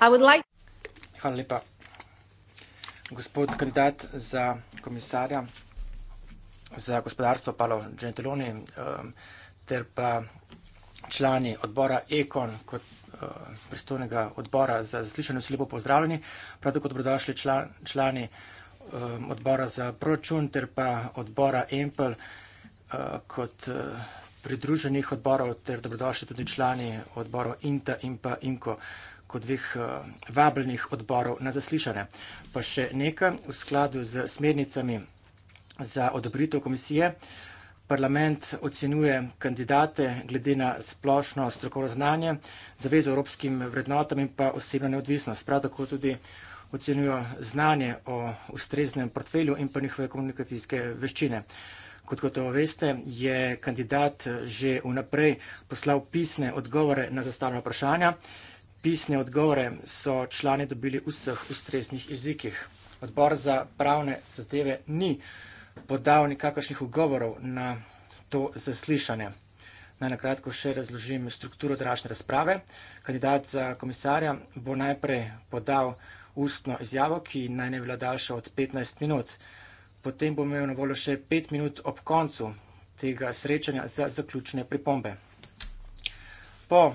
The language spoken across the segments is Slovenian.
Like... Hvala lepa. Gospod kandidat za komisarja za gospodarstvo Palo Gentiloni um, ter pa člani odbora Ekon kot uh, pristojnega odbora za zaslišanje vsi lepo pozdravljeni. Prav tako dobrodošli član, člani um, odbora za proračun ter pa odbora Empel uh, kot uh, pridruženih odborov ter dobrodošli tudi člani odborov Inta in pa Inko preko dveh eh, vabljenih odborov na zaslišanje. Pa še nekaj, v skladu z smernicami za odobritev komisije, parlament ocenjuje kandidate glede na splošno strokovno znanje, zavezo evropskim vrednotam in pa osebno neodvisnost. Prav tako tudi ocenjujo znanje o ustreznem portfelju in pa njihove komunikacijske veščine. Kot kot veste, je kandidat že vnaprej poslal pisne odgovore na zastavljena vprašanja. Uh, pisne odgovore so člani dobili v vseh ustreznih jezikih. Odbor za pravne zadeve ni podal nikakršnih ugovorov na to zaslišanje. Naj na kratko še razložim strukturo današnje razprave. Kandidat za komisarja bo najprej podal ustno izjavo, ki naj ne bila daljša od 15 minut. Potem bo imel na voljo še 5 minut ob koncu tega srečanja za zaključne pripombe. Po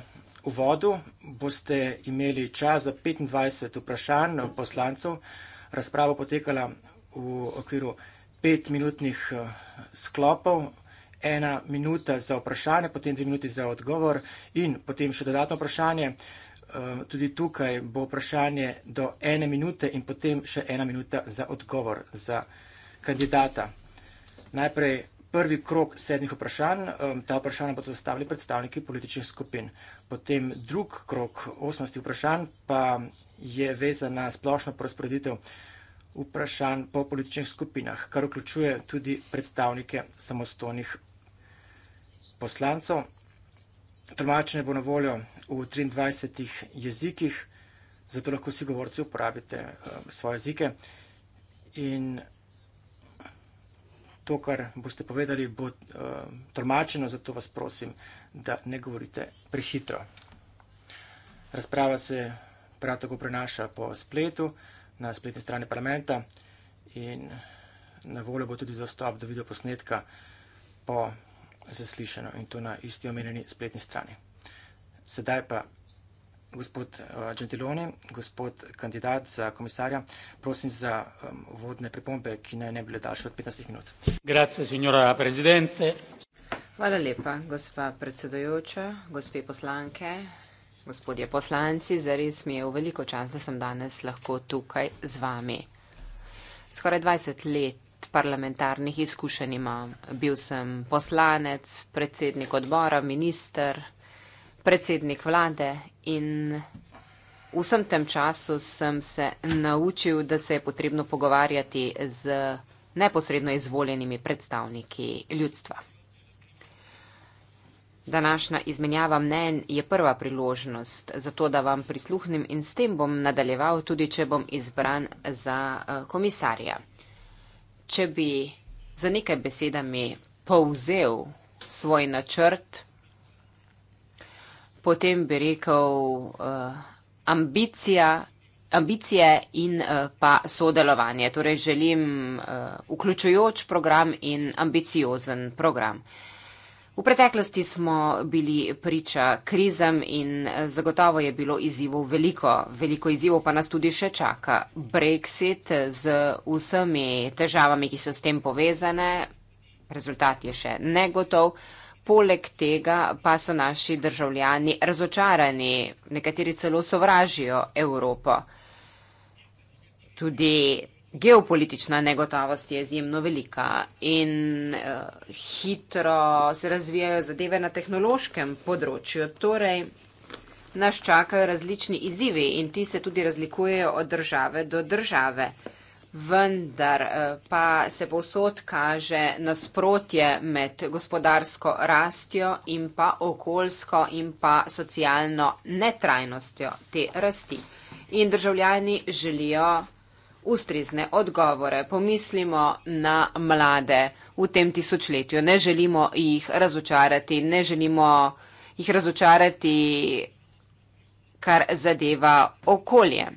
uvodu boste imeli čas za 25 vprašanj poslancev. Razprava potekala v okviru petminutnih eh, sklopov, ena minuta za vprašanje, potem dve minuti za odgovor in potem še dodatno vprašanje. Eh, tudi tukaj bo vprašanje do ene minute in potem še ena minuta za odgovor za kandidata. Najprej prvi krok sedmih vprašanj, ta vprašanja bodo zastavili predstavniki političnih skupin. Potem drug krok osmosti vprašanj pa je vezan na splošno porazporeditev vprašanj po političnih skupinah, kar vključuje tudi predstavnike samostojnih poslancev. Tolmačenje bo na voljo v 23 jezikih, zato lahko vsi govorci uporabite svoje jezike. In to, kar boste povedali, bo uh, tolmačeno, zato vas prosim, da ne govorite prehitro. Razprava se prav tako prenaša po spletu, na spletni strani parlamenta in na voljo bo tudi dostop do videoposnetka po zaslišanju in to na isti omenjeni spletni strani. Sedaj pa Gospod eh, Gentiloni, gospod kandidat za komisarja, prosim za um, vodne pripombe, ki naj ne bi bile daljše od 15 minut. Grazie, signora presidente. Hvala lepa, gospa predsedujoča, gospe poslanke, gospodje poslanci. Zares mi je v veliko čas, da sem danes lahko tukaj z vami. Skoraj 20 let parlamentarnih izkušenj imam. Bil sem poslanec, predsednik odbora, minister predsednik vlade in vsem tem času sem se naučil, da se je potrebno pogovarjati z neposredno izvoljenimi predstavniki ljudstva. Današnja izmenjava mnen je prva priložnost za to, da vam prisluhnem in s tem bom nadaljeval, tudi če bom izbran za eh, komisarja. Če bi za nekaj besedami povzel svoj načrt, potem bi rekel uh, ambicija, ambicije in uh, pa sodelovanje. Torej želim uh, vključujoč program in ambiciozen program. V preteklosti smo bili priča krizem in zagotovo je bilo izzivov veliko. Veliko izzivov pa nas tudi še čaka. Brexit z vsemi težavami, ki so s tem povezane, rezultat je še negotov. Uh, Poleg tega pa so naši državljani razočarani, nekateri celo sovražijo Evropo. Tudi geopolitična negotovost je izjemno velika in eh, hitro se razvijajo zadeve na tehnološkem področju. Torej, nas čakajo različni izzivi in ti se tudi razlikujejo od države do države vendar eh, pa se posod kaže nasprotje med gospodarsko rastjo in pa okoljsko in pa socialno netrajnostjo te rasti. In državljani želijo ustrizne odgovore. Pomislimo na mlade v tem tisočletju. Ne želimo jih razočarati, ne želimo jih razočarati, kar zadeva okolje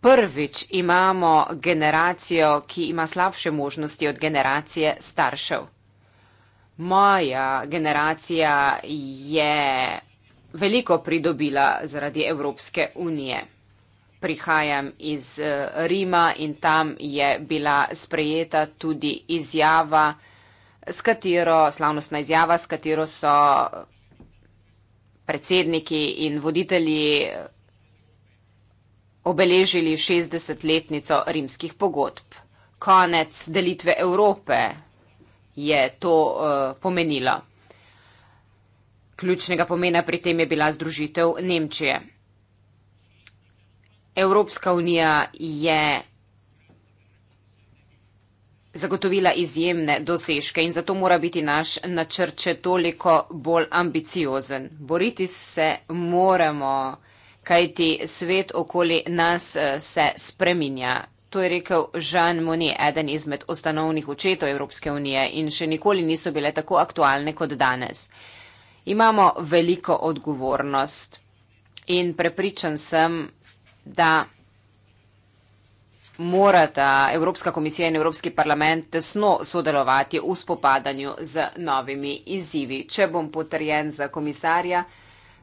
prvič imamo generacijo, ki ima slabše možnosti od generacije staršev. Moja generacija je veliko pridobila zaradi Evropske unije. Prihajam iz eh, Rima in tam je bila sprejeta tudi izjava, s katero, slavnostna izjava, s katero so predsedniki in voditelji obeležili 60-letnico rimskih pogodb. Konec delitve Evrope je to uh, eh, pomenila. Ključnega pomena pri tem je bila združitev Nemčije. Evropska unija je zagotovila izjemne dosežke in zato mora biti naš načrče toliko bolj ambiciozen. Boriti se moramo kajti svet okoli nas eh, se spreminja. To je rekel Žan Moni, eden izmed ustanovnih očetov Evropske unije in še nikoli niso bile tako aktualne kot danes. Imamo veliko odgovornost in prepričan sem, da morata Evropska komisija in Evropski parlament tesno sodelovati v spopadanju z novimi izzivi. Če bom potrjen za komisarja,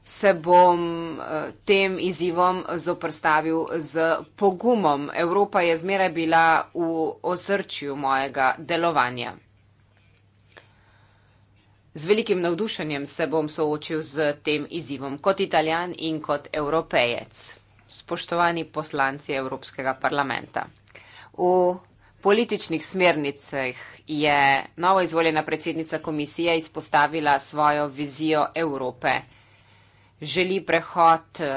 se bom eh, tem izzivom zoprstavil z pogumom. Evropa je zmeraj bila v osrčju mojega delovanja. Z velikim navdušenjem se bom soočil z tem izzivom kot italijan in kot evropejec, spoštovani poslanci Evropskega parlamenta. V političnih smernicah je novo izvoljena predsednica komisije izpostavila svojo vizijo Evrope želi prehod eh,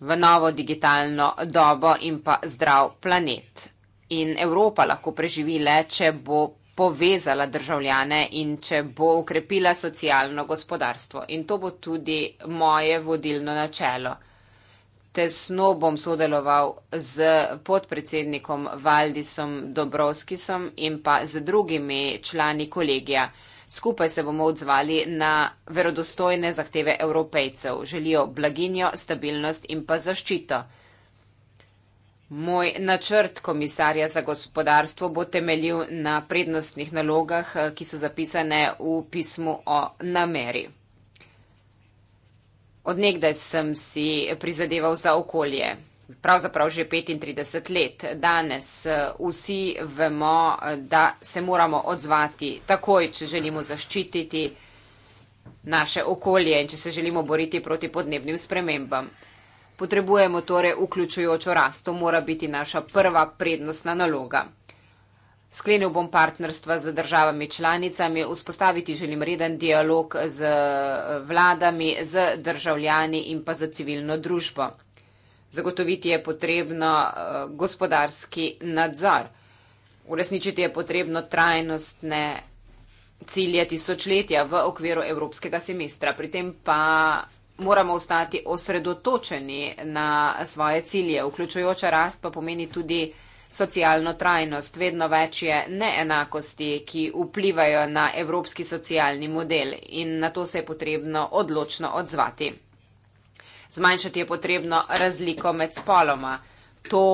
v novo digitalno dobo in pa zdrav planet. In Evropa lahko preživi le, če bo povezala državljane in če bo ukrepila socialno gospodarstvo. In to bo tudi moje vodilno načelo. Tesno bom sodeloval z podpredsednikom Valdisom Dobrovskisom in pa z drugimi člani kolegija. Skupaj se bomo odzvali na verodostojne zahteve evropejcev. Želijo blaginjo, stabilnost in pa zaščito. Moj načrt komisarja za gospodarstvo bo temeljil na prednostnih nalogah, ki so zapisane v pismu o nameri. Odnegdaj sem si prizadeval za okolje pravzaprav že 35 let. Danes eh, vsi vemo, eh, da se moramo odzvati takoj, če želimo zaščititi naše okolje in če se želimo boriti proti podnebnim spremembam. Potrebujemo torej vključujočo rast, to mora biti naša prva prednostna naloga. Sklenil bom partnerstva z državami članicami, vzpostaviti želim reden dialog z eh, vladami, z državljani in pa z civilno družbo. Zagotoviti je potrebno eh, gospodarski nadzor. Uresničiti je potrebno trajnostne cilje tisočletja v okviru evropskega semestra. Pri tem pa moramo ostati osredotočeni na svoje cilje. Vključujoča rast pa pomeni tudi socialno trajnost. Vedno več je neenakosti, ki vplivajo na evropski socialni model in na to se je potrebno odločno odzvati zmanjšati je potrebno razliko med spoloma. To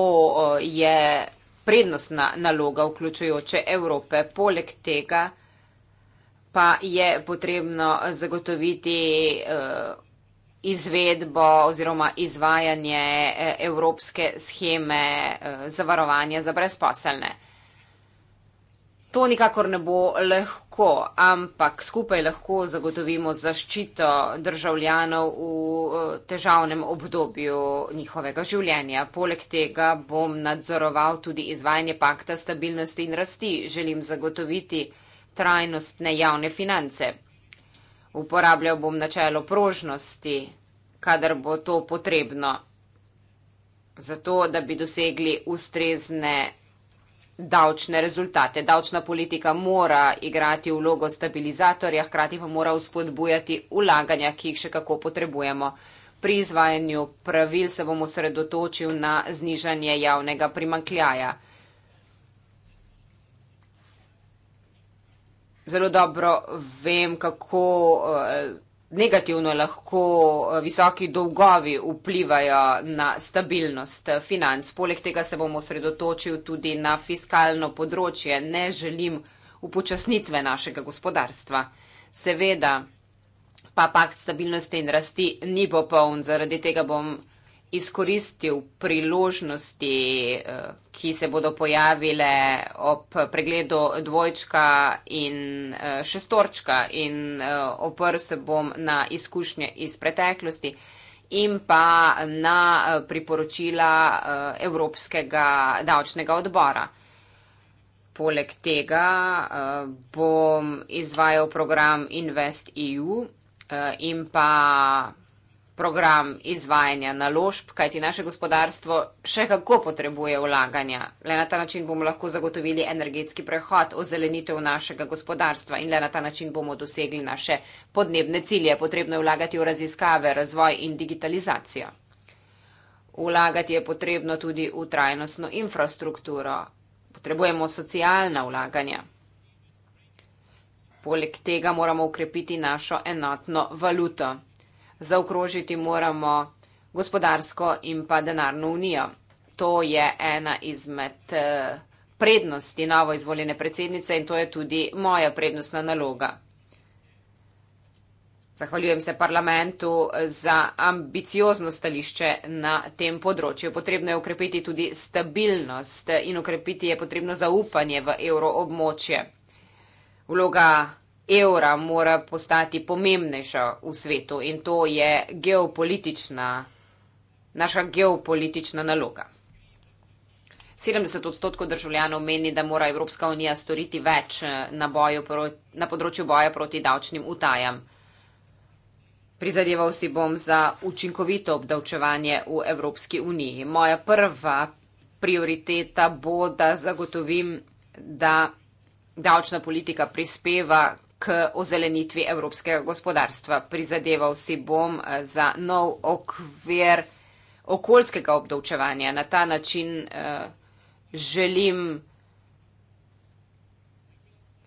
je prednostna naloga vključujoče Evrope. Poleg tega pa je potrebno zagotoviti e, izvedbo oziroma izvajanje e, evropske scheme e, zavarovanja za brezposelne. To nikakor ne bo lahko, ampak skupaj lahko zagotovimo zaščito državljanov v eh, težavnem obdobju njihovega življenja. Poleg tega bom nadzoroval tudi izvajanje pakta stabilnosti in rasti. Želim zagotoviti trajnostne javne finance. Uporabljal bom načelo prožnosti, kadar bo to potrebno, zato da bi dosegli ustrezne davčne rezultate. Davčna politika mora igrati vlogo stabilizatorja, hkrati pa mora uspodbujati ulaganja, ki jih še kako potrebujemo. Pri izvajanju pravil se bom osredotočil na znižanje javnega primankljaja. Zelo dobro vem, kako. Uh, negativno lahko eh, visoki dolgovi vplivajo na stabilnost eh, financ. Poleg tega se bom osredotočil tudi na fiskalno področje. Ne želim upočasnitve našega gospodarstva. Seveda pa pakt stabilnosti in rasti ni popoln, zaradi tega bom izkoristil priložnosti, eh, ki se bodo pojavile ob pregledu dvojčka in eh, šestorčka in eh, opr se bom na izkušnje iz preteklosti in pa na priporočila Evropskega davčnega odbora. Poleg tega bom izvajal program Invest EU in pa program izvajanja naložb, kajti naše gospodarstvo še kako potrebuje vlaganja. Le na ta način bomo lahko zagotovili energetski prehod, ozelenitev našega gospodarstva in le na ta način bomo dosegli naše podnebne cilje. Potrebno je vlagati v raziskave, razvoj in digitalizacijo. Vlagati je potrebno tudi v trajnostno infrastrukturo. Potrebujemo socialna vlaganja. Poleg tega moramo ukrepiti našo enotno valuto zaokrožiti moramo gospodarsko in pa denarno unijo. To je ena izmed eh, prednosti novo izvoljene predsednice in to je tudi moja prednostna naloga. Zahvaljujem se parlamentu eh, za ambiciozno stališče na tem področju. Potrebno je ukrepiti tudi stabilnost eh, in ukrepiti je potrebno zaupanje v evroobmočje. Vloga evra mora postati pomembnejša v svetu in to je geopolitična, naša geopolitična naloga. 70 odstotkov državljanov meni, da mora Evropska unija storiti več eh, na, boju, na področju boja proti davčnim utajam. Prizadeval si bom za učinkovito obdavčevanje v Evropski uniji. Moja prva prioriteta bo, da zagotovim, da davčna politika prispeva k ozelenitvi evropskega gospodarstva. Prizadeval si bom eh, za nov okvir okoljskega obdavčevanja. Na ta način eh, želim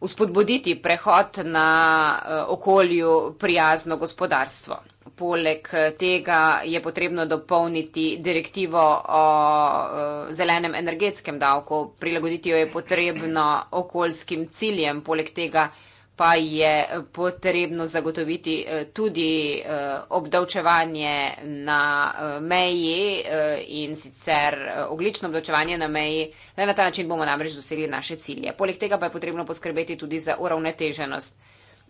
uspodbuditi prehod na eh, okolju prijazno gospodarstvo. Poleg tega je potrebno dopolniti direktivo o zelenem energetskem davku, prilagoditi jo je potrebno okoljskim ciljem, poleg tega pa je eh, potrebno zagotoviti eh, tudi eh, obdavčevanje na meji in sicer oglično obdavčevanje na meji. Le na ta način bomo namreč dosegli naše cilje. Poleg tega pa je potrebno poskrbeti tudi za uravnoteženost.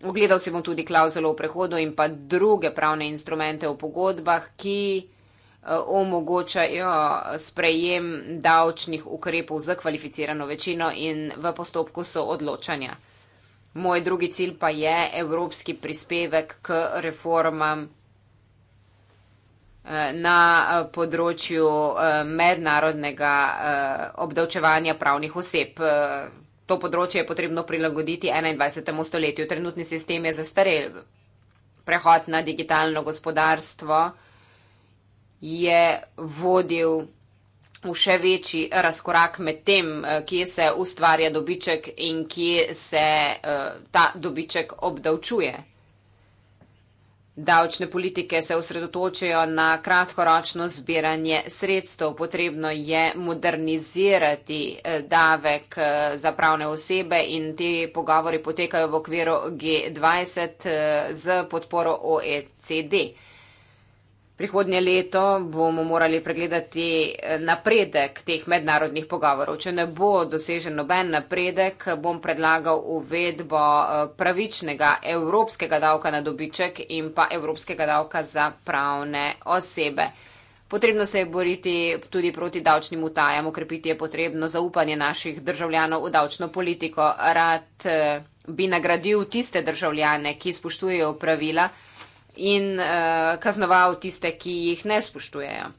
Ogledal si bom tudi klauzulo v prehodu in pa druge pravne instrumente v pogodbah, ki omogočajo sprejem davčnih ukrepov za kvalificirano večino in v postopku so odločanja. Moj drugi cilj pa je evropski prispevek k reformam eh, na eh, področju eh, mednarodnega obdavčevanja pravnih oseb. To področje je potrebno prilagoditi 21. stoletju. Trenutni sistem je zastarel. Prehod na digitalno gospodarstvo je vodil vsega v še večji razkorak med tem, eh, kje se ustvarja dobiček in kje se eh, ta dobiček obdavčuje. Davčne politike se osredotočajo na kratkoročno zbiranje sredstev. Potrebno je modernizirati eh, davek za pravne osebe in te pogovori potekajo v okviru G20 z podporo OECD. Prihodnje leto bomo morali pregledati eh, napredek teh mednarodnih pogovorov. Če ne bo dosežen noben napredek, bom predlagal uvedbo eh, pravičnega evropskega davka na dobiček in pa evropskega davka za pravne osebe. Potrebno se je boriti tudi proti davčnim utajam, ukrepiti je potrebno zaupanje naših državljanov v davčno politiko. Rad eh, bi nagradil tiste državljane, ki spoštujejo pravila in uh, kaznoval tiste, ki jih ne spoštujejo.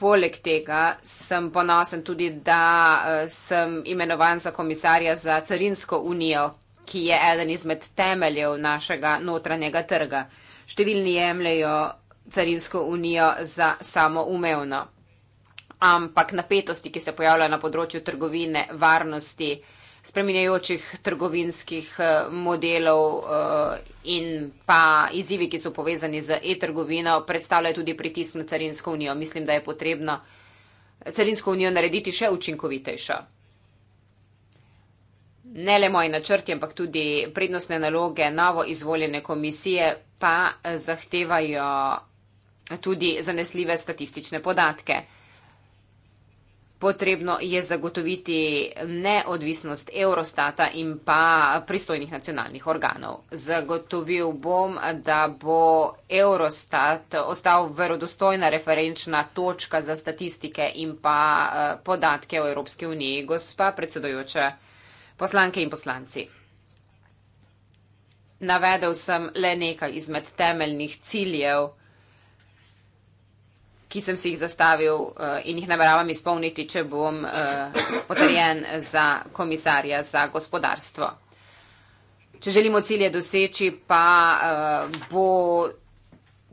Poleg tega sem ponosen tudi, da uh, sem imenovan za komisarja za carinsko unijo, ki je eden izmed temeljev našega notranjega trga. Številni jemljajo carinsko unijo za samoumevno. Ampak napetosti, ki se pojavljajo na področju trgovine, varnosti, uh, spreminjajočih trgovinskih eh, modelov eh, in pa izzivi, ki so povezani z e-trgovino, predstavljajo tudi pritisk na carinsko unijo. Mislim, da je potrebno carinsko unijo narediti še učinkovitejšo. Ne le moji načrti, ampak tudi prednostne naloge novo izvoljene komisije pa zahtevajo tudi zanesljive statistične podatke. Potrebno je zagotoviti neodvisnost Eurostata in pa pristojnih nacionalnih organov. Zagotovil bom, da bo Eurostat ostal verodostojna referenčna točka za statistike in pa eh, podatke o Evropski uniji. Gospa predsedojoče, poslanke in poslanci. Navedel sem le nekaj izmed temeljnih ciljev ki sem si jih zastavil eh, in jih nameravam izpolniti, če bom eh, potrjen za komisarja za gospodarstvo. Če želimo cilje doseči, pa eh, bo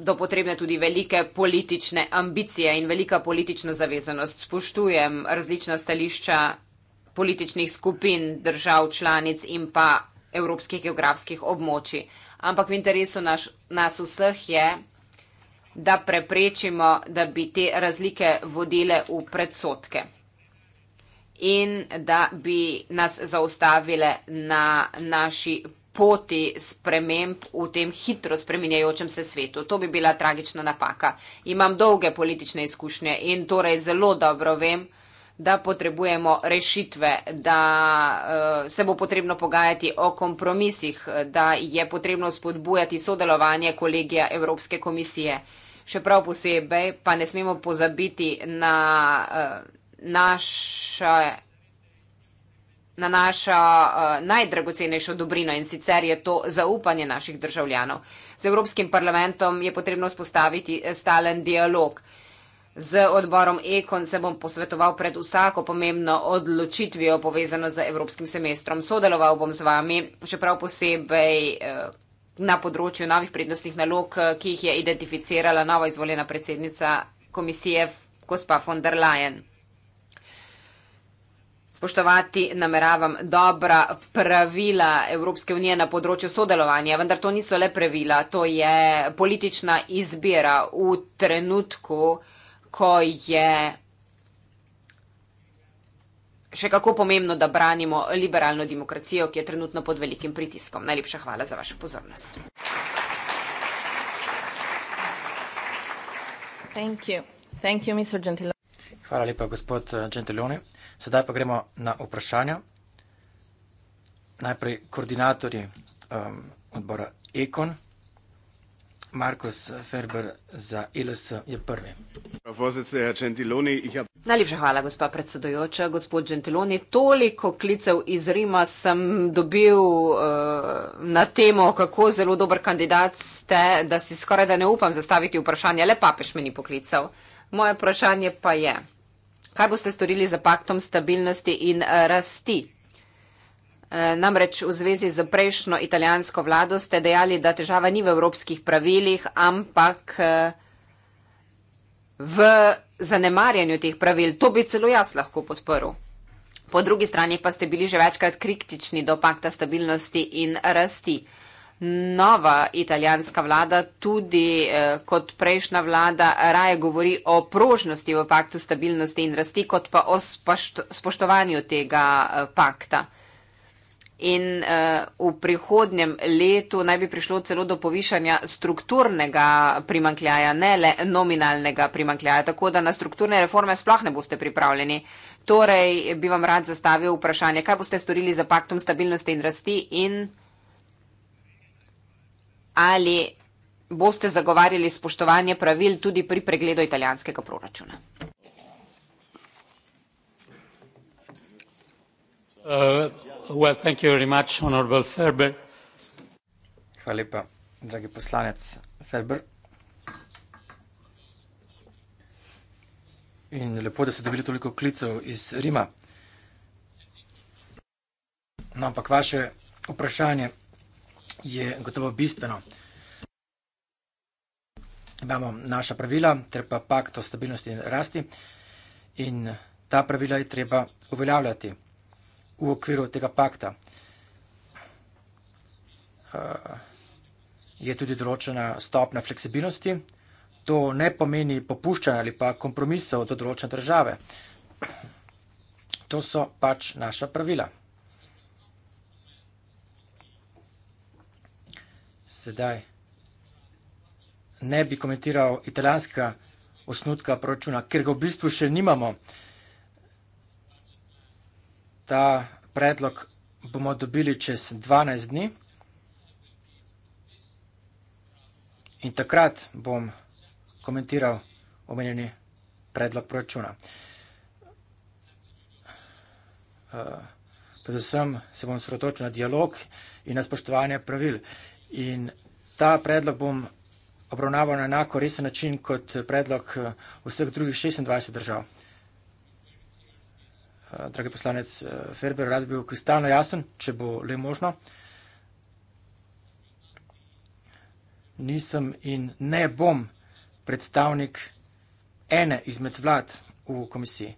do potrebne tudi velike politične ambicije in velika politična zavezanost. Spoštujem različna stališča političnih skupin držav, članic in pa evropskih geografskih območij. Ampak v interesu naš, nas vseh je, da preprečimo, da bi te razlike vodile v predsotke in da bi nas zaustavile na naši poti sprememb v tem hitro spreminjajočem se svetu. To bi bila tragična napaka. Imam dolge politične izkušnje in torej zelo dobro vem, da potrebujemo rešitve, da eh, se bo potrebno pogajati o kompromisih, da je potrebno spodbujati sodelovanje kolegija Evropske komisije še prav posebej pa ne smemo pozabiti na uh, naša na našo uh, eh, najdragocenejšo dobrino in sicer je to zaupanje naših državljanov. Z Evropskim parlamentom je potrebno spostaviti eh, stalen dialog. Z odborom Ekon se bom posvetoval pred vsako pomembno odločitvijo povezano z Evropskim semestrom. Sodeloval bom z vami, še prav posebej uh, na področju novih prednostnih nalog, eh, ki jih je identificirala nova izvoljena predsednica komisije, gospa von der Leyen. Spoštovati nameravam dobra pravila Evropske unije na področju sodelovanja, vendar to niso le pravila, to je politična izbira v trenutku, ko je še kako pomembno, da branimo liberalno demokracijo, ki je trenutno pod velikim pritiskom. Najlepša hvala za vašo pozornost. Thank you. Thank you, hvala lepa, gospod eh, Gentiloni. Sedaj pa gremo na vprašanja. Najprej koordinatorji um, odbora Ekon. Markus Ferber za ILS je prvi. Najlepša hvala, gospa predsedojoča, gospod Gentiloni. Toliko klicev iz Rima sem dobil uh, na temo, kako zelo dober kandidat ste, da si skoraj da ne upam zastaviti vprašanje. Le papež me ni poklical. Moje vprašanje pa je, kaj boste storili za paktom stabilnosti in eh, rasti? Eh, namreč v zvezi z prejšnjo italijansko vlado ste dejali, da težava ni v evropskih pravilih, ampak. Uh, v zanemarjanju teh pravil. To bi celo jaz lahko podporil. Po drugi strani pa ste bili že večkrat kritični do pakta stabilnosti in rasti. Nova italijanska vlada, tudi eh, kot prejšnja vlada, raje govori o prožnosti v paktu stabilnosti in rasti, kot pa o spošt spoštovanju tega eh, pakta. Eh, in uh, v prihodnjem letu naj bi prišlo celo do povišanja strukturnega primankljaja, ne le nominalnega primankljaja, tako da na strukturne reforme sploh ne boste pripravljeni. Torej bi vam rad zastavil vprašanje, kaj boste storili za paktom stabilnosti in rasti in ali boste zagovarjali spoštovanje pravil tudi pri pregledu italijanskega proračuna. Uh. Well, thank you very much, honorable Ferber. Hvala lepa, dragi poslanec Ferber. In lepo, da ste dobili toliko klicev iz Rima. No, ampak vaše vprašanje je gotovo bistveno. Imamo naša pravila, ter pa pakt o stabilnosti in rasti in ta pravila je treba uveljavljati v okviru tega pakta. Eh, je tudi določena stopna fleksibilnosti. To ne pomeni popuščanja ali pa kompromisov do določene države. To so pač naša pravila. Sedaj ne bi komentiral italijanskega osnutka proračuna, ker ga v bistvu še nimamo. Uh, ta predlog bomo dobili čez 12 dni. In takrat bom komentiral omenjeni predlog proračuna. Eh, predvsem se bom srotočil na dialog in na spoštovanje pravil. In ta predlog bom obravnaval na enako resen način kot predlog eh, vseh drugih 26 držav. Eh, dragi poslanec eh, Ferber, rad bi bil kristalno jasen, če bo le možno. Nisem in ne bom predstavnik ene izmed vlad v komisiji.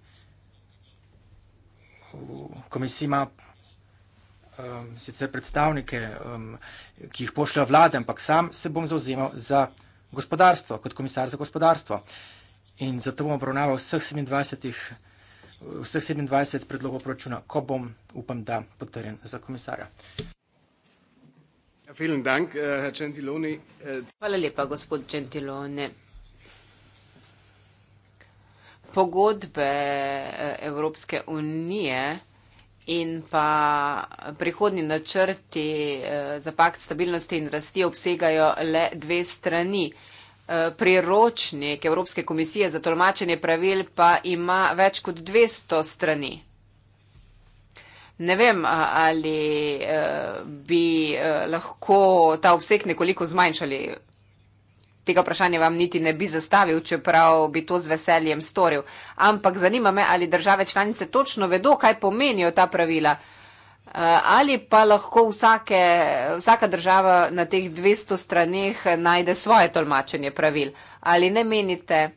Komisija ima um, sicer predstavnike, um, ki jih pošlja vlade, ampak sam se bom zauzemal za gospodarstvo, kot komisar za gospodarstvo. In zato bom obravnaval vseh 27 vseh 27 predlogov proračuna, ko bom, upam, da potrjen za komisarja. Ja, eh, eh, Hvala lepa, gospod Gentiloni. Pogodbe eh, Evropske unije in pa prihodni načrti za pakt stabilnosti in rasti obsegajo le dve strani. Eh, priročnik Evropske komisije za tolmačenje pravil pa ima več kot 200 strani. Ne vem, ali eh, bi eh, lahko ta obseg nekoliko zmanjšali. Tega vprašanja vam niti ne bi zastavil, čeprav bi to z veseljem storil. Ampak zanima me, ali države članice točno vedo, kaj pomenijo ta pravila. Eh, ali pa lahko vsake, vsaka država na teh 200 stranih najde svoje tolmačenje pravil. Ali ne menite,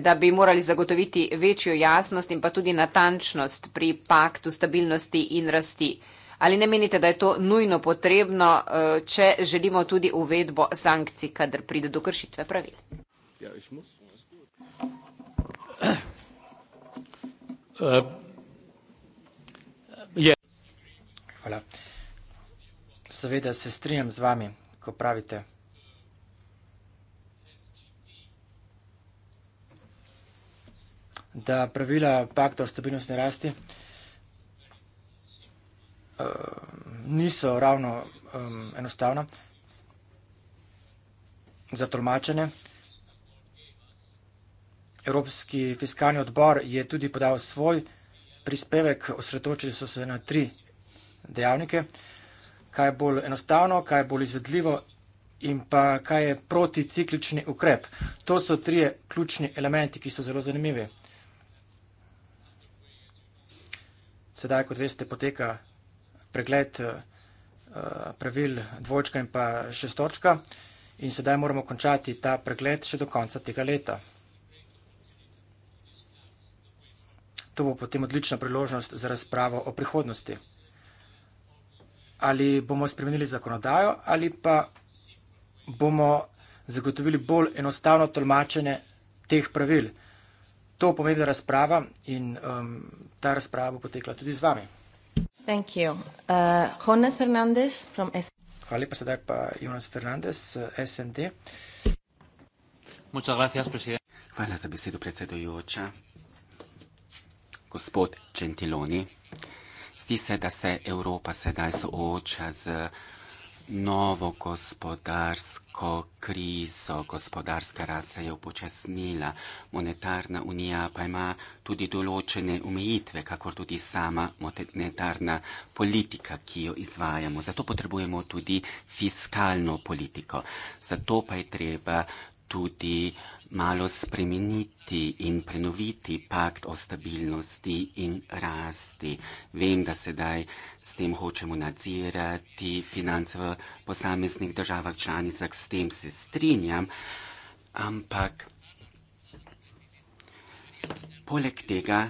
da bi morali zagotoviti večjo jasnost in pa tudi natančnost pri paktu stabilnosti in rasti? Ali ne menite, da je to nujno potrebno, eh, če želimo tudi uvedbo sankcij, kadar pride do kršitve pravil? Ja, Hvala. Seveda se strinjam z vami, ko pravite, da pravila pakta o stabilnostni rasti uh, niso ravno um, enostavna za tolmačenje. Evropski fiskalni odbor je tudi podal svoj prispevek, osredotočili so se na tri dejavnike, kaj je bolj enostavno, kaj je bolj izvedljivo in pa kaj je proticiklični ukrep. To so trije ključni elementi, ki so zelo zanimivi. Sedaj, kot veste, poteka pregled eh, pravil dvojčka in pa šestočka in sedaj moramo končati ta pregled še do konca tega leta. To bo potem odlična priložnost za razpravo o prihodnosti ali bomo spremenili zakonodajo ali pa bomo zagotovili bolj enostavno tolmačenje teh pravil. To pomeni razprava in um, ta razprava bo potekla tudi z vami. Uh, Hvala lepa, sedaj pa Jonas Fernandez, uh, SND. Hvala za besedo, predsedujoča. Gospod Gentiloni. Zdi se, da se Evropa sedaj sooča z novo gospodarsko krizo, gospodarska rast se je upočasnila, monetarna unija pa ima tudi določene omejitve, kakor tudi sama monetarna politika, ki jo izvajamo. Zato potrebujemo tudi fiskalno politiko. Zato pa je treba tudi uh, malo spremeniti in prenoviti pakt o stabilnosti in rasti. Vem, da sedaj s tem hočemo nadzirati finance v posameznih državah članicah, s tem se strinjam, ampak poleg tega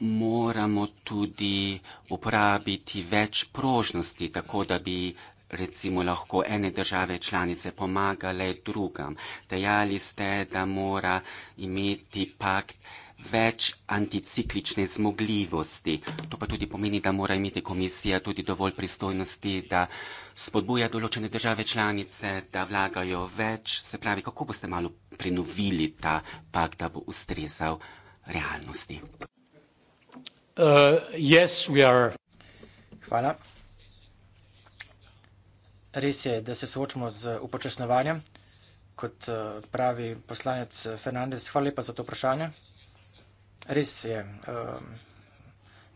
moramo tudi uporabiti več prožnosti, tako da bi recimo lahko ene države članice pomagale drugam. Dejali ste, da mora imeti pakt več anticiklične zmogljivosti. To pa tudi pomeni, da mora imeti komisija tudi dovolj pristojnosti, da spodbuja določene države članice, da vlagajo več. Se pravi, kako boste malo prenovili ta pakt, da bo ustrezal realnosti? Uh, yes, Hvala. Res je, da se soočamo z upočasnovanjem, kot eh, pravi poslanec eh, Fernandez. Hvala lepa za to vprašanje. Res je, ehm,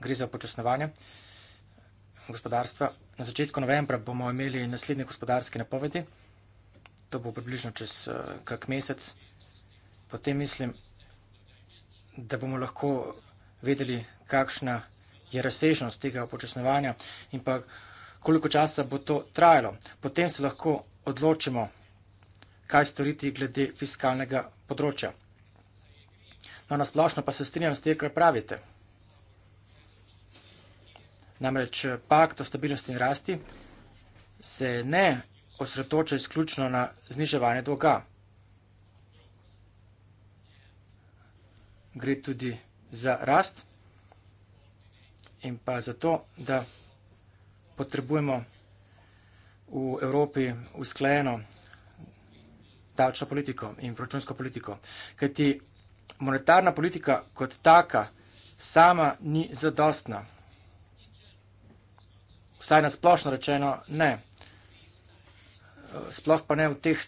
gre za upočasnovanje gospodarstva. Na začetku novembra bomo imeli naslednje gospodarske napovedi. To bo približno čez eh, kak mesec. Potem mislim, da bomo lahko vedeli, kakšna je razsežnost tega upočasnovanja in pa kakšna koliko časa bo to trajalo. Potem se lahko odločimo, kaj storiti glede fiskalnega področja. No, nasplošno pa se strinjam s tem, kar pravite. Namreč pakt o stabilnosti in rasti se ne osredotoča izključno na zniževanje dolga. Gre tudi za rast in pa za to, da potrebujemo v Evropi usklajeno davčno politiko in proračunsko politiko. Kajti monetarna politika kot taka sama ni zadostna. Vsaj na splošno rečeno ne. Sploh pa ne v teh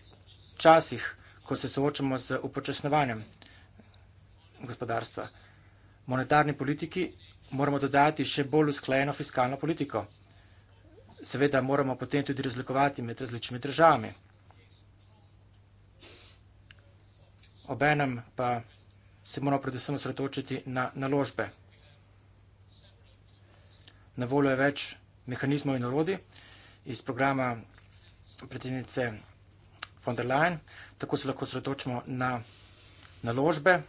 časih, ko se soočamo z upočasnevanjem gospodarstva. Monetarni politiki moramo dodati še bolj usklajeno fiskalno politiko seveda moramo potem tudi razlikovati med različnimi državami. Obenem pa se moramo predvsem osredotočiti na naložbe. Na voljo je več mehanizmov in orodij iz programa predsednice von der Leyen, tako se lahko osredotočimo na naložbe.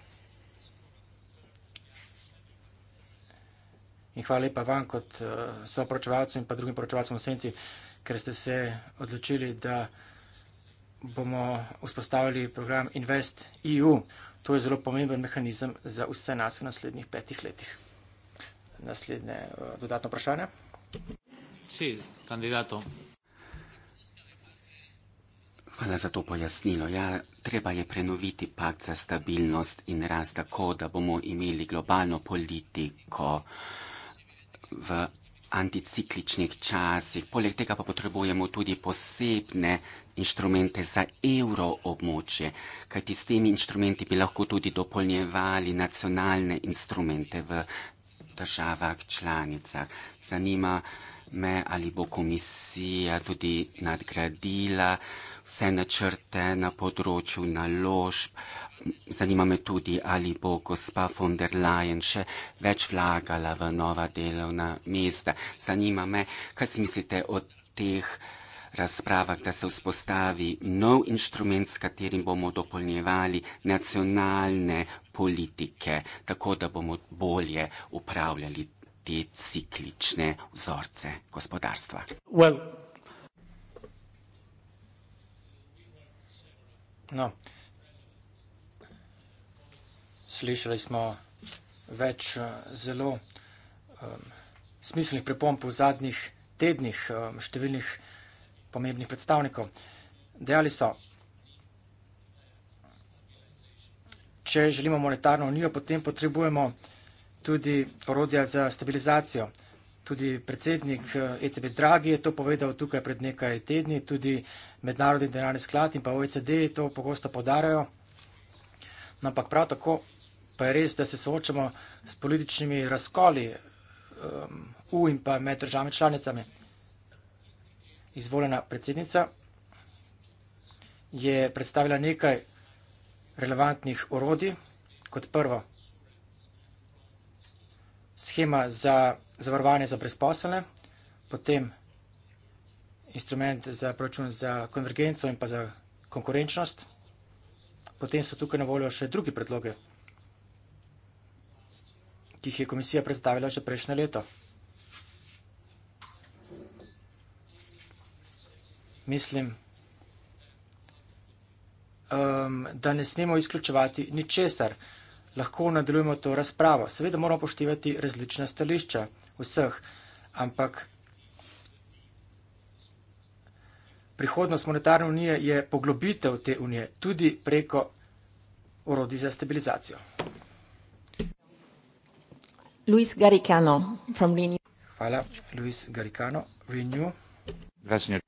In hvala lepa vam kot uh, eh, sopročevalcu in pa drugim pročevalcem v senci, ker ste se odločili, da bomo vzpostavili program Invest EU. To je zelo pomemben mehanizem za vse nas v naslednjih petih letih. Naslednje uh, dodatno vprašanje. Si, kandidato. Hvala za to pojasnilo. Ja, treba je prenoviti pakt za stabilnost in rast tako, da bomo imeli globalno politiko v anticikličnih časih. Poleg tega pa potrebujemo tudi posebne inštrumente za evroobmočje, kajti s temi inštrumenti bi lahko tudi dopolnjevali nacionalne instrumente v državah članicah. Zanima me, ali bo komisija tudi nadgradila vse načrte na področju naložb, Zanima me tudi, ali bo gospa von der Leyen še več vlagala v nova delovna mesta. Zanima me, kaj si mislite o teh razpravah, da se vzpostavi nov inštrument, s katerim bomo dopolnjevali nacionalne politike, tako da bomo bolje upravljali te ciklične vzorce gospodarstva. Well. No slišali smo več eh, zelo um, smiselnih pripomp v zadnjih tednih um, številnih pomembnih predstavnikov. Dejali so, če želimo monetarno unijo, potem potrebujemo tudi orodja za stabilizacijo. Tudi predsednik ECB eh, e Dragi je to povedal tukaj pred nekaj tedni, tudi Mednarodni denarni sklad in pa OECD to pogosto podarajo. No, ampak prav tako pa je res, da se soočamo s političnimi razkoli um, v in pa med državami članicami. Izvoljena predsednica je predstavila nekaj relevantnih orodij. Kot prvo, schema za zavarovanje za brezposelne, potem instrument za proračun za konvergenco in pa za konkurenčnost. Potem so tukaj na voljo še drugi predloge ki jih je komisija predstavila že prejšnje leto. Mislim, um, da ne smemo izključevati ničesar. Lahko nadaljujemo to razpravo. Seveda moramo poštivati različna stališča vseh, ampak prihodnost monetarne unije je poglobitev te unije tudi preko urodi za stabilizacijo. Luis Garicano from Renew. Hvala, Luis Garicano, Renew. Gracias,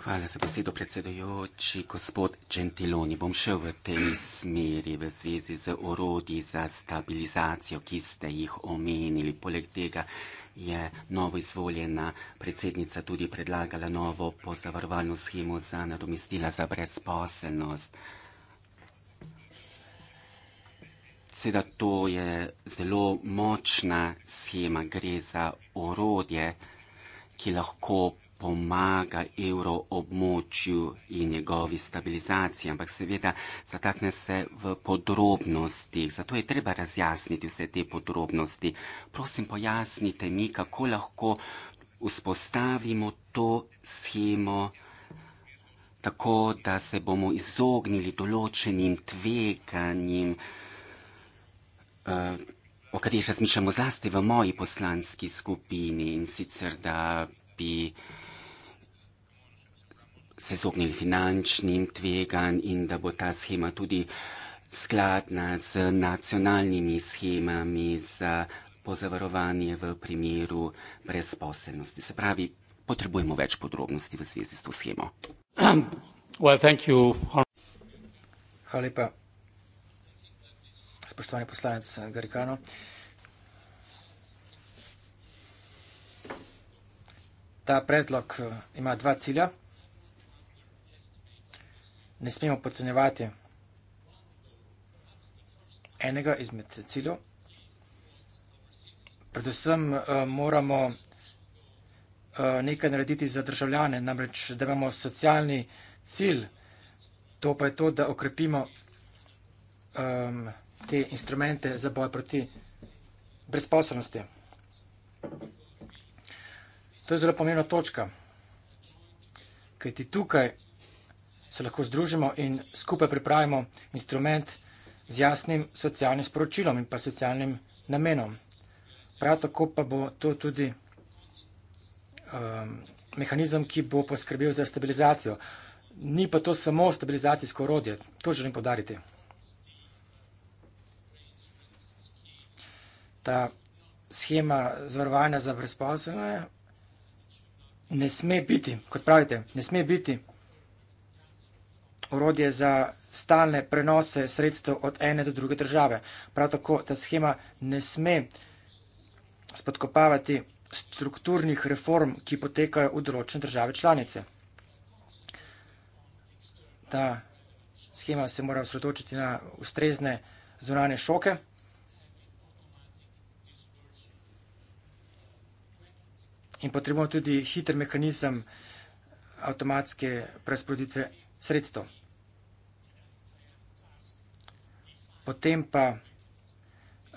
Hvala za besedo, predsedojoči gospod Gentiloni. Bom šel v tej smeri v zvezi z orodji za stabilizacijo, ki ste jih omenili. Poleg tega je novo izvoljena predsednica tudi predlagala novo pozavarovalno schemo za nadomestila za brezposelnost. Seveda to je zelo močna schema, gre za orodje, ki lahko pomaga evro območju in njegovi stabilizaciji, ampak seveda zatakne se v podrobnostih. Zato je treba razjasniti vse te podrobnosti. Prosim, pojasnite mi, kako lahko vzpostavimo to schemo tako, da se bomo izognili določenim tveganjem. Eh, o kateri razmišljamo zlasti v moji poslanski skupini in sicer, da bi se izognili finančnim tveganj in da bo ta schema tudi skladna z nacionalnimi schemami za pozavarovanje v primeru brezposelnosti. Se pravi, potrebujemo več podrobnosti v zvezi s to schemo. Well, thank you. Hvala lepa spoštovani poslanec Garikano. Ta predlog eh, ima dva cilja. Ne smemo podcenjevati enega izmed ciljev. Predvsem eh, moramo eh, nekaj narediti za državljane, namreč, da imamo socialni cilj, to pa je to, da okrepimo um, te instrumente za boj proti brezposobnosti. To je zelo pomembna točka, kaj ti tukaj se lahko združimo in skupaj pripravimo instrument z jasnim socialnim sporočilom in pa socialnim namenom. Prav tako pa bo to tudi um, mehanizem, ki bo poskrbel za stabilizacijo. Ni pa to samo stabilizacijsko orodje, to želim podariti. ta schema zavarovanja za brezposelne ne sme biti, kot pravite, ne sme biti orodje za stalne prenose sredstev od ene do druge države. Prav tako ta schema ne sme spodkopavati strukturnih reform, ki potekajo v določene države članice. Ta schema se mora osredočiti na ustrezne zunanje šoke, in potrebujemo tudi hiter mehanizem avtomatske prerasporeditve sredstev. Potem pa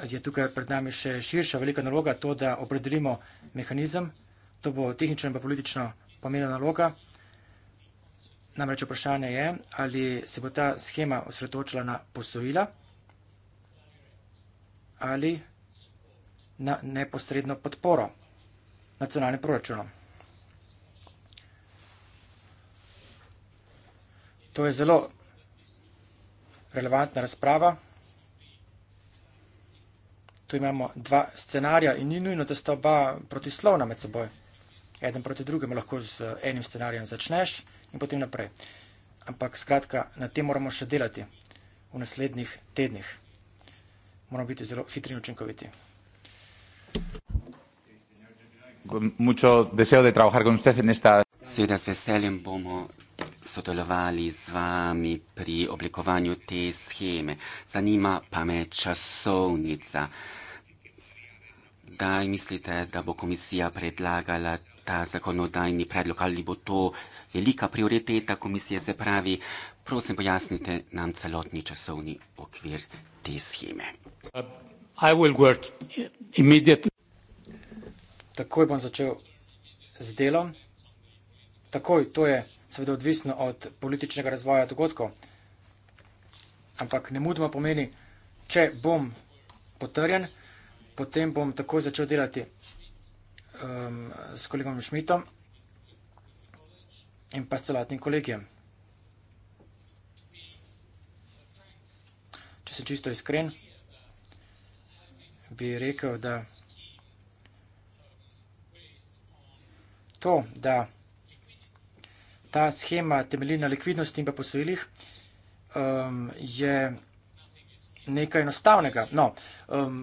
je tukaj pred nami še širša velika naloga, to, da opredelimo mehanizem. To bo tehnično in pa politično pomena naloga. Namreč vprašanje je, ali se bo ta schema osredotočila na posojila ali na neposredno podporo nacionalnim proračunom. To je zelo relevantna razprava. Tu imamo dva scenarija in ni nujno, da sta oba protislovna med seboj. Eden proti drugemu lahko z eh, enim scenarijem začneš in potem naprej. Ampak skratka, na tem moramo še delati v naslednjih tednih. Moramo biti zelo hitri in učinkoviti mucho deseo de trabajar con usted en esta. Seveda z veseljem bomo sodelovali z vami pri oblikovanju te scheme. Zanima pa me časovnica. Kdaj mislite, da bo komisija predlagala ta zakonodajni predlog ali bo to velika prioriteta komisije? Se pravi, prosim, pojasnite nam celotni časovni okvir te scheme. Uh, takoj bom začel z delom, takoj, to je seveda odvisno od političnega razvoja dogodkov, ampak ne mudimo pomeni, če bom potrjen, potem bom takoj začel delati um, s kolegom Šmitom in pa s celotnim kolegijem. Če sem čisto iskren, bi rekel, da to, da ta schema temelji na likvidnosti in pa posojilih, um, je nekaj enostavnega. No, um,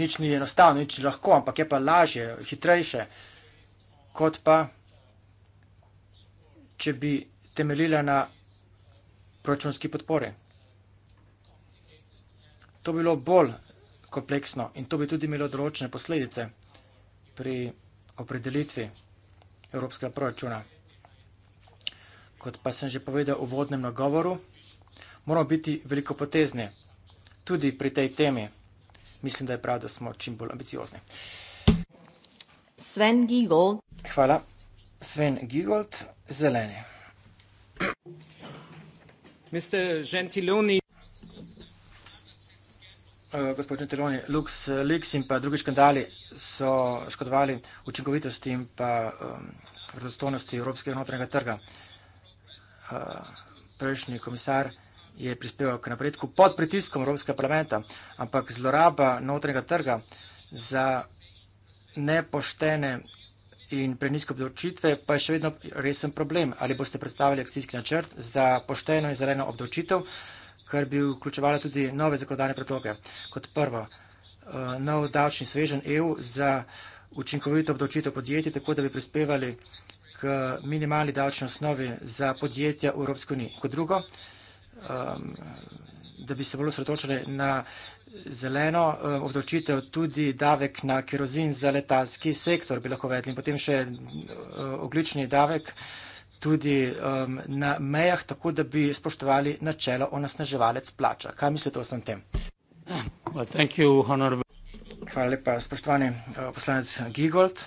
nič ni enostavno, nič ni lahko, ampak je pa lažje, hitrejše, kot pa, če bi temeljila na proračunski podpori. To bi bilo bolj kompleksno in to bi tudi imelo določene posledice pri opredelitvi evropskega proračuna. Kot pa sem že povedal v vodnem nagovoru, moramo biti veliko potezni tudi pri tej temi. Mislim, da je prav, da smo čim bolj ambiciozni. Sven Gigold. Hvala. Sven Gigold, zeleni. Mr. Gentiloni. Eh, gospod Junteroni, Lux Leaks in pa drugi škandali so škodovali učinkovitosti in pa ehm, vrednostnosti evropskega notranjega trga. Eh, prejšnji komisar je prispeval k napredku pod pritiskom Evropskega parlamenta, ampak zloraba notranjega trga za nepoštene in prenisko obdavčitve pa je še vedno resen problem. Ali boste predstavili akcijski načrt za pošteno in zeleno obdavčitev? kar bi vključevalo tudi nove zakonodajne pretoke. Kot prvo, eh, nov davčni svežen EU za učinkovito obdočitev podjetij, tako da bi prispevali k minimalni davčni osnovi za podjetja v Evropsko uniji. Kot drugo, ehm, da bi se bolj sredočili na zeleno eh, obdočitev, tudi davek na kerozin za letalski sektor bi lahko vedli in potem še eh, oglični davek, tudi um, na mejah, tako da bi spoštovali načelo onesnaževalec plača. Kaj mislite o vsem tem? Hvala lepa, spoštovani uh, poslanec Gigold.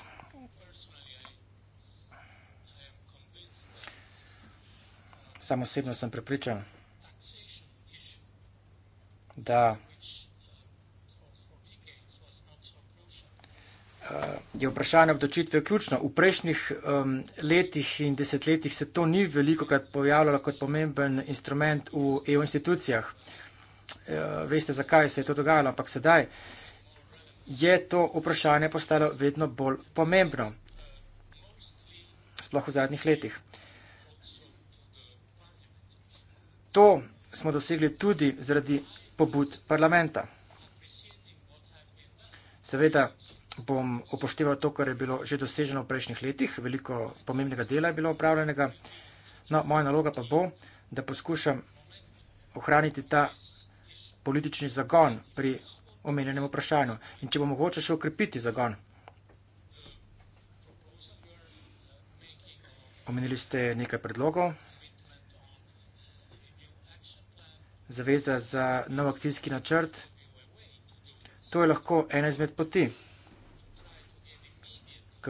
Sam osebno sem prepričan, da Eh, je vprašanje obdočitve ključno. V prejšnjih um, letih in desetletjih se to ni veliko krat pojavljalo kot pomemben instrument v EU institucijah. Uh, veste, zakaj se je to dogajalo, ampak sedaj je to vprašanje postalo vedno bolj pomembno, sploh v zadnjih letih. To smo dosegli tudi zaradi pobud parlamenta. Seveda, bom upošteval to, kar je bilo že doseženo v prejšnjih letih. Veliko pomembnega dela je bilo upravljenega. No, moja naloga pa bo, da poskušam ohraniti ta politični zagon pri omenjenem vprašanju in če bo mogoče še ukrepiti zagon. Omenili ste nekaj predlogov. Zaveza za nov akcijski načrt. To je lahko ena izmed poti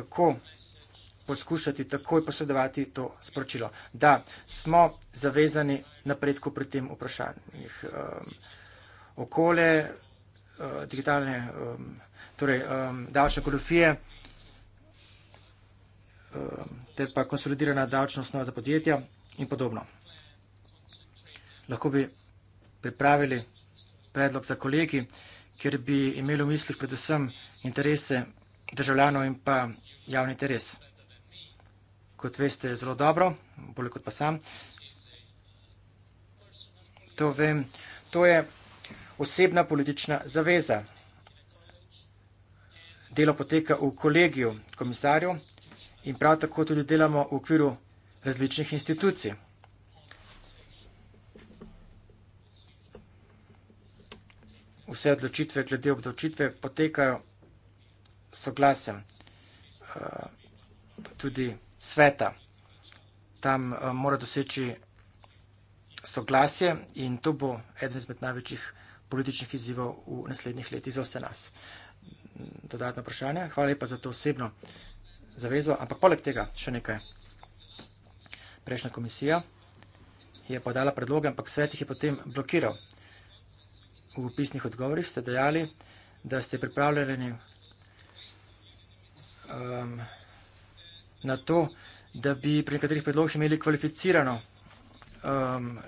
kako poskušati takoj posredovati to sporočilo. Da smo zavezani napredku pri tem vprašanjih um, okolje, uh, digitalne, um, torej um, davčne kolofije um, ter pa konsolidirana davčna osnova za podjetja in podobno. Lahko bi pripravili predlog za kolegi, kjer bi imeli v mislih predvsem interese državljanov in pa javni interes. Kot veste, zelo dobro, bolj kot pa sam. To, vem, to je osebna politična zaveza. Delo poteka v kolegiju komisarjev in prav tako tudi delamo v okviru različnih institucij. Vse odločitve glede obdavčitve potekajo soglasjem eh, tudi sveta. Tam eh, mora doseči soglasje in to bo eden izmed največjih političnih izzivov v naslednjih letih za vse nas. Dodatno vprašanje. Hvala lepa za to osebno zavezo, ampak poleg tega še nekaj. Prejšnja komisija je podala predloge, ampak svet jih je potem blokiral. V pisnih odgovorih ste dejali, da ste pripravljeni na to, da bi pri nekaterih predlogih imeli kvalificirano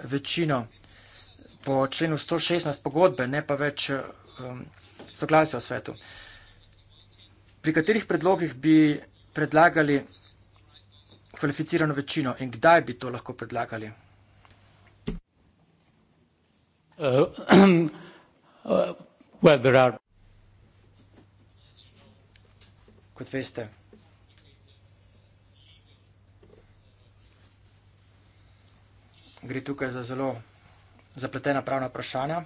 večino po členu 116 pogodbe, ne pa več soglasja v svetu. Pri katerih predlogih bi predlagali kvalificirano večino in kdaj bi to lahko predlagali? Uh, uh well, there are... kot veste. Gre tukaj za zelo zapletena pravna vprašanja.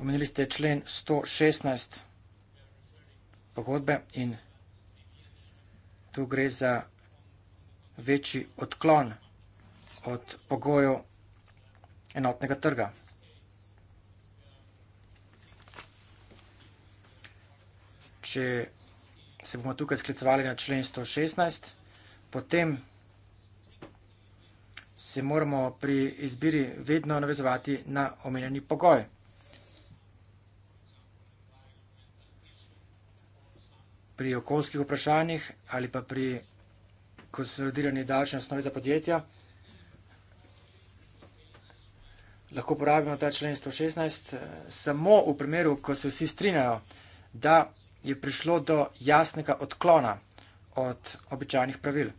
Omenili ste člen 116 pogodbe in tu gre za večji odklon od pogojev enotnega trga. če se bomo tukaj sklicovali na člen 116, potem se moramo pri izbiri vedno navezovati na omenjeni pogoj. Pri okoljskih vprašanjih ali pa pri konsolidiranju davčne osnove za podjetja lahko uporabimo ta člen 116 eh, samo v primeru, ko se vsi strinjajo, da je prišlo do jasnega odklona od običajnih pravil.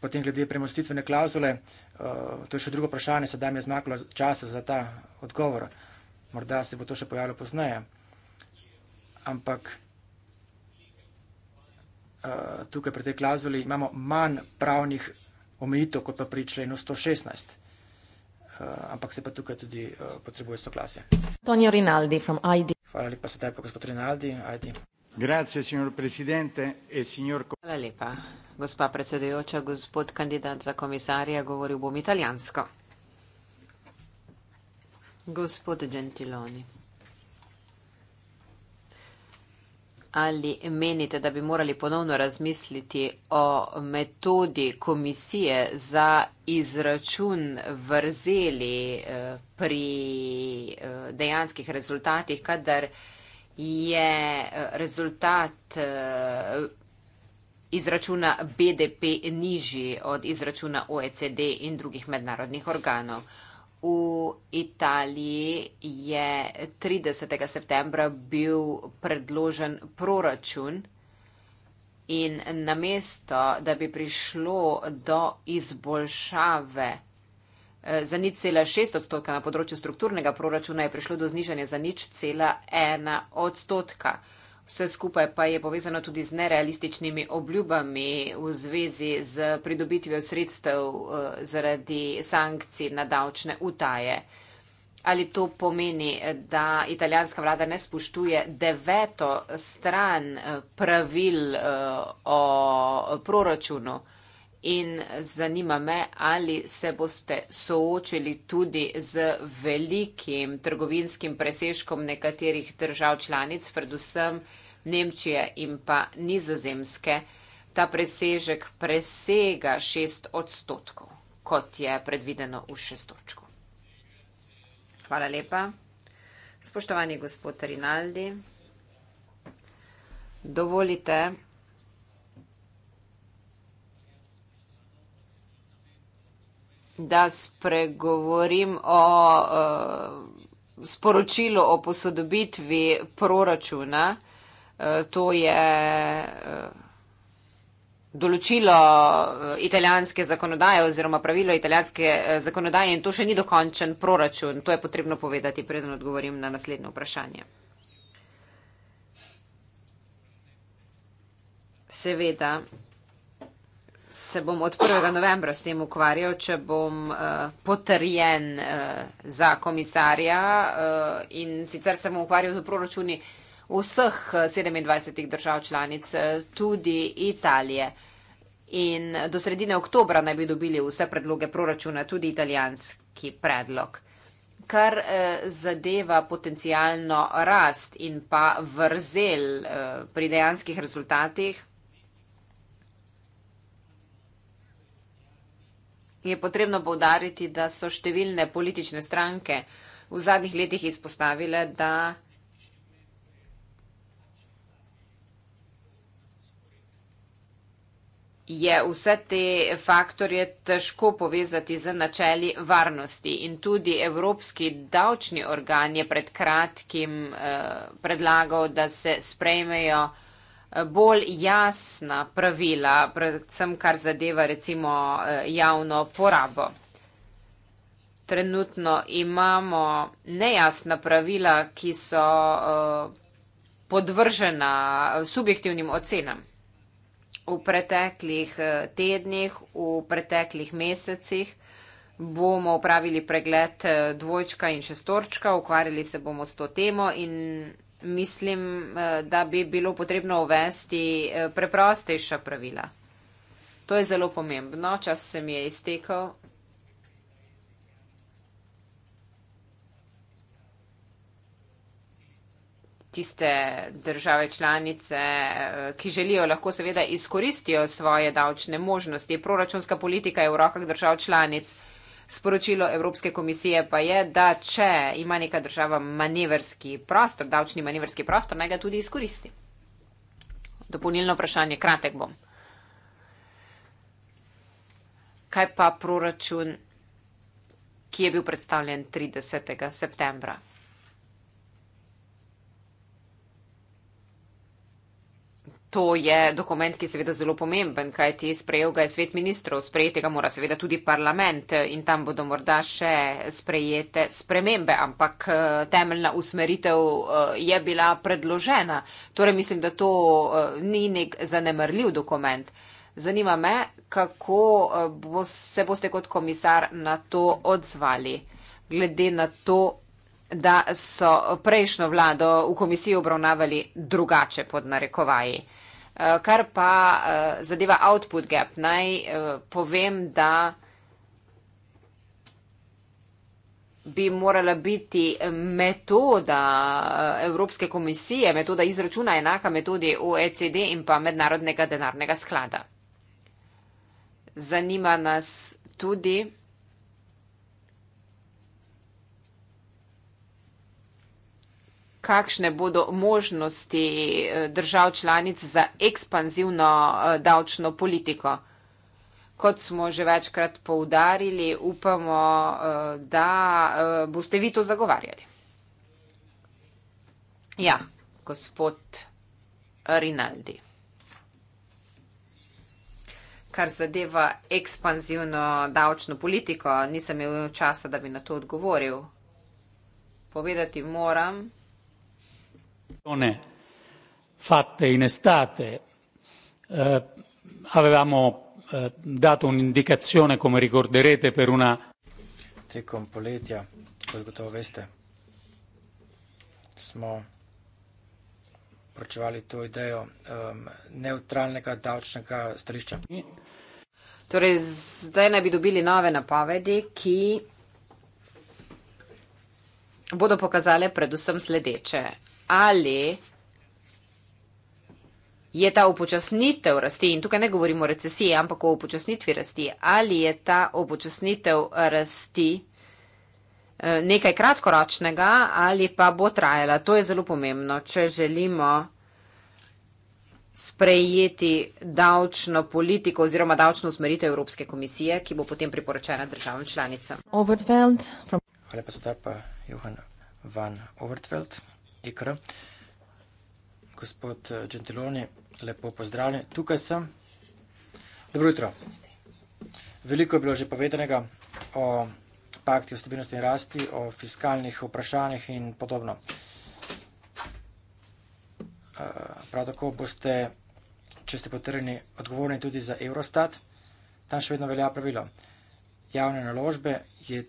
Potem glede premostitvene klauzule, eh, to je še drugo vprašanje, sedaj mi je znakalo časa za ta odgovor. Morda se bo to še pojavilo pozneje. Ampak eh, tukaj pri tej klauzuli imamo manj pravnih omejitev, kot pa pri členu 116. Eh, ampak se pa tukaj tudi potrebuje soglasje. Tonio Rinaldi from ID. Hvala lepa za tebe, gospod Rinaldi, ajdi. Grazie, signor presidente e signor... Hvala lepa, gospa predsedujoča, gospod kandidat za komisarja, govoril bom italijansko. Gospod Gentiloni. ali menite, da bi morali ponovno razmisliti o metodi komisije za izračun vrzeli eh, pri eh, dejanskih rezultatih, kadar je eh, rezultat izračuna BDP nižji od izračuna OECD in drugih mednarodnih organov v Italiji je 30. septembra bil predložen proračun in namesto, da bi prišlo do izboljšave eh, za nič cela šest odstotka na področju strukturnega proračuna, je prišlo do znižanja za nič cela ena odstotka. Vse skupaj pa je povezano tudi z nerealističnimi obljubami v zvezi z pridobitvijo sredstev eh, zaradi sankcij na davčne utaje. Ali to pomeni, da italijanska vlada ne spoštuje deveto stran eh, pravil eh, o proračunu? In zanima me, ali se boste soočili tudi z velikim trgovinskim presežkom nekaterih držav članic, predvsem Nemčije in pa nizozemske, ta presežek presega šest odstotkov, kot je predvideno v šestočku. Hvala lepa. Spoštovani gospod Rinaldi, dovolite, da spregovorim o uh, sporočilu o posodobitvi proračuna. Eh, to je eh, določilo eh, italijanske zakonodaje oziroma pravilo italijanske zakonodaje in to še ni dokončen proračun. To je potrebno povedati, preden odgovorim na naslednje vprašanje. Seveda se bom od 1. novembra s tem ukvarjal, če bom potrjen za komisarja in sicer se bom ukvarjal z proračuni vseh 27 eh, držav članic, eh, tudi Italije. In do sredine oktobra naj bi dobili vse predloge proračuna, tudi italijanski predlog. Kar eh, zadeva potencijalno rast in pa vrzel pri dejanskih rezultatih, je potrebno povdariti, da so številne politične stranke v zadnjih letih izpostavile, da je vse te faktorje težko povezati z načeli varnosti in tudi Evropski davčni organ je pred kratkim eh, predlagal, da se sprejmejo eh, bolj jasna pravila, predvsem kar zadeva recimo eh, javno porabo. Trenutno imamo nejasna pravila, ki so podvržena subjektivnim ocenam v preteklih eh, tednih, v preteklih mesecih bomo upravili pregled eh, dvojčka in šestorčka, ukvarjali se bomo s to temo in mislim, eh, da bi bilo potrebno uvesti preprostejša pravila. To je zelo pomembno, čas se mi je iztekel. tiste države članice, eh, ki želijo lahko seveda izkoristijo svoje davčne možnosti. Proračunska politika je v rokah držav članic. Sporočilo Evropske komisije pa je, da če ima neka država manevrski prostor, davčni manevrski prostor, naj ga tudi izkoristi. Dopolnilno vprašanje, kratek bom. Kaj pa proračun, ki je bil predstavljen 30. septembra? To je dokument, ki je seveda zelo pomemben, kajti sprejel ga je svet ministrov, sprejeti ga mora seveda tudi parlament in tam bodo morda še sprejete spremembe, ampak eh, temeljna usmeritev eh, je bila predložena. Torej mislim, da to eh, ni nek zanemrljiv dokument. Zanima me, kako se boste kot komisar na to odzvali, glede na to, da so prejšnjo vlado v komisiji obravnavali drugače pod narekovaji. Eh, kar pa eh, zadeva output gap, naj eh, povem, da bi morala biti metoda Evropske komisije, metoda izračuna enaka metodi OECD in pa Mednarodnega denarnega sklada. Zanima nas tudi, da je to, kakšne bodo možnosti eh, držav članic za ekspanzivno eh, davčno politiko. Kot smo že večkrat poudarili, upamo, eh, da boste vi to zagovarjali. Ja, gospod Rinaldi. Kar zadeva ekspanzivno davčno politiko, nisem imel časa, da bi na to odgovoril. Povedati moram, riflessione fatte in estate. Eh, avevamo eh, dato un'indicazione, come ricorderete, per una... Tekom poletja, kot gotovo veste, smo pročevali to idejo um, ehm, neutralnega davčnega strišča. Torej, zdaj naj bi dobili nove napovedi, ki bodo pokazale predvsem sledeče ali je ta upočasnitev rasti, in tukaj ne govorimo o recesiji, ampak o upočasnitvi rasti, ali je ta upočasnitev rasti eh, nekaj kratkoročnega ali pa bo trajala. To je zelo pomembno, če želimo sprejeti davčno politiko oziroma davčno usmeritev Evropske komisije, ki bo potem priporočena državam članicam. Hvala lepa za ta pa, Johan van Overtveld ekr. Gospod eh, Gentiloni, lepo pozdravljen. Tukaj sem. Dobro jutro. Veliko je bilo že povedanega o pakti o stabilnosti in rasti, o fiskalnih vprašanjih in podobno. Eh, prav tako boste, če ste potrjeni, odgovorni tudi za Eurostat. Tam še vedno velja pravilo. Javne naložbe je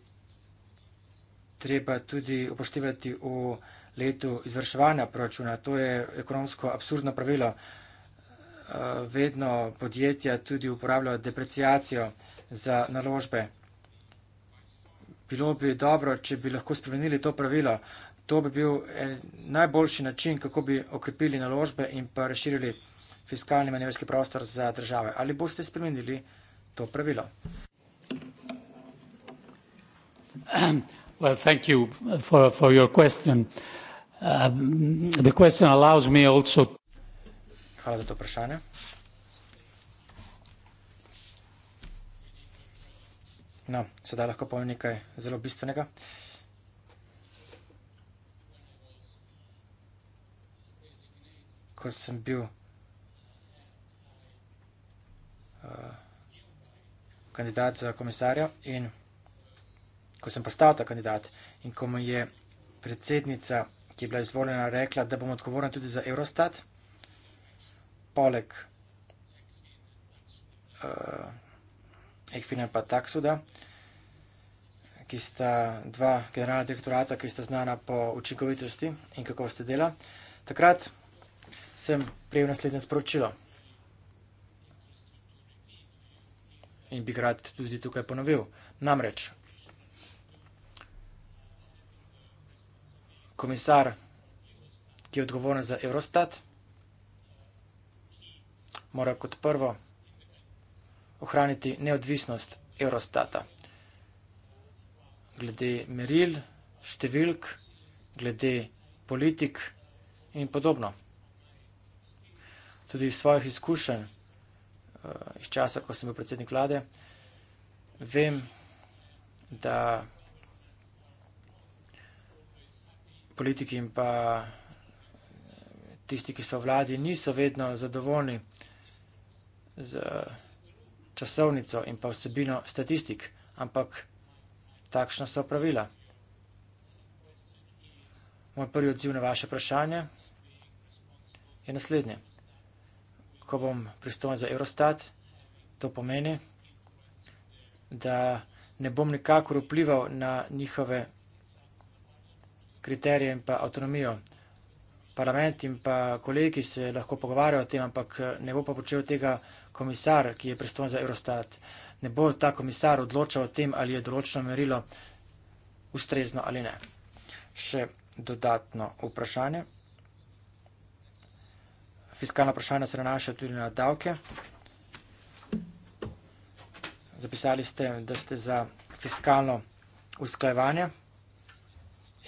treba tudi upoštevati v letu izvrševanja proračuna. To je ekonomsko absurdno pravilo. Eh, vedno podjetja tudi uporabljajo deprecijacijo za naložbe. Bilo bi dobro, če bi lahko spremenili to pravilo. To bi bil najboljši način, kako bi okrepili naložbe in pa razširili fiskalni manevrski prostor za države. Ali boste spremenili to pravilo? Well, thank you for, for your question. Uh, the question allows me also. Hvala za to vprašanje. No, sedaj lahko povem nekaj zelo bistvenega. Ko sem bil uh, kandidat za komisarja in ko sem postal ta kandidat in ko mi je predsednica ki je bila izvoljena, rekla, da bom odgovorna tudi za Eurostat. Poleg uh, eh, Ekvina pa Taksuda, ki sta dva generalna direktorata, ki sta znana po učinkovitosti in kako ste dela. Takrat sem prejel naslednje sporočilo. In bi rad tudi tukaj ponovil. Namreč, komisar, ki je odgovoren za Eurostat, mora kot prvo ohraniti neodvisnost Eurostata. Glede meril, številk, glede politik in podobno. Tudi iz svojih izkušenj, eh, iz časa, ko sem bil predsednik vlade, vem, da politiki in pa tisti, ki so vladi, niso vedno zadovoljni z časovnico in pa vsebino statistik, ampak takšna so pravila. Moj prvi odziv na vaše vprašanje je naslednje. Ko bom pristojen za Eurostat, to pomeni, da ne bom nikakor vplival na njihove kriterije in pa avtonomijo. Parlament in pa kolegi se lahko pogovarjajo o tem, ampak eh, ne bo pa počel tega komisar, ki je pristojen za Eurostat. Ne bo ta komisar odločal o tem, ali je določeno merilo ustrezno ali ne. Še dodatno vprašanje. Fiskalna vprašanja se nanašajo tudi na davke. Zapisali ste, da ste za fiskalno usklajevanje.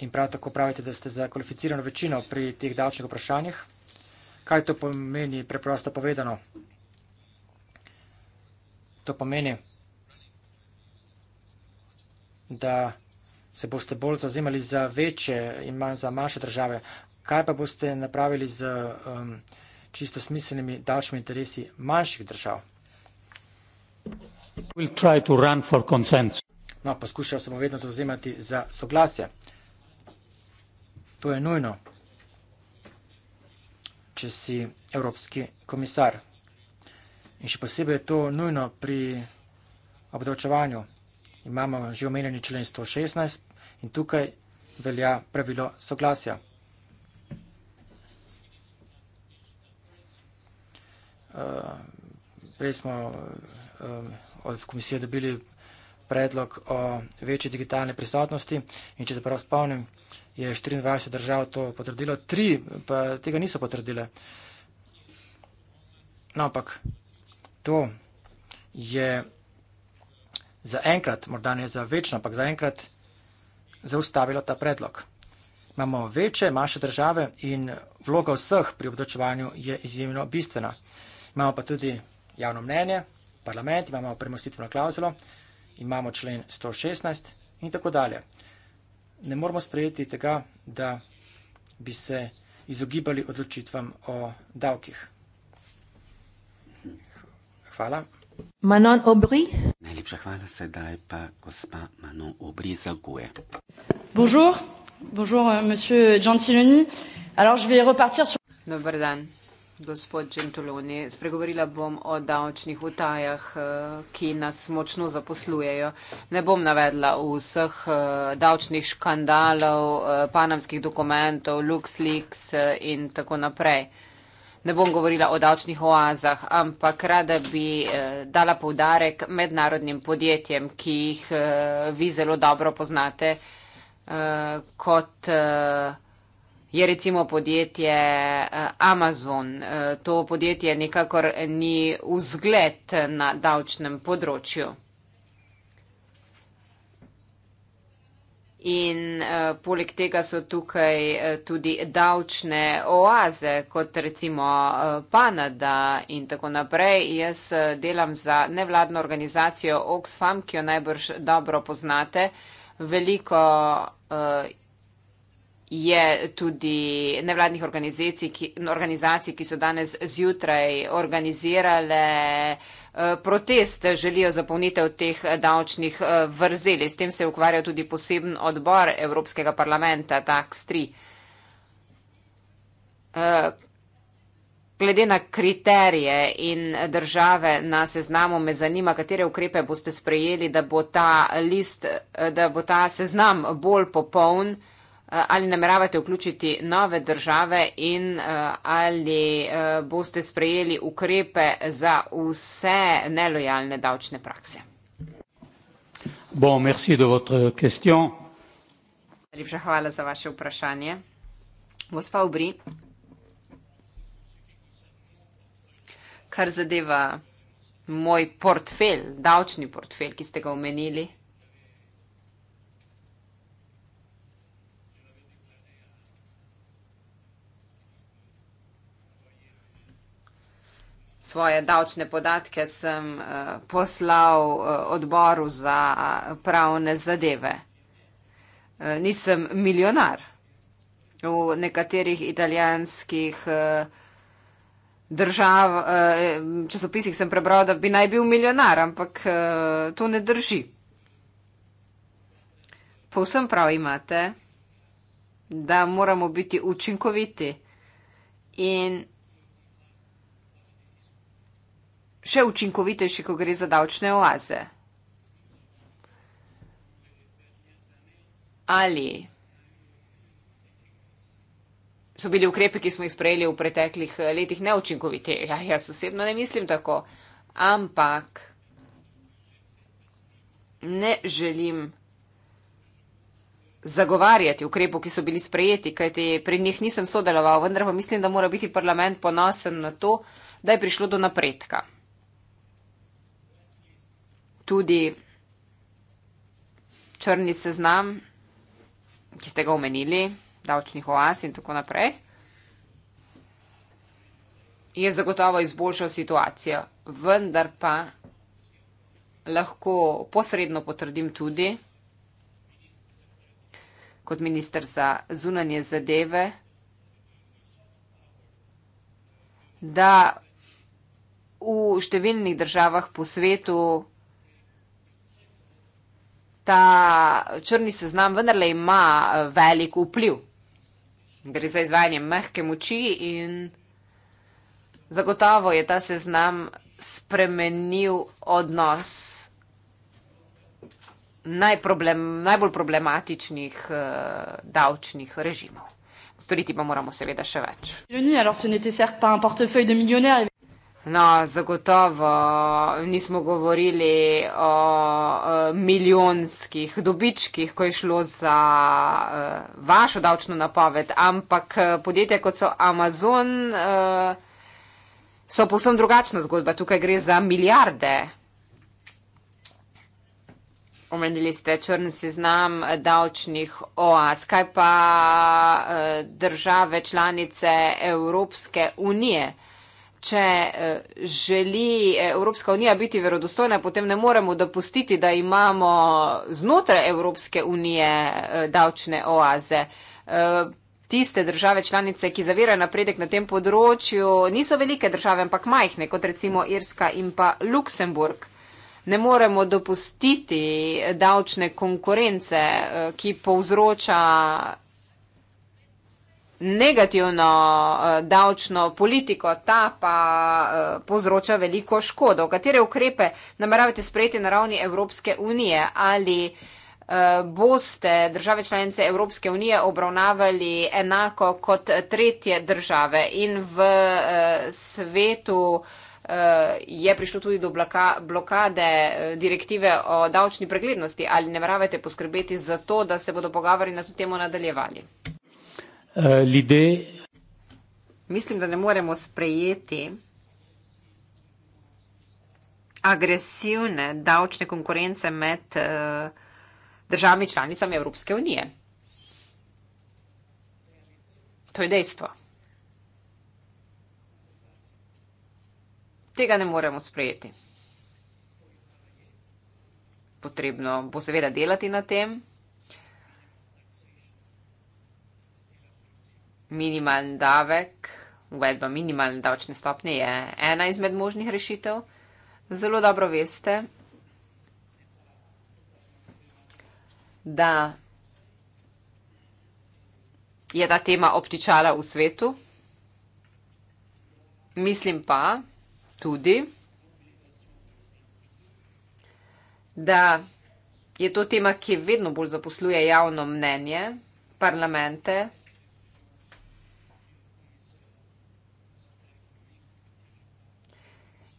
In prav tako pravite, da ste za kvalificirano večino pri teh davčnih vprašanjih. Kaj to pomeni preprosto povedano? To pomeni, da se boste bolj zauzemali za večje in manj za manjše države. Kaj pa boste napravili z um, čisto smiselnimi davčnimi interesi manjših držav? We'll no, poskušal sem vedno zauzemati za soglasje. To je nujno, če si evropski komisar. In še posebej je to nujno pri obdavčevanju. Imamo že omenjeni člen 116 in tukaj velja pravilo soglasja. Eh, prej smo eh, od komisije dobili predlog o večji digitalni prisotnosti in če se prav spomnim, je 24 držav to potrdilo, tri pa tega niso potrdile. No, ampak to je zaenkrat, morda ne za večno, ampak zaenkrat zaustavilo ta predlog. Imamo večje, manjše države in vloga vseh pri obdočevanju je izjemno bistvena. Imamo pa tudi javno mnenje, parlament, imamo premostitveno klauzulo, imamo člen 116 in tako dalje ne moramo sprejeti tega, da bi se izogibali odločitvam o davkih. Hvala. Manon Obri. Najlepša hvala, sedaj pa gospa Manon Obri za Gue. Bonjour, bonjour, euh, monsieur Gentiloni. Alors, je vais repartir sur... Dobar dan. Gospod Gentoloni, spregovorila bom o davčnih utajah, eh, ki nas močno zaposlujejo. Ne bom navedla vseh eh, davčnih škandalov, eh, panamskih dokumentov, LuxLeaks in tako naprej. Ne bom govorila o davčnih oazah, ampak rada bi dala povdarek mednarodnim podjetjem, ki jih vi zelo dobro poznate kot je recimo podjetje eh, Amazon. Eh, to podjetje nekakor ni vzgled na davčnem področju. In eh, poleg tega so tukaj tudi davčne oaze, kot recimo Panada in tako naprej. Jaz delam za nevladno organizacijo Oxfam, ki jo najbrž dobro poznate. Veliko je tudi nevladnih organizacij, ki, organizacij, ki so danes zjutraj organizirale eh, protest, želijo zapolnitev teh eh, davčnih eh, vrzeli. S tem se je ukvarjal tudi poseben odbor Evropskega parlamenta, TAX3. Glede na kriterije in države na seznamu, me zanima, katere ukrepe boste sprejeli, da bo ta, list, da bo ta seznam bolj popoln. Eh, ali nameravate vključiti nove države in eh, ali eh, boste sprejeli ukrepe za vse nelojalne davčne prakse. Bon, merci de votre question. Lepša hvala za vaše vprašanje. Gospa Ubri, kar zadeva moj portfelj, davčni portfelj, ki ste ga omenili, svoje davčne podatke sem eh, poslal eh, odboru za eh, pravne zadeve. Nisem milionar. V nekaterih italijanskih držav, časopisih sem prebral, da bi naj bil milionar, ampak to ne drži. Povsem prav imate, da moramo biti učinkoviti in učinkoviti še učinkovitejši, ko gre za davčne oaze? Ali so bili ukrepe, ki smo jih sprejeli v preteklih eh, letih, neučinkoviti? Ja, jaz osebno ne mislim tako, ampak ne želim zagovarjati ukrepov, ki so bili sprejeti, kajti pri njih nisem sodeloval, vendar pa mislim, da mora biti parlament ponosen na to, da je prišlo do napredka tudi črni seznam, ki ste ga omenili, davčnih oas in tako naprej, je zagotovo izboljšal situacijo. Vendar pa lahko posredno potrdim tudi kot minister za zunanje zadeve, da v številnih državah po svetu ta črni seznam vendarle ima eh, velik vpliv. Gre za izvajanje mehke moči in zagotovo je ta seznam spremenil odnos problem, najbolj problematičnih eh, davčnih režimov. Storiti pa moramo seveda še več. Alors, ce No, zagotovo nismo govorili o milijonskih dobičkih, ko je šlo za e, vašo davčno napoved, ampak e, podjetja kot so Amazon e, so povsem drugačna zgodba. Tukaj gre za milijarde. Omenili ste črn seznam davčnih oas. Kaj pa države članice Evropske unije? če eh, želi eh, Evropska unija biti verodostojna, potem ne moremo dopustiti, da imamo znotraj Evropske unije eh, davčne oaze. Tiste države članice, ki zavirajo napredek na tem področju, niso velike države, ampak majhne, kot recimo Irska in pa Luksemburg. Ne moremo dopustiti davčne konkurence, ki povzroča negativno uh, davčno politiko, ta pa uh, povzroča veliko škodo. Katere ukrepe nameravate sprejeti na ravni Evropske unije ali eh, boste države članice Evropske unije obravnavali enako kot tretje države in v svetu je prišlo tudi do blokade direktive o davčni preglednosti ali ne meravate poskrbeti za to, da se bodo pogovori na to temo nadaljevali? Eh, ljudi. Mislim, da ne moremo sprejeti agresivne davčne konkurence med eh, državami članicami Evropske unije. To je dejstvo. Tega ne moremo sprejeti. Potrebno bo seveda delati na tem. minimalen davek, uvedba minimalne davčne stopnje je ena izmed možnih rešitev. Zelo dobro veste, da je ta tema optičala v svetu. Mislim pa tudi, da je to tema, ki vedno bolj zaposluje javno mnenje, parlamente,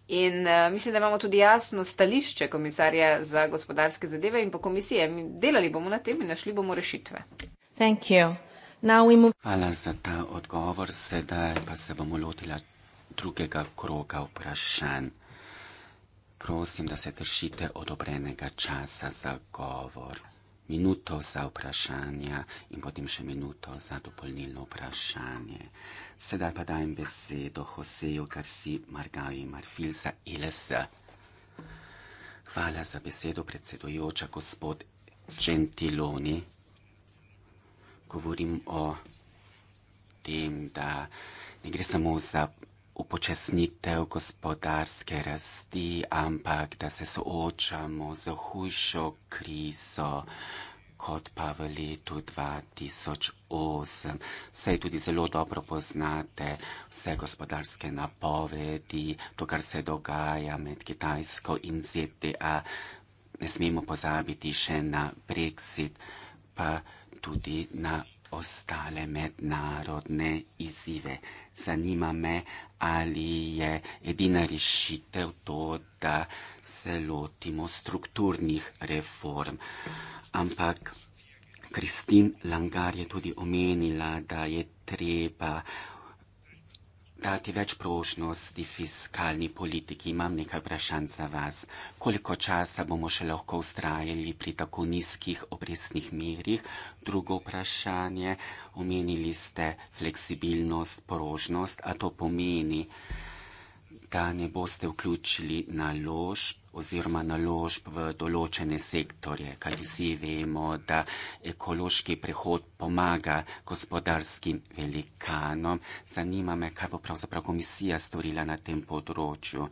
In uh, mislim, da imamo tudi jasno stališče komisarja za gospodarske zadeve in pa komisije. Eh, mi delali bomo na tem in našli bomo rešitve. Hvala za ta odgovor. Sedaj pa se bomo lotila drugega kroga vprašanj. Prosim, da se držite odobrenega časa za govor minuto za vprašanja in potem še minuto za dopolnilno vprašanje. Sedaj pa dajem besedo Joseju Karsi Margavi Marfilsa ILS. Hvala za besedo, predsedujoča, gospod Gentiloni. Govorim o tem, da ne gre samo za upočasnitev gospodarske rasti, ampak da se soočamo z hujšo krizo kot pa v letu 2008. Vse tudi zelo dobro poznate vse gospodarske napovedi, to, kar se dogaja med Kitajsko in ZDA. Ne smemo pozabiti še na Brexit, pa tudi na ostale mednarodne izzive. Zanima me, ali je edina rešitev to, da se lotimo strukturnih reform. Ampak Kristin Langar je tudi omenila, da je treba dati več prožnosti fiskalni politiki. Imam nekaj vprašanj za vas. Koliko časa bomo še lahko ustrajali pri tako nizkih obrestnih merih? Drugo vprašanje, omenili ste fleksibilnost, prožnost, a to pomeni, da ne boste vključili naložb oziroma naložb v določene sektorje, kajti vsi vemo, da ekološki prehod pomaga gospodarskim velikanom. Zanima me, kaj bo pravzaprav komisija storila na tem področju.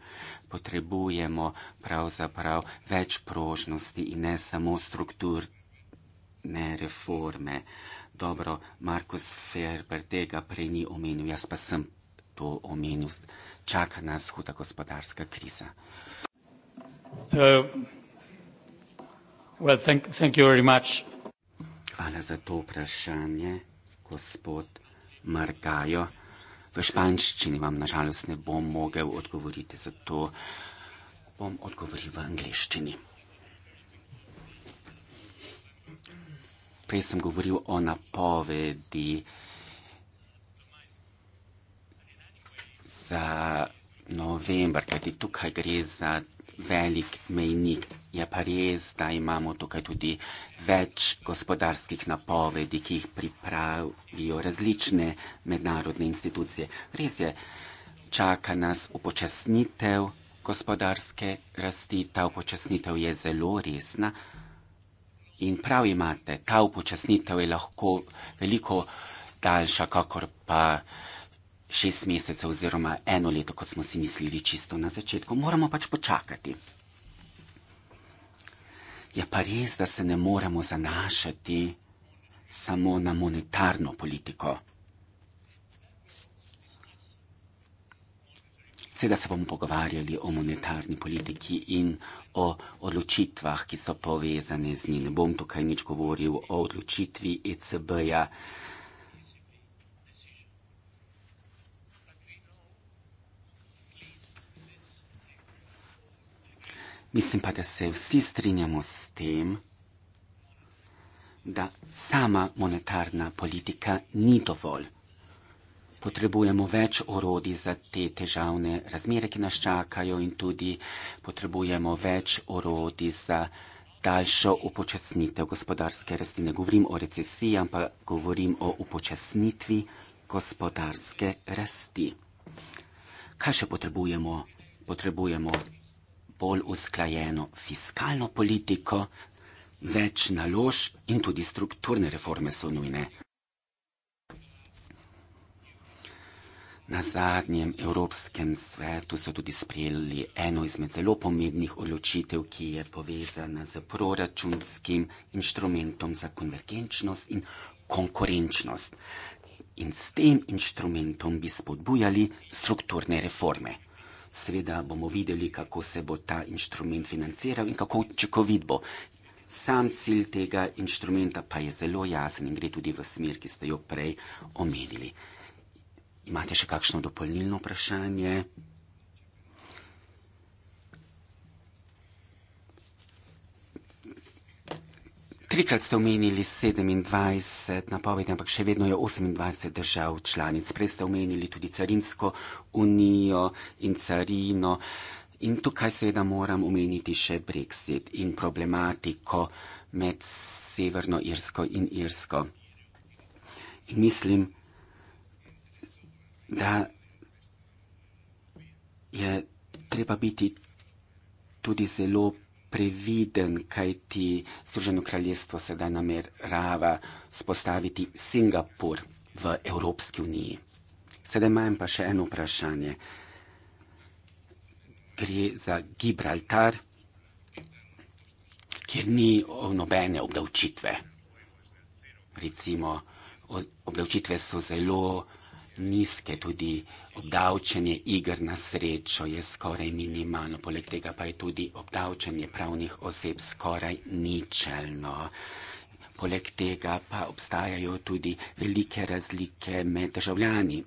Potrebujemo pravzaprav več prožnosti in ne samo strukturne reforme. Dobro, Markus Ferber tega prej ni omenil, jaz pa sem to omenil. Čaka nas huda gospodarska kriza. Uh, Hvala za to vprašanje, gospod Margajo. V španščini vam nažalost ne bom mogel odgovoriti, zato bom odgovoril v angliščini. Prej sem govoril o napovedi za november, kajti tukaj gre za velik mejnik. Je ja, pa res, da imamo tukaj tudi več gospodarskih napovedi, ki jih pripravijo različne mednarodne institucije. Res je, čaka nas upočasnitev gospodarske rasti, ta upočasnitev je zelo resna in prav imate, ta upočasnitev je lahko veliko daljša, kakor pa šest mesecev oziroma eno leto, kot smo si mislili čisto na začetku. Moramo pač počakati. Je pa res, da se ne moremo zanašati samo na monetarno politiko. Seveda se bomo pogovarjali o monetarni politiki in o odločitvah, ki so povezane z njim. Ne bom tukaj nič govoril o odločitvi ECB-ja. -ja. Mislim pa, da se vsi strinjamo s tem, da sama monetarna politika ni dovolj. Potrebujemo več orodi za te težavne razmere, ki nas čakajo in tudi potrebujemo več orodi za daljšo upočasnitev gospodarske rasti. Ne govorim o recesiji, ampak govorim o upočasnitvi gospodarske rasti. Kaj še potrebujemo? Potrebujemo bolj usklajeno fiskalno politiko, več naložb in tudi strukturne reforme so nujne. Na zadnjem Evropskem svetu so tudi sprejeli eno izmed zelo pomembnih odločitev, ki je povezana z proračunskim inštrumentom za konvergenčnost in konkurenčnost. In s tem inštrumentom bi spodbujali strukturne reforme seveda bomo videli, kako se bo ta inštrument financiral in kako učinkovit bo. Sam cilj tega inštrumenta pa je zelo jasen in gre tudi v smer, ki ste jo prej omenili. Imate še kakšno dopolnilno vprašanje? Trikrat ste omenili 27 napovedi, ampak še vedno je 28 držav članic. Prej ste omenili tudi carinsko unijo in carino. In tukaj seveda moram omeniti še Brexit in problematiko med Severno Irsko in Irsko. In mislim, da je treba biti tudi zelo previden, kaj ti Združeno kraljestvo sedaj namerava spostaviti Singapur v Evropski uniji. Sedaj imam pa še eno vprašanje. Gre za Gibraltar, kjer ni nobene obdavčitve. Recimo, obdavčitve so zelo nizke, tudi uh, Obdavčanje igr na srečo je skoraj minimalno, poleg tega pa je tudi obdavčanje pravnih oseb skoraj ničelno. Poleg tega pa obstajajo tudi velike razlike med državljani,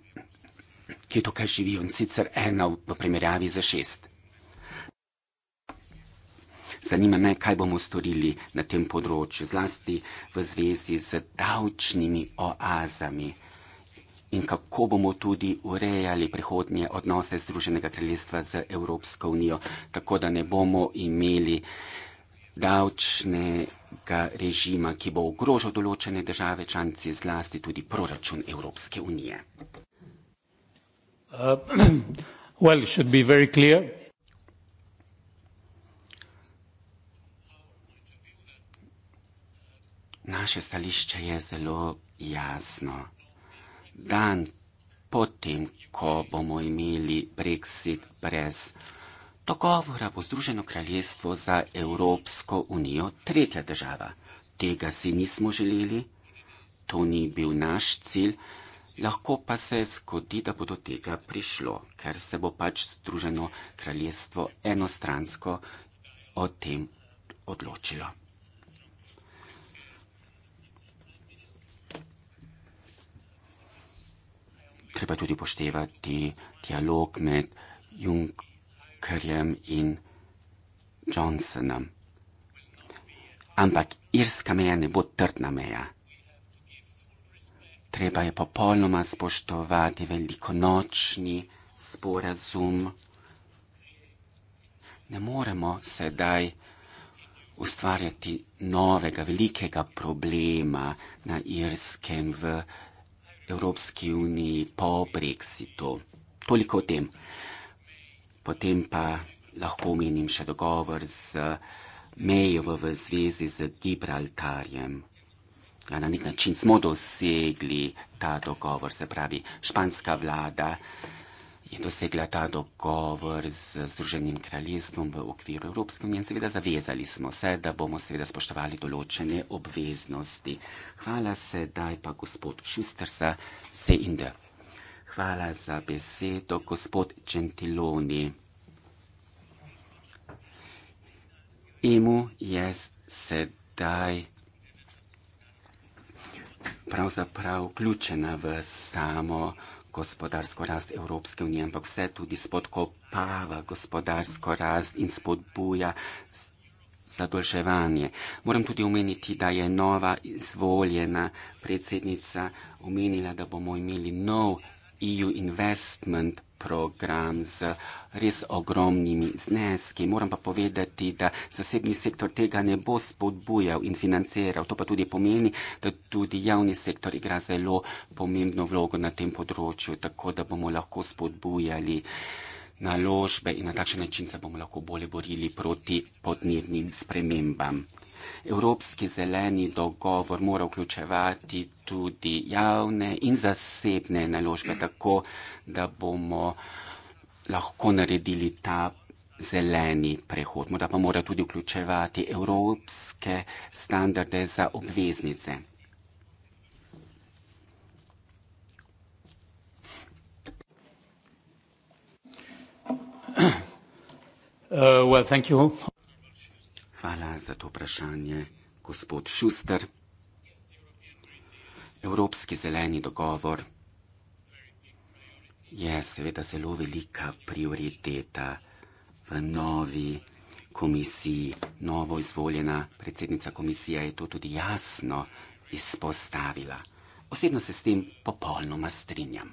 ki tukaj živijo in sicer ena v primerjavi za šest. Zanima me, kaj bomo storili na tem področju, zlasti v zvezi z davčnimi oazami in kako bomo tudi urejali prihodnje odnose Združenega kraljestva z Evropsko unijo, tako da ne bomo imeli davčnega režima, ki bo ogrožal določene države članice, zlasti tudi proračun Evropske unije. Uh, well, it should be very clear. Naše stališče je zelo jasno dan potem, ko bomo imeli brexit brez dogovora, bo Združeno kraljestvo za Evropsko unijo tretja država. Tega si nismo želeli, to ni bil naš cilj, lahko pa se zgodi, da bo do tega prišlo, ker se bo pač Združeno kraljestvo enostransko o tem odločilo. treba tudi upoštevati dialog med Junckerjem in Johnsonom. Ampak irska meja ne bo trdna meja. Treba je popolnoma spoštovati velikonočni sporazum. Ne moremo sedaj ustvarjati novega velikega problema na irskem v Evropski uniji po Brexitu. Toliko o tem. Potem pa lahko omenim še dogovor z mejo v zvezi z Gibraltarjem. Ja, na nek način smo dosegli ta dogovor, se pravi, španska vlada je dosegla ta dogovor z Združenim kraljestvom v okviru Evropske unije in seveda zavezali smo se, da bomo seveda spoštovali določene obveznosti. Hvala se, daj pa gospod Šustersa, se in da. Hvala za besedo, gospod Gentiloni. Emu je sedaj pravzaprav vključena v samo vprašanje gospodarsko rast Evropske unije, ampak vse tudi spodkopava gospodarsko rast in spodbuja zadolževanje. Moram tudi omeniti, da je nova izvoljena predsednica omenila, da bomo imeli nov EU Investment program z res ogromnimi zneski. Moram pa povedati, da zasebni sektor tega ne bo spodbujal in financiral. To pa tudi pomeni, da tudi javni sektor igra zelo pomembno vlogo na tem področju, tako da bomo lahko spodbujali naložbe in na takšen način se bomo lahko bolje borili proti podnebnim spremembam. Evropski zeleni dogovor mora vključevati tudi javne in zasebne naložbe, tako da bomo lahko naredili ta zeleni prehod. Morda pa mora tudi vključevati evropske standarde za obveznice. Uh, well, thank you. Hvala za to vprašanje, gospod Šuster. Evropski zeleni dogovor je seveda zelo velika prioriteta v novi komisiji. Novo izvoljena predsednica komisije je to tudi jasno izpostavila. Osebno se s tem popolnoma strinjam.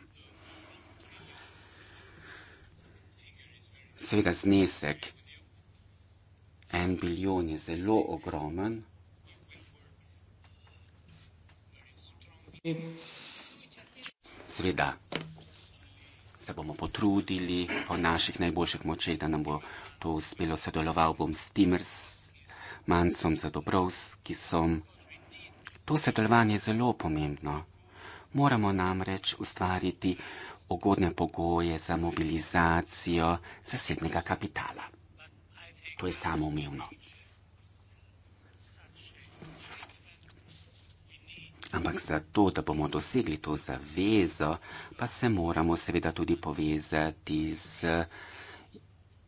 Seveda znesek, En bilijon je zelo ogromen. Seveda se bomo potrudili po naših najboljših močeh, da nam bo to uspelo. Sodeloval bom s Timers, Mancom, Zadobrovskisom. To sodelovanje je zelo pomembno. Moramo namreč ustvariti ugodne pogoje za mobilizacijo zasebnega kapitala. To je samoumevno. Ampak zato, da bomo dosegli to zavezo, pa se moramo seveda tudi povezati z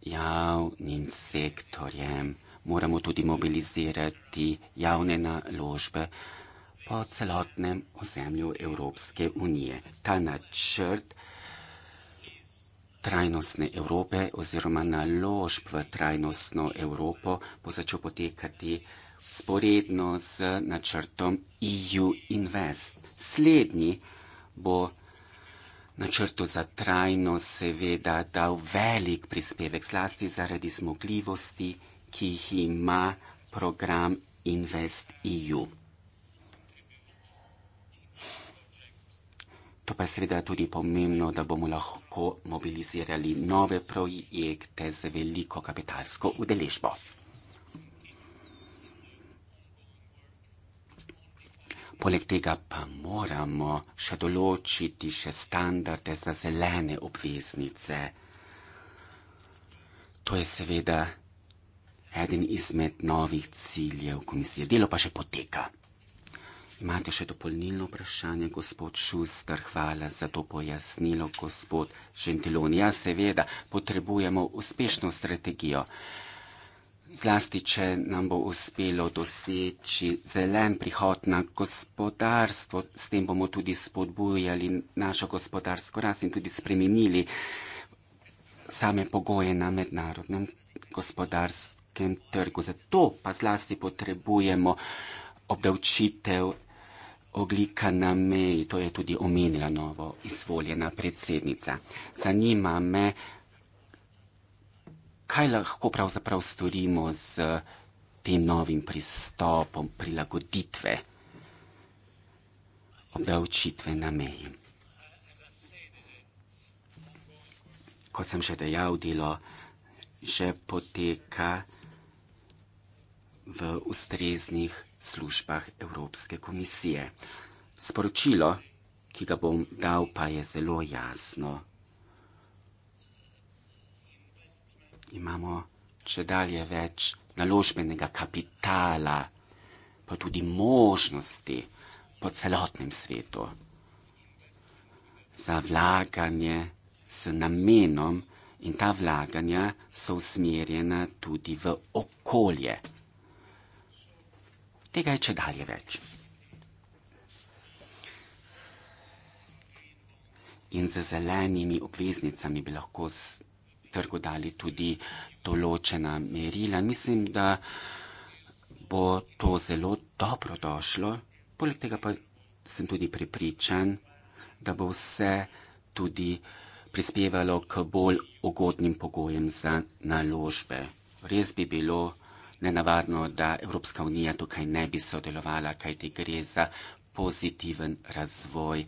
javnim sektorjem. Moramo tudi mobilizirati javne naložbe po celotnem ozemlju Evropske unije. Ta načrt trajnostne Evrope oziroma naložb v trajnostno Evropo bo začel potekati sporedno z načrtom EU Invest. Slednji bo načrtu za trajno seveda dal velik prispevek zlasti zaradi zmogljivosti, ki jih ima program Invest EU. To pa je seveda tudi pomembno, da bomo lahko mobilizirali nove projekte z veliko kapitalsko udeležbo. Poleg tega pa moramo še določiti še standarde za zelene obveznice. To je seveda eden izmed novih ciljev komisije. Delo pa še poteka. Imate še dopolnilno vprašanje, gospod Šuster? Hvala za to pojasnilo, gospod Žentilon. Ja, seveda, potrebujemo uspešno strategijo. Zlasti, če nam bo uspelo doseči zelen prihod na gospodarstvo, s tem bomo tudi spodbujali našo gospodarsko rast in tudi spremenili same pogoje na mednarodnem gospodarskem trgu. Zato pa zlasti potrebujemo obdavčitev oglika na meji, to je tudi omenila novo izvoljena predsednica. Zanima me, kaj lahko pravzaprav storimo z tem novim pristopom prilagoditve obdavčitve na meji. Kot sem že dejal, delo že poteka v ustreznih službah Evropske komisije. Sporočilo, ki ga bom dal, pa je zelo jasno. Imamo če dalje več naložbenega kapitala, pa tudi možnosti po celotnem svetu za vlaganje s namenom in ta vlaganja so usmerjena tudi v okolje tega je če dalje več. In za zelenimi obveznicami bi lahko trgu dali tudi določena merila. Mislim, da bo to zelo dobro došlo. Poleg tega pa sem tudi prepričan, da bo vse tudi prispevalo k bolj ugodnim pogojem za naložbe. Res bi bilo nenavadno, da Evropska unija tukaj ne bi sodelovala, kajti gre za pozitiven razvoj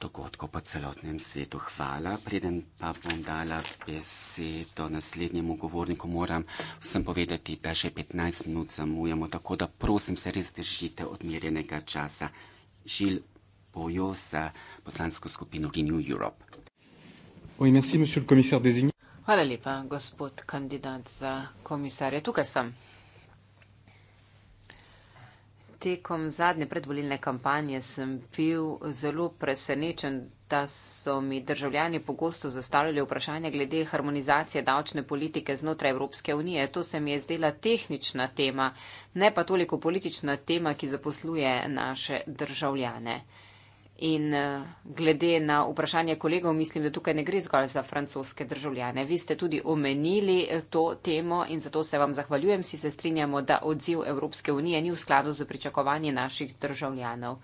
dogodkov po celotnem svetu. Hvala. Preden pa bom dala besedo naslednjemu govorniku, moram vsem povedati, da že 15 minut zamujamo, tako da prosim se res držite odmerjenega časa. Žil Bojo za poslansko skupino Renew Europe. Oui, merci, monsieur le commissaire désigné. Hvala lepa, gospod kandidat za komisarja. Tukaj sem. Tekom zadnje predvolilne kampanje sem bil zelo presenečen, da so mi državljani pogosto zastavljali vprašanje glede harmonizacije davčne politike znotraj Evropske unije. To se mi je zdela tehnična tema, ne pa toliko politična tema, ki zaposluje naše državljane. In eh, glede na vprašanje kolegov, mislim, da tukaj ne gre zgolj za francoske državljane. Vi ste tudi omenili eh, to temo in zato se vam zahvaljujem. Si se strinjamo, da odziv Evropske unije ni v skladu z pričakovanji naših državljanov.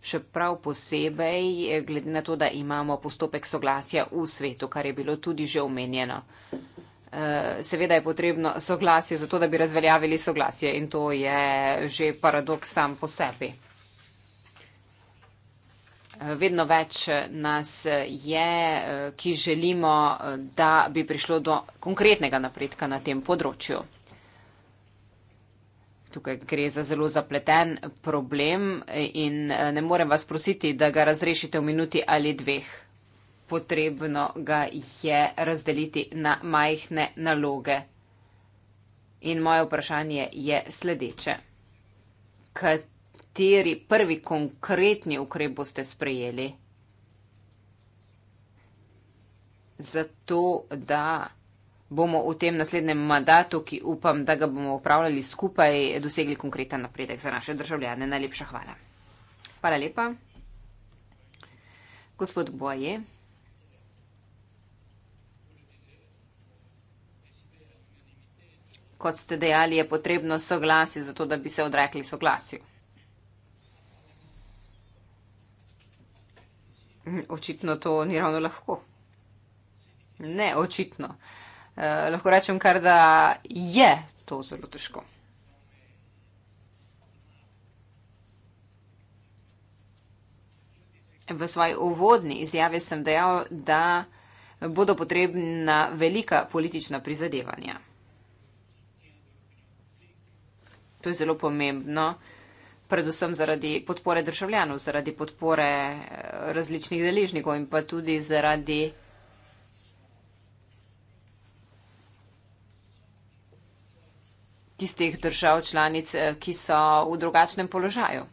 Še prav posebej, eh, glede na to, da imamo postopek soglasja v svetu, kar je bilo tudi že omenjeno. Seveda je potrebno soglasje za to, da bi razveljavili soglasje in to je že paradoks sam po sebi. Vedno več eh, nas eh, je, eh, ki želimo, da bi prišlo do konkretnega napredka na tem področju. Tukaj gre za zelo zapleten problem in ne morem vas prositi, da ga razrešite v minuti ali dveh. Potrebno ga je razdeliti na majhne naloge. In moje vprašanje je sledeče. Kat kateri prvi konkretni ukrep boste sprejeli? Zato, da bomo v tem naslednjem mandatu, ki upam, da ga bomo upravljali skupaj, dosegli konkreten napredek za naše državljane. Najlepša hvala. Hvala lepa. Gospod Boje. Kot ste dejali, je potrebno soglasje, zato da bi se odrekli soglasju. Očitno to ni ravno lahko. Ne, očitno. Eh, lahko rečem kar, da je to zelo težko. V svoji uvodni izjavi sem dejal, da bodo potrebna velika politična prizadevanja. To je zelo pomembno, eh, predvsem zaradi podpore državljanov, zaradi podpore eh, različnih deležnikov in pa tudi zaradi tistih držav članic, eh, ki so v drugačnem položaju.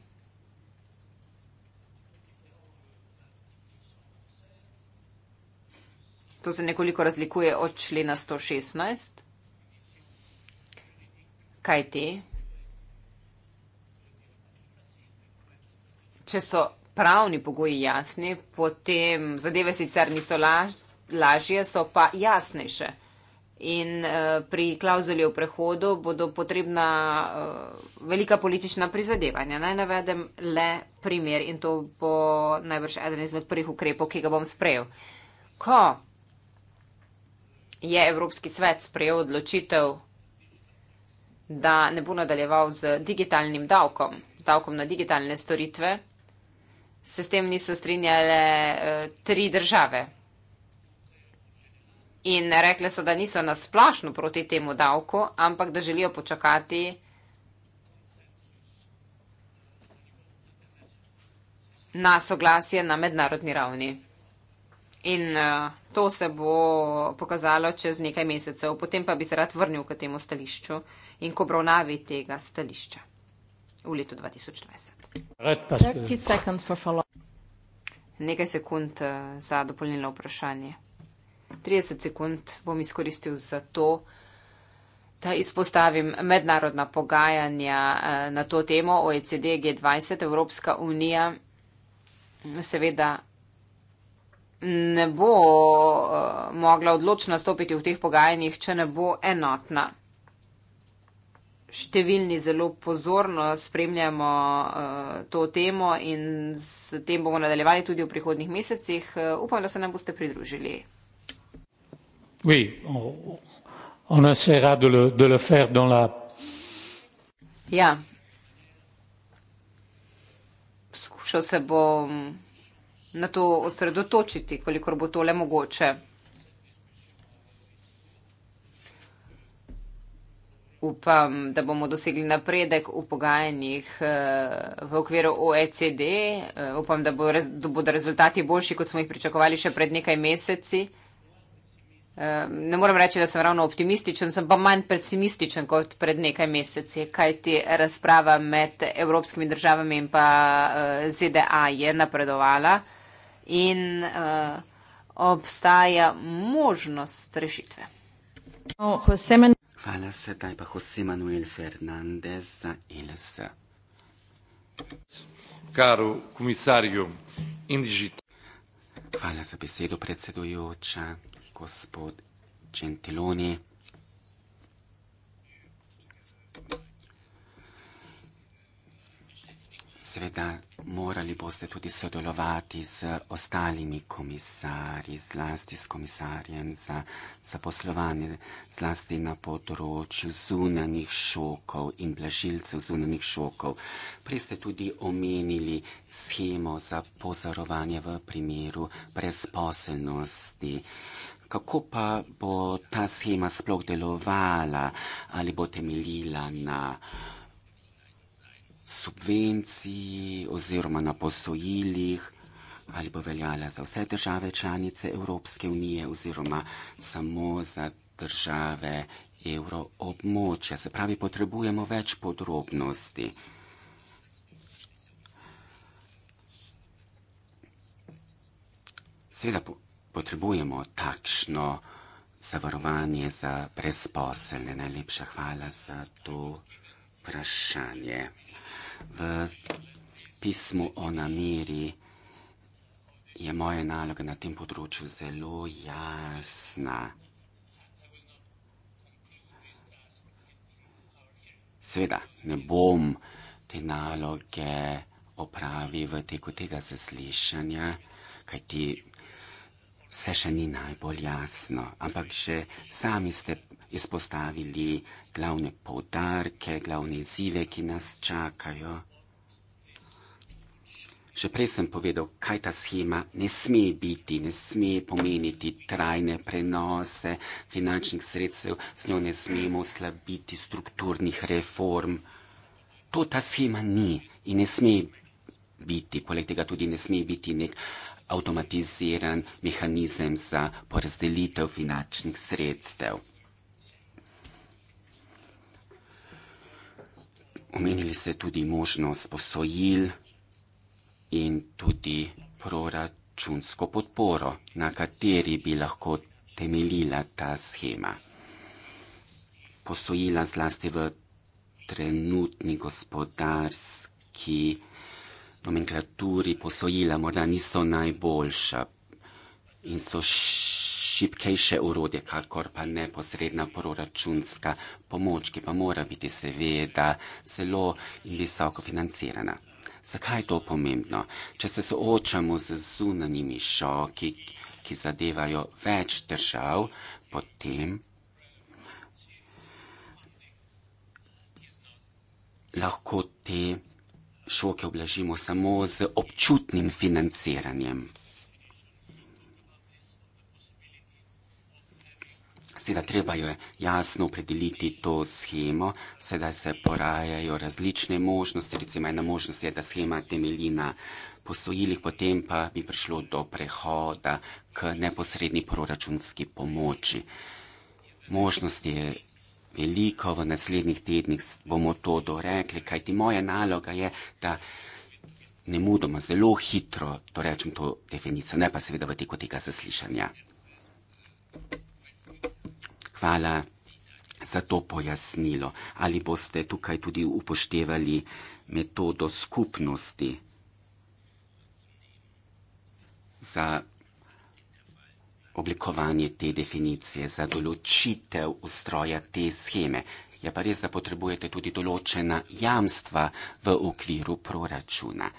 To se nekoliko razlikuje od člena 116, kaj te če so pravni pogoji jasni, potem zadeve sicer niso laž, lažje, so pa jasnejše. In uh, pri klauzuli o prehodu bodo potrebna uh, velika politična prizadevanja. Naj navedem le primer in to bo najbrž eden izmed prvih ukrepov, ki ga bom sprejel. Ko je Evropski svet sprejel odločitev, da ne bo nadaljeval z digitalnim davkom, z davkom na digitalne storitve, se s tem niso strinjale e, tri države. In rekli so, da niso nasplošno proti temu davku, ampak da želijo počakati na soglasje na mednarodni ravni. In e, to se bo pokazalo čez nekaj mesecev, potem pa bi se rad vrnil k temu stališču in k obravnavi tega stališča v letu 2020. Nekaj sekund eh, za dopolnilno vprašanje. 30 sekund bom izkoristil za to, da izpostavim mednarodna pogajanja eh, na to temo OECD, G20, Evropska unija. Mm, seveda ne bo eh, mogla odločno nastopiti v teh pogajanjih, če ne bo enotna številni zelo pozorno spremljamo uh, to temo in s tem bomo nadaljevali tudi v prihodnih mesecih. Uh, upam, da se nam boste pridružili. Oui, on, on de le, de le faire dans la... Ja. Skušal se bom na to osredotočiti, kolikor bo tole mogoče. upam, da bomo dosegli napredek v pogajanjih eh, v okviru OECD. Eh, upam, da, bo, da bodo rezultati boljši, kot smo jih pričakovali še pred nekaj meseci. Eh, ne moram reči, da sem ravno optimističen, sem pa manj pesimističen kot pred nekaj meseci, kajti razprava med evropskimi državami in pa ZDA je napredovala in obstaja možnost rešitve. Oh, Hvala sedaj pa Jose Manuel Fernandez za ILS. Karo komisarju Indžit. Hvala za besedo, predsedujoča, gospod Gentiloni. Seveda, morali boste tudi sodelovati z ostalimi komisarji, zlasti s komisarjem za zaposlovanje, zlasti na področju zunanih šokov in blažilcev zunanih šokov. Prej ste tudi omenili schemo za pozorovanje v primeru brezposelnosti. Kako pa bo ta schema sploh delovala ali bo temeljila na subvenciji oziroma na posojilih ali bo veljala za vse države članice Evropske unije oziroma samo za države evroobmočja. Se pravi, potrebujemo več podrobnosti. Seveda potrebujemo takšno zavarovanje za brezposelne. Najlepša hvala za to vprašanje v pismu o nameri je moja naloga na tem področju zelo jasna. Seveda, ne bom te naloge opravil v teku tega zaslišanja, kajti vse še ni najbolj jasno, ampak že sami ste izpostavili glavne povdarke, glavne izzive, ki nas čakajo. Že prej sem povedal, kaj ta schema ne sme biti, ne sme pomeniti trajne prenose finančnih sredstev, s njo ne smemo slabiti strukturnih reform. To ta schema ni in ne sme biti, poleg tega tudi ne sme biti nek avtomatiziran mehanizem za porazdelitev finančnih sredstev. Omenili ste tudi možnost posojil in tudi proračunsko podporo, na kateri bi lahko temeljila ta schema. Posojila zlasti v trenutni gospodarski nomenklaturi posojila morda niso najboljša, in so šipkejše urodje, kakor pa neposredna proračunska pomoč, ki pa mora biti seveda zelo in visoko financirana. Zakaj je to pomembno? Če se soočamo z zunanjimi šoki, ki zadevajo več držav, potem lahko te šoke oblažimo samo z občutnim financiranjem. Seveda treba je jasno opredeliti to schemo, sedaj se porajajo različne možnosti, recimo ena možnost je, da schema temelji na posojilih, potem pa bi prišlo do prehoda k neposredni proračunski pomoči. Možnosti je veliko, v naslednjih tednih bomo to dorekli, kajti moja naloga je, da ne mudoma zelo hitro dorečem to definicijo, ne pa seveda v teku tega zaslišanja. Thank you. Hvala za to pojasnilo. Ali boste tukaj tudi upoštevali metodo skupnosti za oblikovanje te definicije, za določitev ustroja te scheme? Je pa res, da potrebujete tudi določena jamstva v okviru proračuna.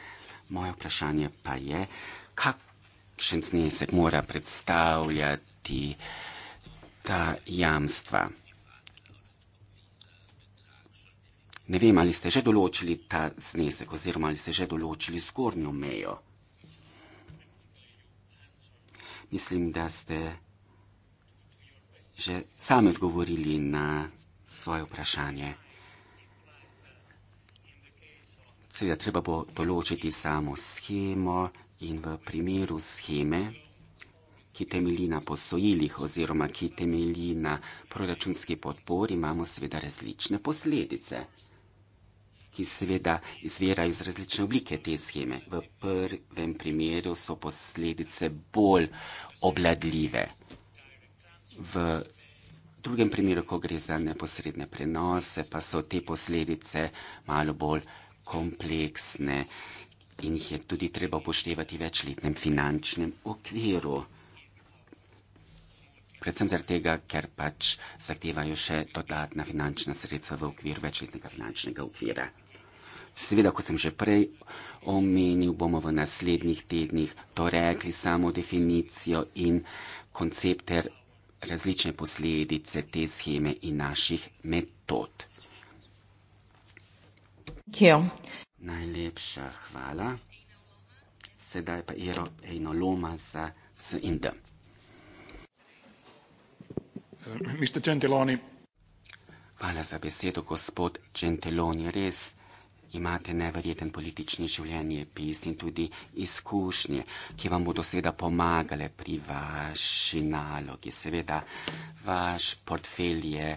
Moje vprašanje pa je, kakšen znesek mora predstavljati uh, ta jamstva. Ne vem, ali ste že določili ta znesek oziroma ali ste že določili zgornjo mejo. Mislim, da ste že sami odgovorili na svoje vprašanje. Seveda, treba bo določiti samo schemo in v primeru scheme ki temelji na posojilih oziroma ki temelji na proračunski podpori, imamo seveda različne posledice, ki seveda izvirajo iz različne oblike te scheme. V prvem primeru so posledice bolj obladljive. V drugem primeru, ko gre za neposredne prenose, pa so te posledice malo bolj kompleksne in jih je tudi treba upoštevati v večletnem finančnem okviru predvsem zato, ker pač zahtevajo še dodatna finančna sredstva v okviru večletnega finančnega okvira. Seveda, kot sem že prej omenil, bomo v naslednjih tednih to rekli samo definicijo in koncept ter različne posledice te scheme in naših metod. Kjo. Najlepša hvala. Sedaj pa Iro Einoloma za S in D. Mr. Gentiloni. Hvala za besedo, gospod Gentiloni. Res imate neverjeten politični življenje pis in tudi izkušnje, ki vam bodo seveda pomagale pri vaši nalogi. Seveda, vaš portfelj je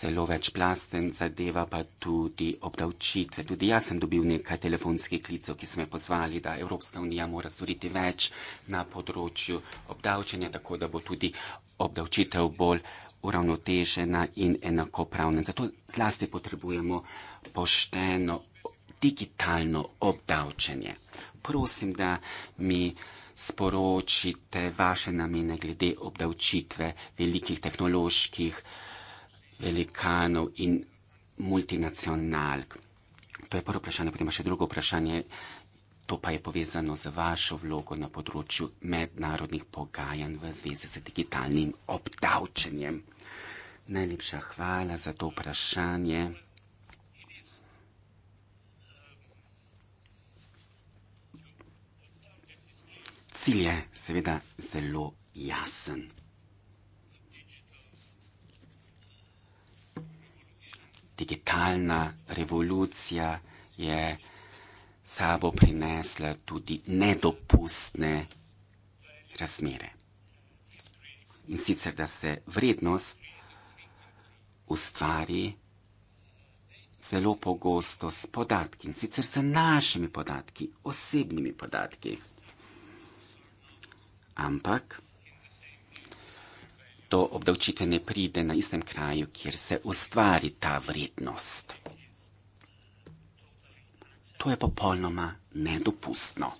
zelo večplasten, zadeva pa tudi obdavčitve. Tudi jaz sem dobil nekaj telefonskih klicev, ki so me pozvali, da Evropska unija mora storiti več na področju obdavčenja, tako da bo tudi obdavčitev bolj uravnotežena in enakopravna. Zato zlasti potrebujemo pošteno digitalno obdavčenje. Prosim, da mi sporočite vaše namene glede obdavčitve velikih tehnoloških velikanov in multinacionalk. To je prvo vprašanje, potem pa še drugo vprašanje. To pa je povezano z vašo vlogo na področju mednarodnih pogajanj v zvezi z digitalnim obdavčenjem. Najlepša hvala za to vprašanje. Cilj je seveda zelo jasen. Digitalna revolucija je sabo prinesla tudi nedopustne razmere. In sicer, da se vrednost ustvari zelo pogosto s podatki, in sicer s našimi podatki, osebnimi podatki. Ampak to obdavčitev ne pride na istem kraju, kjer se ustvari ta vrednost. To je popolnoma nedopustno.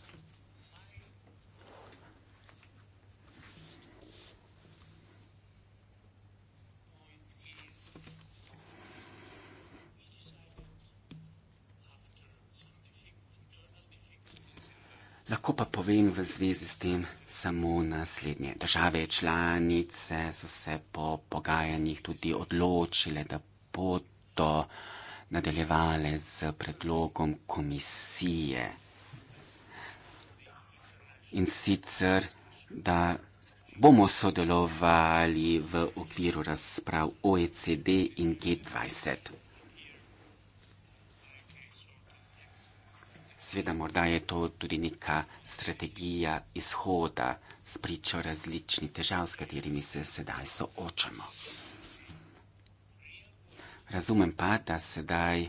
Lahko pa povem v zvezi s tem samo naslednje. Države članice so se po pogajanjih tudi odločile, da bodo uh, nadaljevale z predlogom komisije. In sicer, da bomo sodelovali v okviru razprav OECD in G20. Sveda morda je to tudi neka strategija izhoda spričo različni težav, s katerimi se sedaj soočamo. Razumem pa, da sedaj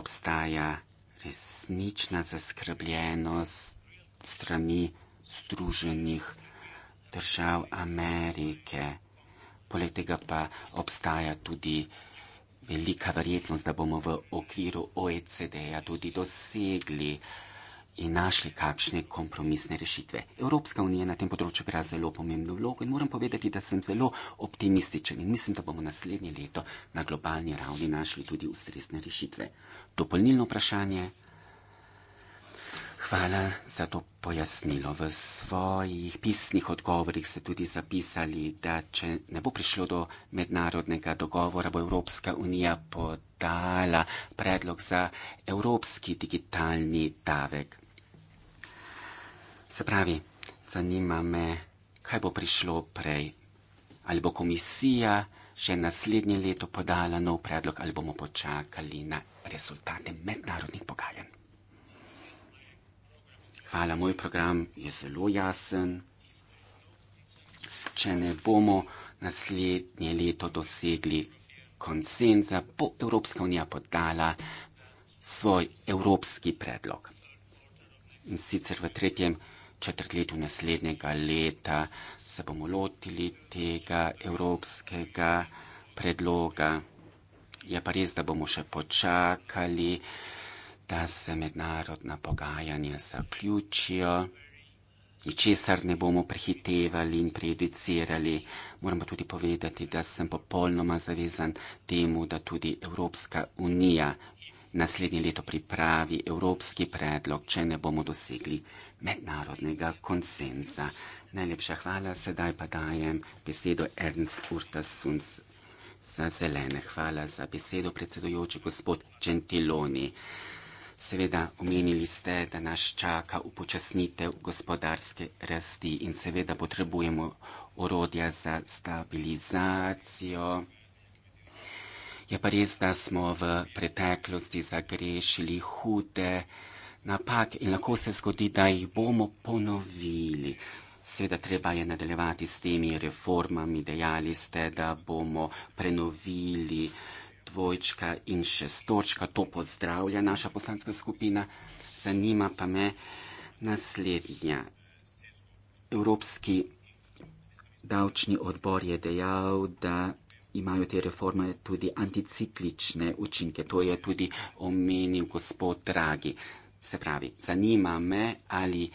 obstaja resnična zaskrbljenost strani Združenih držav Amerike. Poleg tega pa obstaja tudi velika verjetnost, da bomo v okviru OECD-ja tudi dosegli in našli kakšne kompromisne rešitve. Evropska unija na tem področju igra zelo pomembno vlogo in moram povedati, da sem zelo optimističen in mislim, da bomo naslednje leto na globalni ravni našli tudi ustrezne rešitve. Dopolnilno vprašanje. Hvala za to pojasnilo. V svojih pisnih odgovorih ste tudi zapisali, da če ne bo prišlo do mednarodnega dogovora, bo Evropska unija podala predlog za evropski digitalni davek. Se pravi, zanima me, kaj bo prišlo prej. Ali bo komisija še naslednje leto podala nov predlog, ali bomo počakali na rezultate mednarodnih pogajanj. Hvala, moj program je zelo jasen. Če ne bomo naslednje leto dosegli konsenza, bo Evropska unija podala svoj evropski predlog. In sicer v tretjem letu četrtletju naslednjega leta se bomo lotili tega evropskega predloga. Je pa res, da bomo še počakali, da se mednarodna pogajanja zaključijo. Ničesar ne bomo prehitevali in prejudicirali. Moram pa tudi povedati, da sem popolnoma zavezan temu, da tudi Evropska unija naslednje leto pripravi evropski predlog, če ne bomo dosegli mednarodnega konsenza. Najlepša hvala, sedaj pa dajem besedo Ernst Urtasunc za zelene. Hvala za besedo, predsedujoči gospod Gentiloni. Seveda, omenili ste, da nas čaka upočasnitev gospodarske rasti in seveda potrebujemo orodja za stabilizacijo. Je pa res, da smo v preteklosti zagrešili hude napak in lahko se zgodi, da jih bomo ponovili. Seveda treba je nadaljevati s temi reformami, dejali ste, da bomo prenovili dvojčka in šestočka, to pozdravlja naša poslanska skupina. Zanima pa me naslednja. Evropski davčni odbor je dejal, da imajo te reforme tudi anticiklične učinke. To je tudi omenil gospod Dragi. Se pravi, zanima me, ali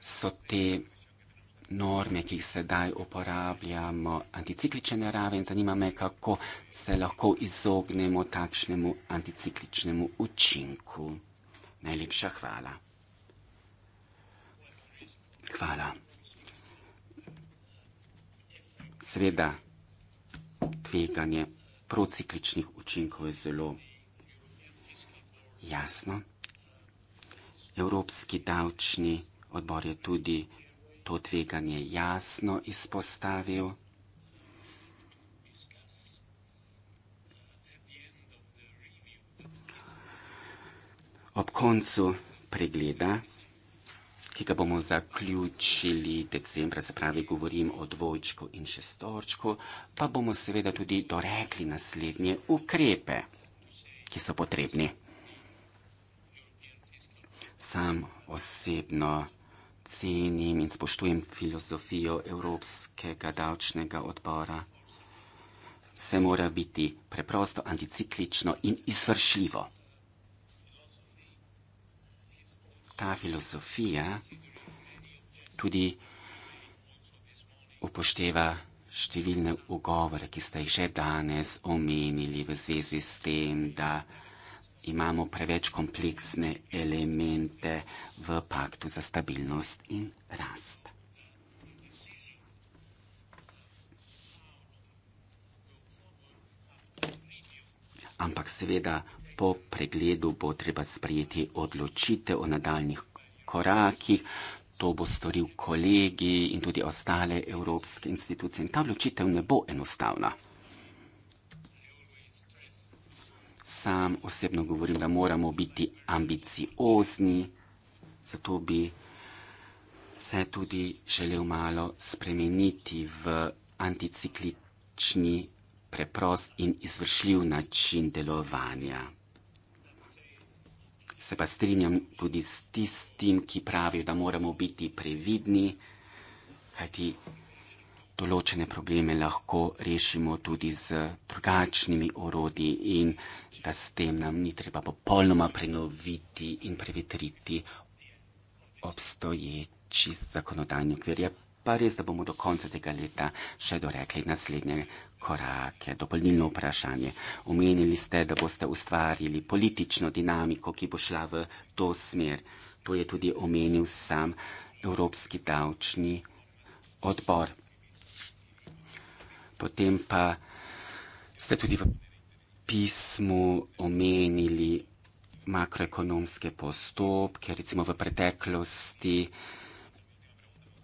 so te norme, ki jih sedaj uporabljamo, anticiklične narave in zanima me, kako se lahko izognemo takšnemu anticikličnemu učinku. Najlepša hvala. Hvala. Sveda, tveganje prociklični učinkov je zelo jasno. Evropski davčni odbor je tudi to tveganje jasno izpostavil. Ob koncu pregleda, ki ga bomo zaključili decembra, se pravi, govorim o dvojčku in šestorčku, pa bomo seveda tudi dorekli naslednje ukrepe, ki so potrebni sam osebno cenim in spoštujem filozofijo Evropskega davčnega odbora. Vse mora biti preprosto, anticiklično in izvršljivo. Ta filozofija tudi upošteva številne ugovore, ki ste jih že danes omenili v zvezi s tem, da imamo preveč kompleksne elemente v paktu za stabilnost in rast. Ampak seveda po pregledu bo treba sprejeti odločite o nadaljnih korakih, to bo storil kolegi in tudi ostale evropske institucije in ta odločitev ne bo enostavna. Sam osebno govorim, da moramo biti ambiciozni, zato bi se tudi želel malo spremeniti v anticiklični, preprost in izvršljiv način delovanja. Se pa strinjam tudi s tistim, ki pravijo, da moramo biti previdni, kajti določene probleme lahko rešimo tudi z drugačnimi orodji in da s tem nam ni treba popolnoma prenoviti in prevetriti obstoječi zakonodajni okvir. Je pa res, da bomo do konca tega leta še dorekli naslednje korake. Dopolnilno vprašanje. Omenili ste, da boste ustvarili politično dinamiko, ki bo šla v to smer. To je tudi omenil sam Evropski davčni odbor potem pa ste tudi v pismu omenili makroekonomske postopke, recimo v preteklosti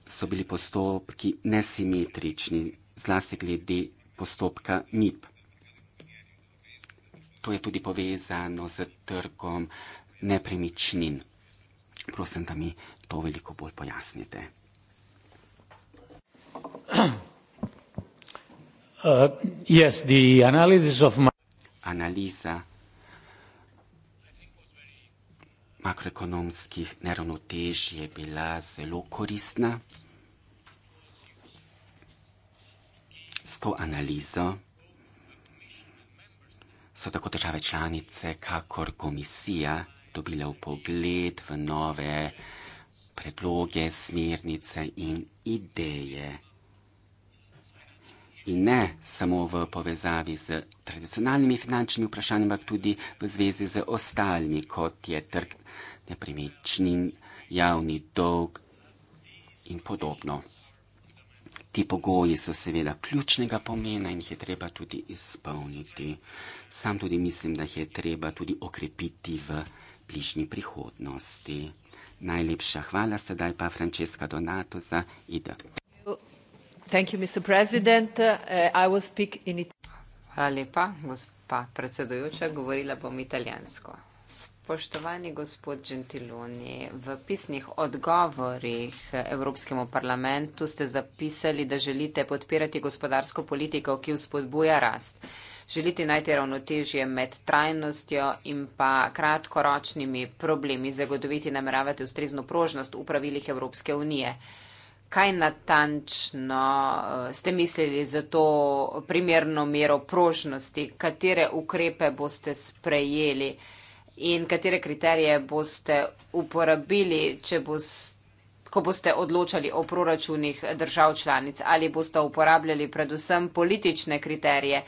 so bili postopki nesimetrični, zlasti glede postopka MIP. To je tudi povezano z trgom nepremičnin. Prosim, da mi to veliko bolj pojasnite. Uh, yes, the analysis of ma analiza makroekonomskih neravnotežij je bila zelo koristna. S to analizo so tako države članice, kakor komisija dobile v pogled v nove predloge, smernice in ideje in ne samo v povezavi z tradicionalnimi finančnimi vprašanji, ampak tudi v zvezi z ostalimi, kot je trg nepremičnin, javni dolg in podobno. Ti pogoji so seveda ključnega pomena in jih je treba tudi izpolniti. Sam tudi mislim, da jih je treba tudi okrepiti v bližnji prihodnosti. Najlepša hvala sedaj pa Francesca Donato za idejo. Uh, Hvala lepa, gospa predsedujoča, govorila bom italijansko. Spoštovani gospod Gentiloni, v pisnih odgovorih Evropskemu parlamentu ste zapisali, da želite podpirati gospodarsko politiko, ki vzpodbuja rast. Želite najti ravnotežje med trajnostjo in pa kratkoročnimi problemi, zagotoviti nameravate ustrezno prožnost v pravilih Evropske unije kaj natančno eh, ste mislili za to primerno mero prožnosti, katere ukrepe boste sprejeli in katere kriterije boste uporabili, če boste ko boste odločali o proračunih držav članic, ali boste uporabljali predvsem politične kriterije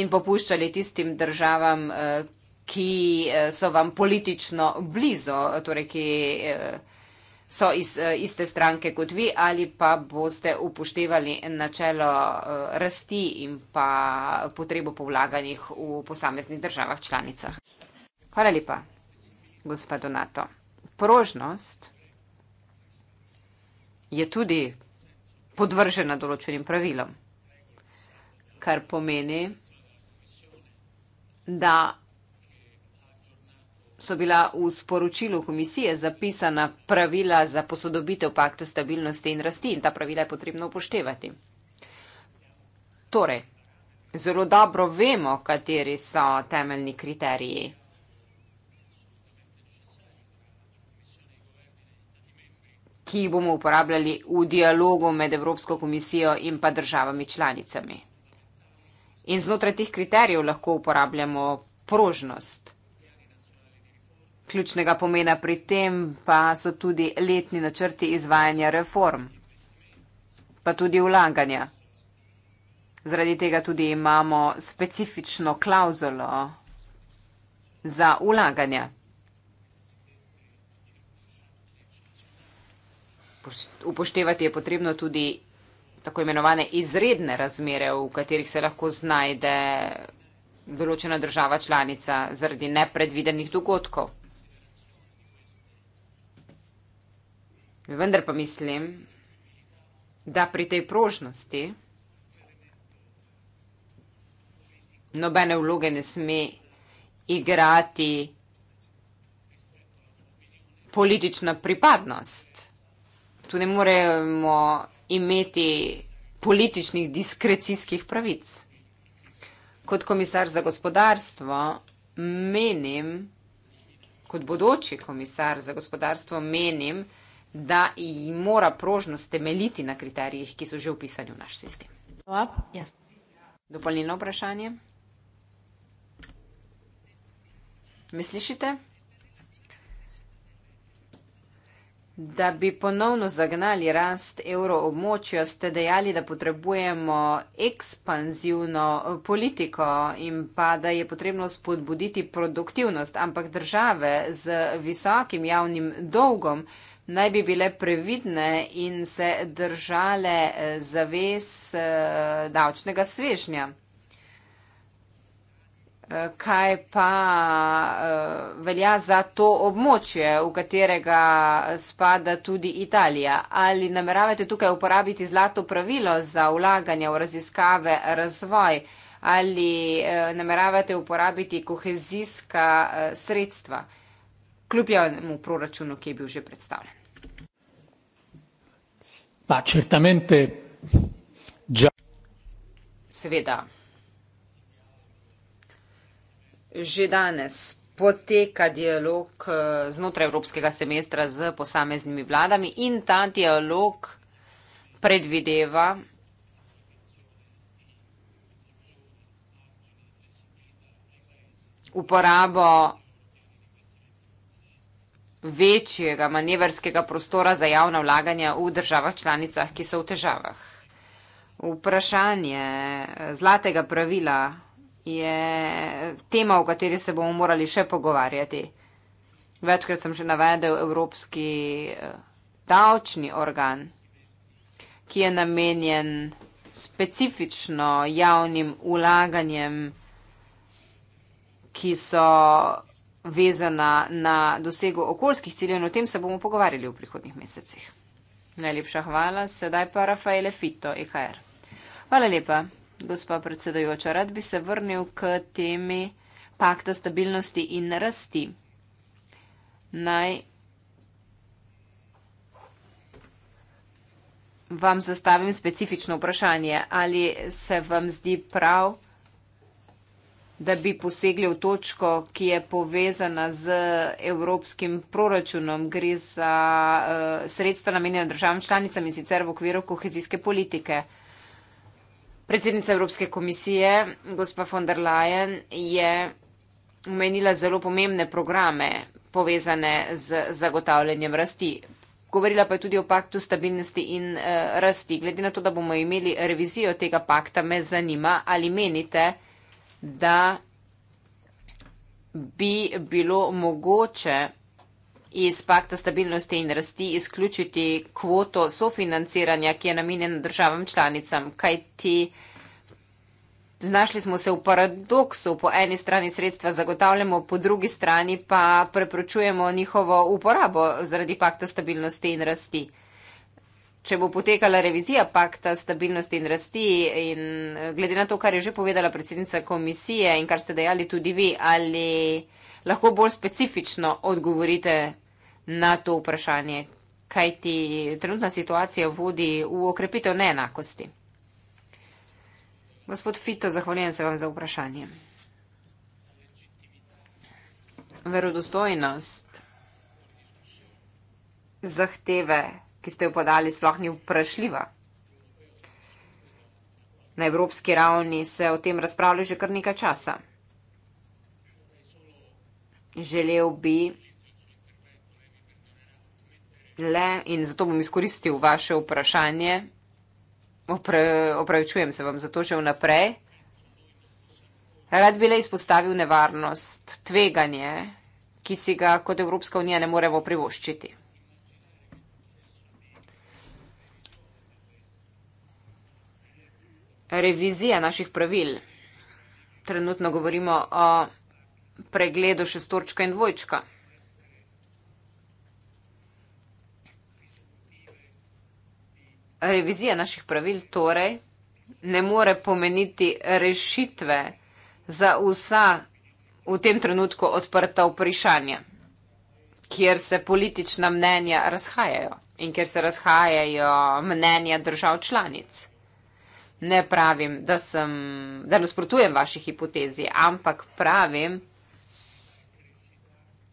in popuščali tistim državam, eh, ki eh, so vam politično blizu, torej ki so iz eh, iste stranke kot vi ali pa boste upoštevali načelo eh, rasti in pa potrebo po vlaganjih v posameznih državah članicah. Hvala lepa, gospod Donato. Prožnost je tudi podvržena določenim pravilom, kar pomeni, da so bila v sporočilu komisije zapisana pravila za posodobitev pakta stabilnosti in rasti in ta pravila je potrebno upoštevati. Torej, zelo dobro vemo, kateri so temeljni kriteriji. ki jih bomo uporabljali v dialogu med Evropsko komisijo in pa državami članicami. In znotraj teh kriterijev lahko uporabljamo prožnost. Ključnega pomena pri tem pa so tudi letni načrti izvajanja reform, pa tudi vlaganja. Zradi tega tudi imamo specifično klauzulo za vlaganja. Upoštevati je potrebno tudi tako imenovane izredne razmere, v katerih se lahko znajde določena država članica zaradi nepredvidenih dogodkov. Vendar pa mislim, da pri tej prožnosti nobene vloge ne sme igrati politična pripadnost. Tu ne moremo imeti političnih diskrecijskih pravic. Kot komisar za gospodarstvo menim, kot bodoči komisar za gospodarstvo menim, da da mora prožnost temeljiti na kriterijih, ki so že upisani v naš sistem. Ja. Dopolnilno vprašanje. Me slišite? Da bi ponovno zagnali rast evro območja, ste dejali, da potrebujemo ekspanzivno politiko in pa da je potrebno spodbuditi produktivnost, ampak države z visokim javnim dolgom naj bi bile previdne in se držale eh, zaves eh, davčnega svežnja. Eh, kaj pa velja za to območje, v katerega spada tudi Italija? Ali nameravate tukaj uporabiti zlato pravilo za vlaganje v raziskave razvoj? Ali nameravate uporabiti kohezijska sredstva? kljub javnemu proračunu, ki je bil že predstavljen. Pa, certamente... Già... Seveda. Že danes poteka dialog eh, znotraj evropskega semestra z posameznimi vladami in ta dialog predvideva uporabo večjega manevrskega prostora za javna vlaganja v državah članicah, ki so v težavah. Vprašanje eh, zlatega pravila je tema, o kateri se bomo morali še pogovarjati. Večkrat sem že navedel Evropski eh, davčni organ, ki je namenjen specifično javnim vlaganjem, ki so vezana na dosego okoljskih ciljev in o tem se bomo pogovarjali v prihodnih mesecih. Najlepša hvala, sedaj pa Rafaele Fito, EKR. Hvala lepa, gospa predsedojoča. Rad bi se vrnil k temi pakta stabilnosti in rasti. Naj vam zastavim specifično vprašanje, ali se vam zdi prav, da bi posegli v točko, ki je povezana z evropskim proračunom. Gre za uh, sredstva namenjena državam članicam in sicer v okviru kohezijske politike. Predsednica Evropske komisije, gospa von der Leyen, je omenila zelo pomembne programe povezane z zagotavljanjem rasti. Govorila pa je tudi o paktu stabilnosti in uh, rasti. Glede na to, da bomo imeli revizijo tega pakta, me zanima, ali menite, da bi bilo mogoče iz pakta stabilnosti in rasti izključiti kvoto sofinanciranja, ki je namenjena državam članicam, kaj ti znašli smo se v paradoksu, po eni strani sredstva zagotavljamo, po drugi strani pa preprečujemo njihovo uporabo zaradi pakta stabilnosti in rasti. Če bo potekala revizija pakta stabilnosti in rasti in eh, glede na to, kar je že povedala predsednica komisije in kar ste dejali tudi vi, ali lahko bolj specifično odgovorite na to vprašanje, kaj ti trenutna situacija vodi v okrepitev neenakosti. Gospod Fito, zahvaljujem se vam za vprašanje. Verodostojnost zahteve ki ste jo podali, sploh ni vprašljiva. Na evropski ravni se o tem razpravlja že kar nekaj časa. Želel bi le in zato bom izkoristil vaše vprašanje. Opra, opravičujem se vam zato že vnaprej. Rad bi le izpostavil nevarnost, tveganje, ki si ga kot Evropska unija ne moremo privoščiti. revizija naših pravil. Trenutno govorimo o pregledu šestorčka in dvojčka. Revizija naših pravil torej ne more pomeniti rešitve za vsa v tem trenutku odprta vprašanja, kjer se politična mnenja razhajajo in kjer se razhajajo mnenja držav članic ne pravim, da, sem, da nasprotujem vaši hipotezi, ampak pravim,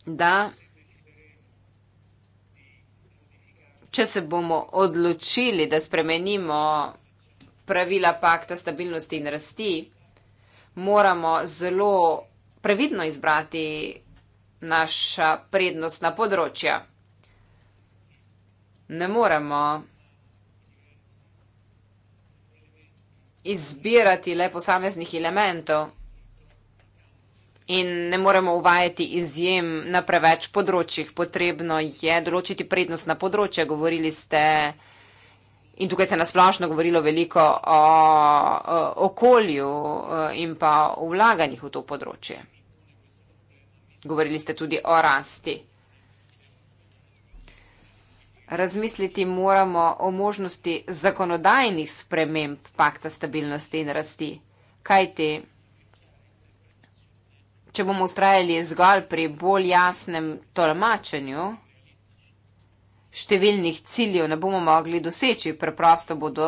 da če se bomo odločili, da spremenimo pravila pakta stabilnosti in rasti, moramo zelo previdno izbrati naša prednostna področja. Ne moremo izbirati le posameznih elementov in ne moremo uvajati izjem na preveč področjih. Potrebno je določiti prednost na področje. Govorili ste in tukaj se je nasplošno govorilo veliko o, o okolju eh, in pa o vlaganjih v to področje. Govorili ste tudi o rasti razmisliti moramo o možnosti zakonodajnih sprememb pakta stabilnosti in rasti. Kaj ti? Če bomo ustrajali zgolj pri bolj jasnem tolmačenju, številnih ciljev ne bomo mogli doseči, preprosto bodo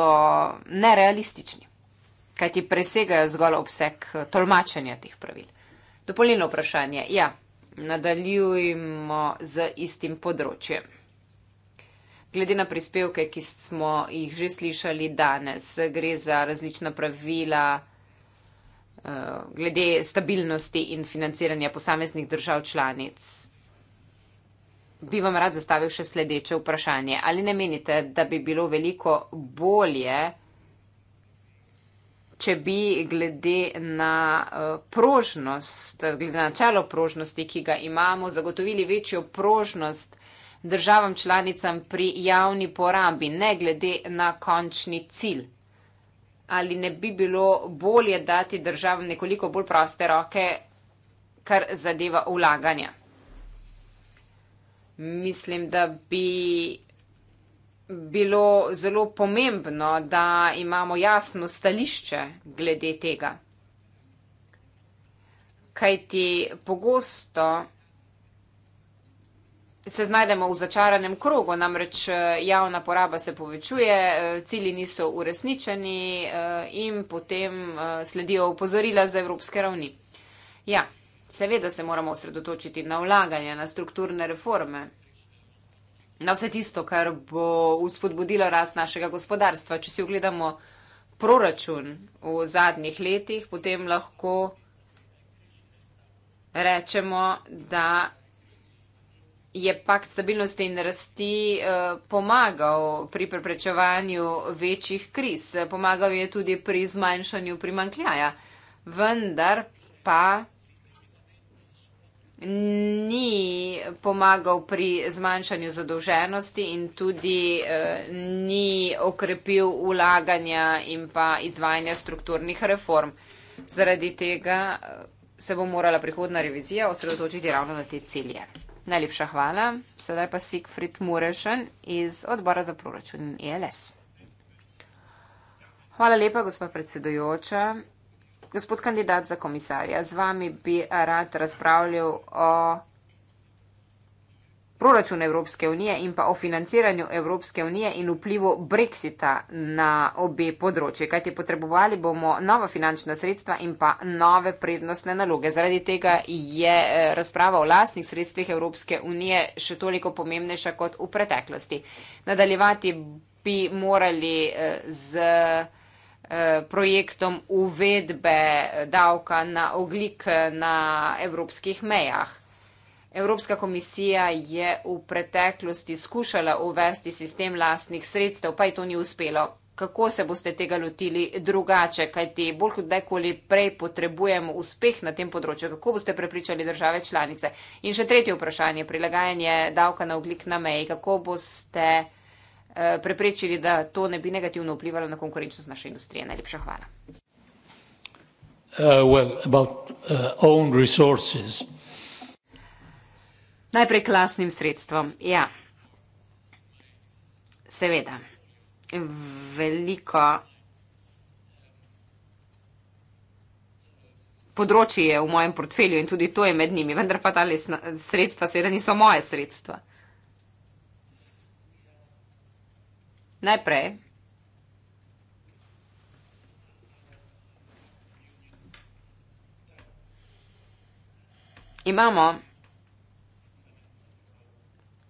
nerealistični, kaj ti presegajo zgolj obseg tolmačenja teh pravil. Dopolnilno vprašanje. Ja, nadaljujemo z istim področjem glede na prispevke, ki smo jih že slišali danes, gre za različna pravila eh, glede stabilnosti in financiranja posameznih držav članic. Bi vam rad zastavil še sledeče vprašanje. Ali ne menite, da bi bilo veliko bolje, če bi glede na eh, prožnost, glede na načelo prožnosti, ki ga imamo, zagotovili večjo prožnost državam članicam pri javni porabi, ne glede na končni cilj. Ali ne bi bilo bolje dati državam nekoliko bolj proste roke, kar zadeva ulaganja? Mislim, da bi bilo zelo pomembno, da imamo jasno stališče glede tega. Kajti pogosto se znajdemo v začaranem krogu, namreč eh, javna poraba se povečuje, eh, cili niso uresničeni eh, in potem sledijo upozorila za evropske ravni. Ja, seveda se moramo osredotočiti na vlaganje, na strukturne reforme, na vse tisto, kar bo uspodbudilo rast našega gospodarstva. Če si ogledamo proračun v zadnjih letih, potem lahko rečemo, da je pakt stabilnosti in rasti eh, pomagal pri preprečevanju večjih kriz, pomagal je tudi pri zmanjšanju primankljaja, vendar pa ni pomagal pri zmanjšanju zadolženosti in tudi eh, ni okrepil ulaganja in pa izvajanja strukturnih reform. Zaradi tega eh, se bo morala prihodna revizija osredotočiti ravno na te cilje. Najlepša hvala. Sedaj pa Sigfrid Murešen iz odbora za proračun in ELS. Hvala lepa, gospod predsedujoča. Gospod kandidat za komisarja, z vami bi rad razpravljal o proračun Evropske unije in pa o financiranju Evropske unije in vplivu Brexita na obe področje. Kajti potrebovali bomo nova finančna sredstva in pa nove prednostne naloge. Zaradi tega je eh, razprava o lastnih sredstvih Evropske unije še toliko pomembnejša kot v preteklosti. Nadaljevati bi morali eh, z eh, projektom uvedbe davka na oglik na evropskih mejah. Evropska komisija je v preteklosti skušala uvesti sistem lastnih sredstev, pa je to ni uspelo. Kako se boste tega lotili drugače, kajti bolj kot dekoli prej potrebujemo uspeh na tem področju, kako boste prepričali države članice? In še tretje vprašanje, prilagajanje davka na oglik na meji, kako boste eh, prepričali, da to ne bi negativno vplivalo na konkurenčnost naše industrije? Najlepša hvala. Uh, well, about, uh, Najprej klasnim sredstvom. Ja, seveda. Veliko področji je v mojem portfelju in tudi to je med njimi, vendar pa ta sredstva seveda niso moje sredstva. Najprej. Imamo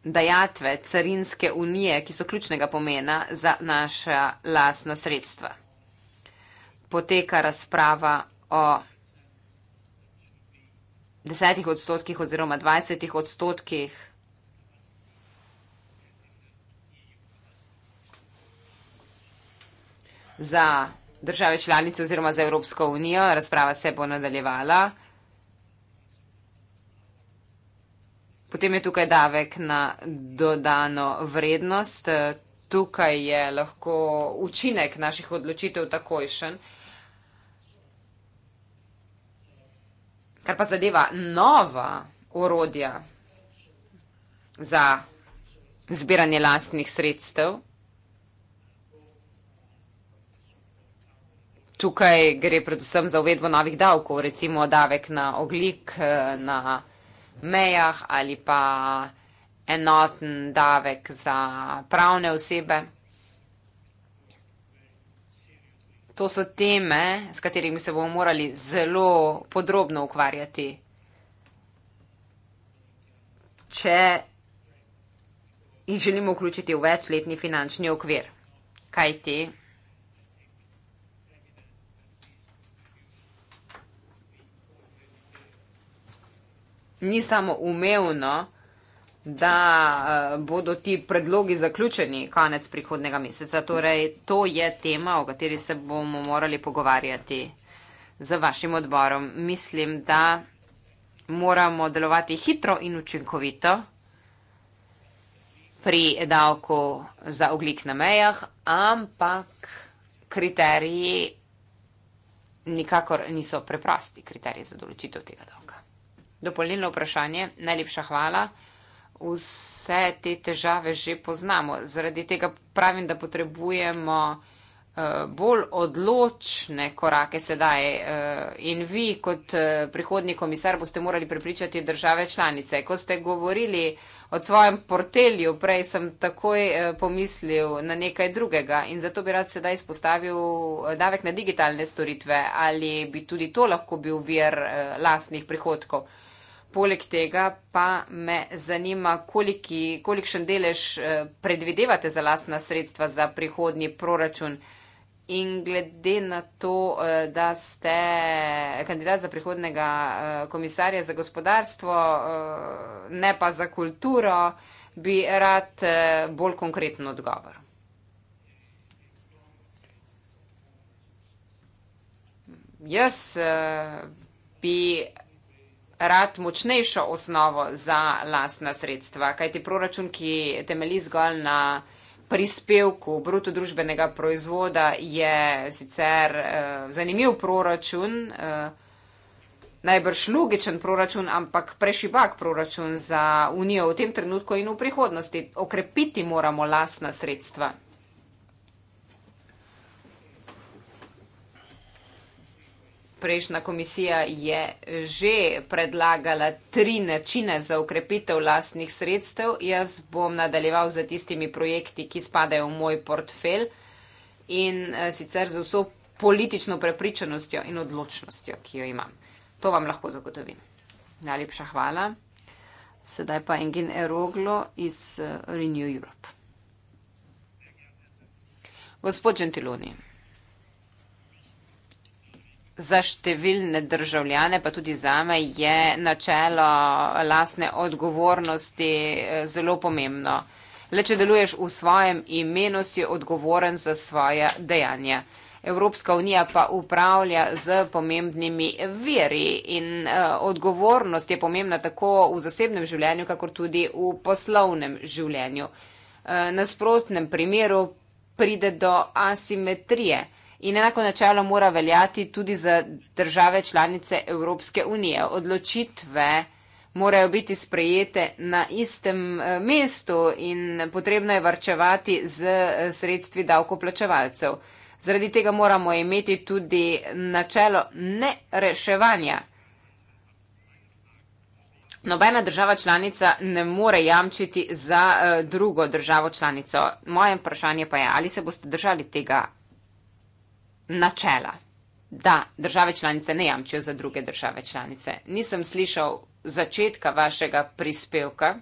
dajatve carinske unije, ki so ključnega pomena za naša lasna sredstva. Poteka razprava o desetih odstotkih oziroma dvajsetih odstotkih za države članice oziroma za Evropsko unijo. Razprava se bo nadaljevala. Potem je tukaj davek na dodano vrednost, tukaj je lahko učinek naših odločitev takojšen. Kar pa zadeva nova orodja za zbiranje lastnih sredstev, tukaj gre predvsem za uvedbo novih davkov, recimo davek na oglik, na oglik, mejah ali pa enoten davek za pravne osebe. To so teme, s katerimi se bomo morali zelo podrobno ukvarjati. Če jih želimo vključiti v večletni finančni okvir, kaj ti? ni samo umevno, da eh, bodo ti predlogi zaključeni konec prihodnega meseca. Torej, to je tema, o kateri se bomo morali pogovarjati z vašim odborom. Mislim, da moramo delovati hitro in učinkovito pri davku za oglik na mejah, ampak kriteriji nikakor niso preprosti, kriteriji za določitev tega davka. Dopolnilno vprašanje, najlepša hvala. Vse te težave že poznamo, zaradi tega pravim, da potrebujemo eh, bolj odločne korake sedaj eh, in vi kot eh, prihodni komisar boste morali prepričati države članice. Ko ste govorili o svojem portelju, prej sem takoj pomislil na nekaj drugega in zato bi rad sedaj izpostavil davek na digitalne storitve ali bi tudi to lahko bil vir lastnih prihodkov. Poleg tega pa me zanima, koliki, kolikšen delež eh, predvidevate za lastna sredstva za prihodnji proračun. In glede na to, eh, da ste kandidat za prihodnega eh, komisarja za gospodarstvo, ne pa za kulturo, bi rad bolj konkreten odgovor. Jaz bi rad močnejšo osnovo za lastna sredstva, kajti proračun, ki temeli zgolj na prispevku bruto družbenega proizvoda, je sicer eh, zanimiv proračun, eh, najbrž logičen proračun, ampak prešibak proračun za Unijo v tem trenutku in v prihodnosti. Okrepiti moramo lastna sredstva. prejšnja komisija je že predlagala tri načine za ukrepitev lastnih sredstev. Jaz bom nadaljeval za tistimi projekti, ki spadajo v moj portfel in eh, sicer z vso politično prepričanostjo in odločnostjo, ki jo imam. To vam lahko zagotovim. Najlepša hvala. Sedaj pa Engin Eroglo iz eh, Renew Europe. Gospod Gentiloni za številne državljane, pa tudi za me, je načelo lasne odgovornosti eh, zelo pomembno. Le če deluješ v svojem imenu, si odgovoren za svoje dejanja. Evropska unija pa upravlja z pomembnimi veri in eh, odgovornost je pomembna tako v zasebnem življenju, kakor tudi v poslovnem življenju. Eh, nasprotnem primeru pride do asimetrije. In enako načelo mora veljati tudi za države članice Evropske unije. Odločitve morajo biti sprejete na istem eh, mestu in potrebno je varčevati z eh, sredstvi davkoplačevalcev. Zaradi tega moramo imeti tudi načelo nereševanja. Nobena država članica ne more jamčiti za eh, drugo državo članico. Moje vprašanje pa je, ali se boste držali tega načela, da države članice ne jamčijo za druge države članice. Nisem slišal začetka vašega prispevka,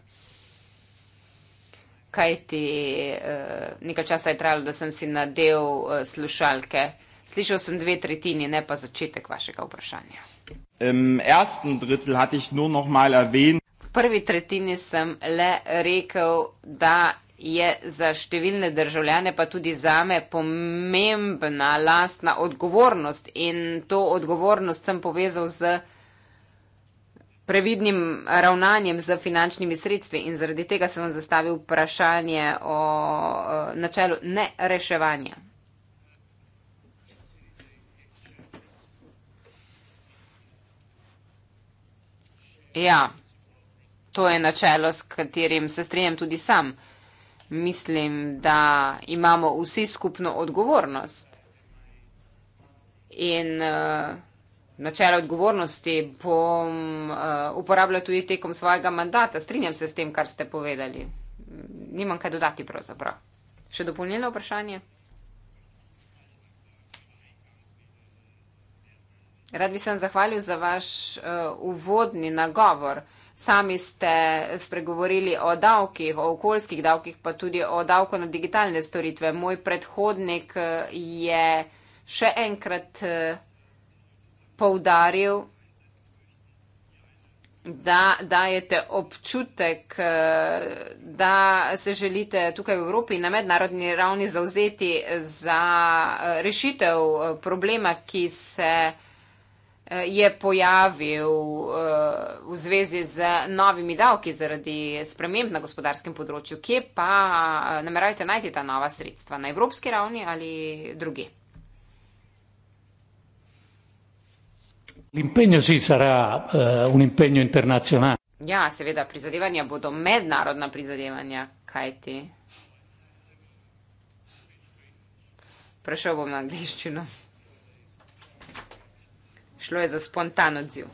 kaj ti eh, nekaj časa je trajalo, da sem si nadel eh, slušalke. Slišal sem dve tretjini, ne pa začetek vašega vprašanja. V prvi tretjini sem le rekel, da je za številne državljane, pa tudi za me, pomembna lastna odgovornost. In to odgovornost sem povezal z previdnim ravnanjem z finančnimi sredstvi. In zaradi tega sem vam zastavil vprašanje o e, načelu nereševanja. Ja, to je načelo, s katerim se strinjam tudi sam mislim, da imamo vsi skupno odgovornost. In uh, načelo odgovornosti bom uh, uporabljal tudi tekom svojega mandata. Strinjam se s tem, kar ste povedali. Nimam kaj dodati pravzaprav. Še dopolnilno vprašanje? Rad bi se vam zahvalil za vaš uh, uvodni nagovor. Sami ste spregovorili o davkih, o okoljskih davkih, pa tudi o davku na digitalne storitve. Moj predhodnik eh, je še enkrat eh, poudaril, da dajete občutek, eh, da se želite tukaj v Evropi na mednarodni ravni zauzeti za rešitev problema, ki se. Eh, je pojavil eh, v zvezi z novimi davki zaradi sprememb na gospodarskem področju. Kje pa eh, nameravate najti ta nova sredstva? Na evropski ravni ali druge? Ja, seveda, prizadevanja bodo mednarodna prizadevanja, kaj ti. Prešel bom na angliščino. Šlo je za spontan odziv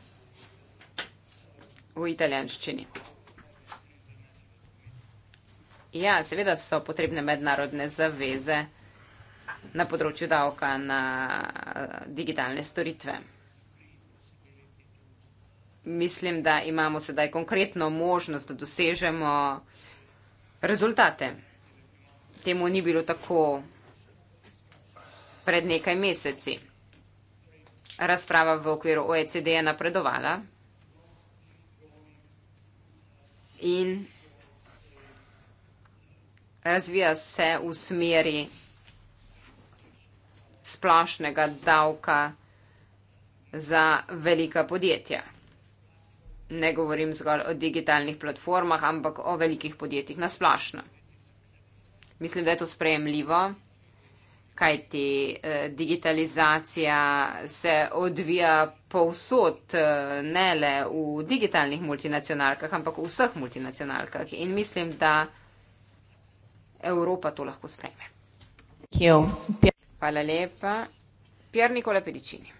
v italijanščini. Ja, seveda so potrebne mednarodne zaveze na področju davka na eh, digitalne storitve. Mislim, da imamo sedaj konkretno možnost, da dosežemo rezultate. Temu ni bilo tako pred nekaj meseci razprava v okviru OECD je napredovala in razvija se v smeri splošnega davka za velika podjetja. Ne govorim zgolj o digitalnih platformah, ampak o velikih podjetjih na splošno. Mislim, da je to sprejemljivo kajti eh, digitalizacija se odvija povsod, eh, ne le v digitalnih multinacionalkah, ampak v vseh multinacionalkah in mislim, da Evropa to lahko sprejme. Hvala lepa. Pier Nikola Pedicini.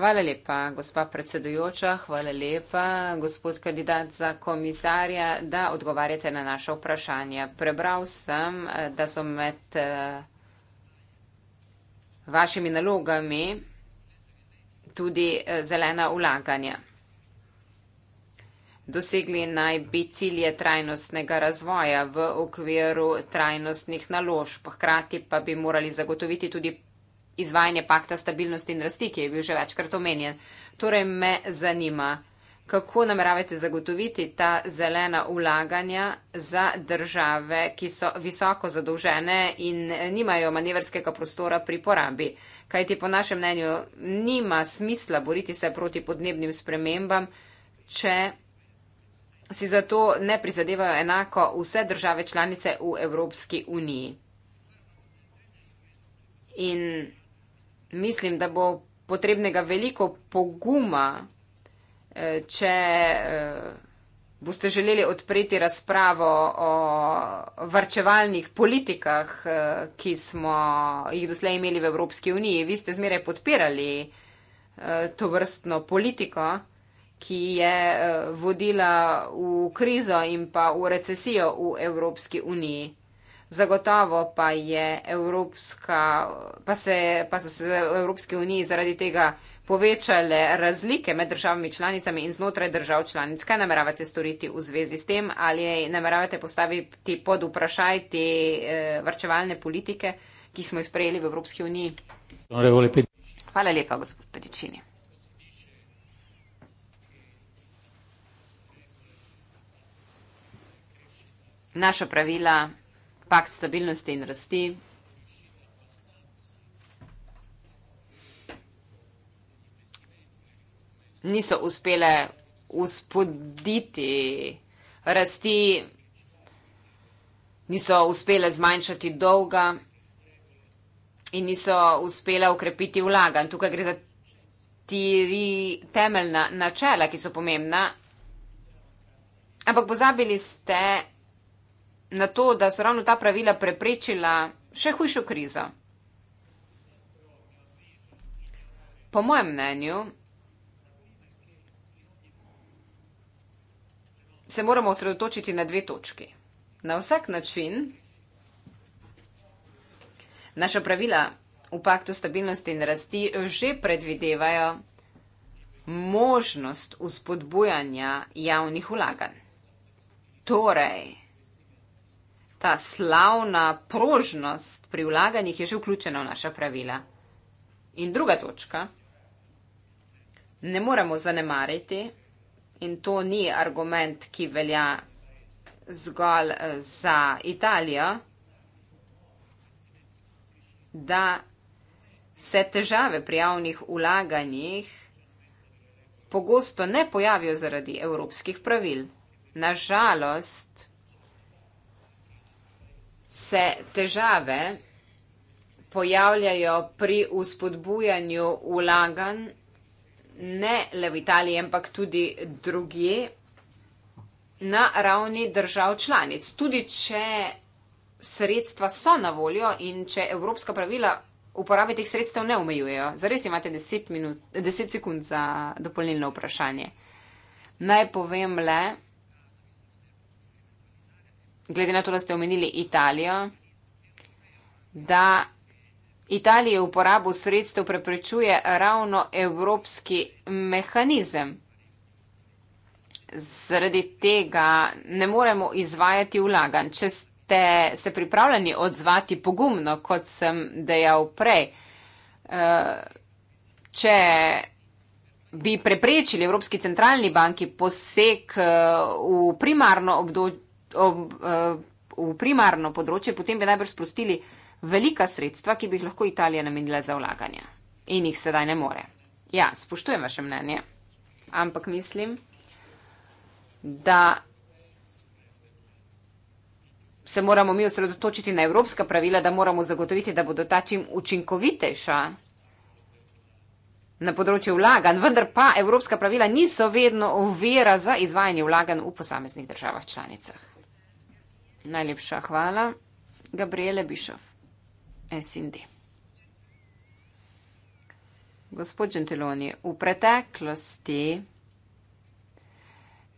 Hvala lepa, gospa predsedujoča, hvala lepa, gospod kandidat za komisarja, da odgovarjate na naše vprašanje. Prebral sem, da so med eh, vašimi nalogami tudi eh, zelena ulaganja. Dosegli naj bi cilje trajnostnega razvoja v okviru trajnostnih naložb, hkrati pa bi morali zagotoviti tudi izvajanje pakta stabilnosti in rasti, ki je bil že večkrat omenjen. Torej me zanima, kako nameravate zagotoviti ta zelena ulaganja za države, ki so visoko zadolžene in nimajo manevrskega prostora pri porabi. Kaj ti po našem mnenju nima smisla boriti se proti podnebnim spremembam, če si zato ne prizadevajo enako vse države članice v Evropski uniji. In mislim, da bo potrebnega veliko poguma, eh, če eh, boste želeli odpreti razpravo o varčevalnih politikah, eh, ki smo jih doslej imeli v Evropski uniji. Vi ste zmeraj podpirali to vrstno politiko, ki je vodila v krizo in pa v recesijo v Evropski uniji. Zagotovo pa, Evropska, pa, se, pa so se v Evropski uniji zaradi tega povečale razlike med državami članicami in znotraj držav članic. Kaj nameravate storiti v zvezi s tem ali nameravate postaviti pod vprašaj te eh, vrčevalne politike, ki smo jih sprejeli v Evropski uniji? Hvala lepa, gospod Pedičini. Naša pravila pakt stabilnosti in rasti. Niso uspele uspoditi rasti, niso uspele zmanjšati dolga in niso uspele ukrepiti vlaga. In tukaj gre za tri temeljna načela, ki so pomembna. Ampak pozabili ste na to, da so ravno ta pravila preprečila še hujšo krizo? Po mojem mnenju se moramo osredotočiti na dve točki. Na vsak način naša pravila v paktu stabilnosti in rasti že predvidevajo možnost uspodbujanja javnih vlaganj. Torej, ta slavna prožnost pri vlaganjih je že vključena v naša pravila. In druga točka, ne moremo zanemariti, in to ni argument, ki velja zgolj eh, za Italijo, da se težave pri javnih vlaganjih pogosto ne pojavijo zaradi evropskih pravil. Nažalost, se težave pojavljajo pri uspodbujanju vlaganj ne le v Italiji, ampak tudi drugje na ravni držav članic. Tudi če sredstva so na voljo in če evropska pravila uporabe teh sredstev ne omejujejo. Zares imate 10, minut, 10 sekund za dopolnilno vprašanje. Naj povem le, glede na to, da ste omenili Italijo, da Italije v uporabu sredstev preprečuje ravno evropski mehanizem. Zaradi tega ne moremo izvajati vlagan. Če ste se pripravljeni odzvati pogumno, kot sem dejal prej, eh, če bi preprečili Evropski centralni banki poseg eh, v primarno obdobje, ob, uh, v primarno področje, potem bi najbrž sprostili velika sredstva, ki bi jih lahko Italija namenila za vlaganja. In jih sedaj ne more. Ja, spoštujem vaše mnenje, ampak mislim, da se moramo mi osredotočiti na evropska pravila, da moramo zagotoviti, da bodo ta čim učinkovitejša na področju vlaganj, vendar pa evropska pravila niso vedno uvira za izvajanje vlaganj v posameznih državah članicah. Najlepša hvala. Gabriele Bišov, SND. Gospod Gentiloni, v preteklosti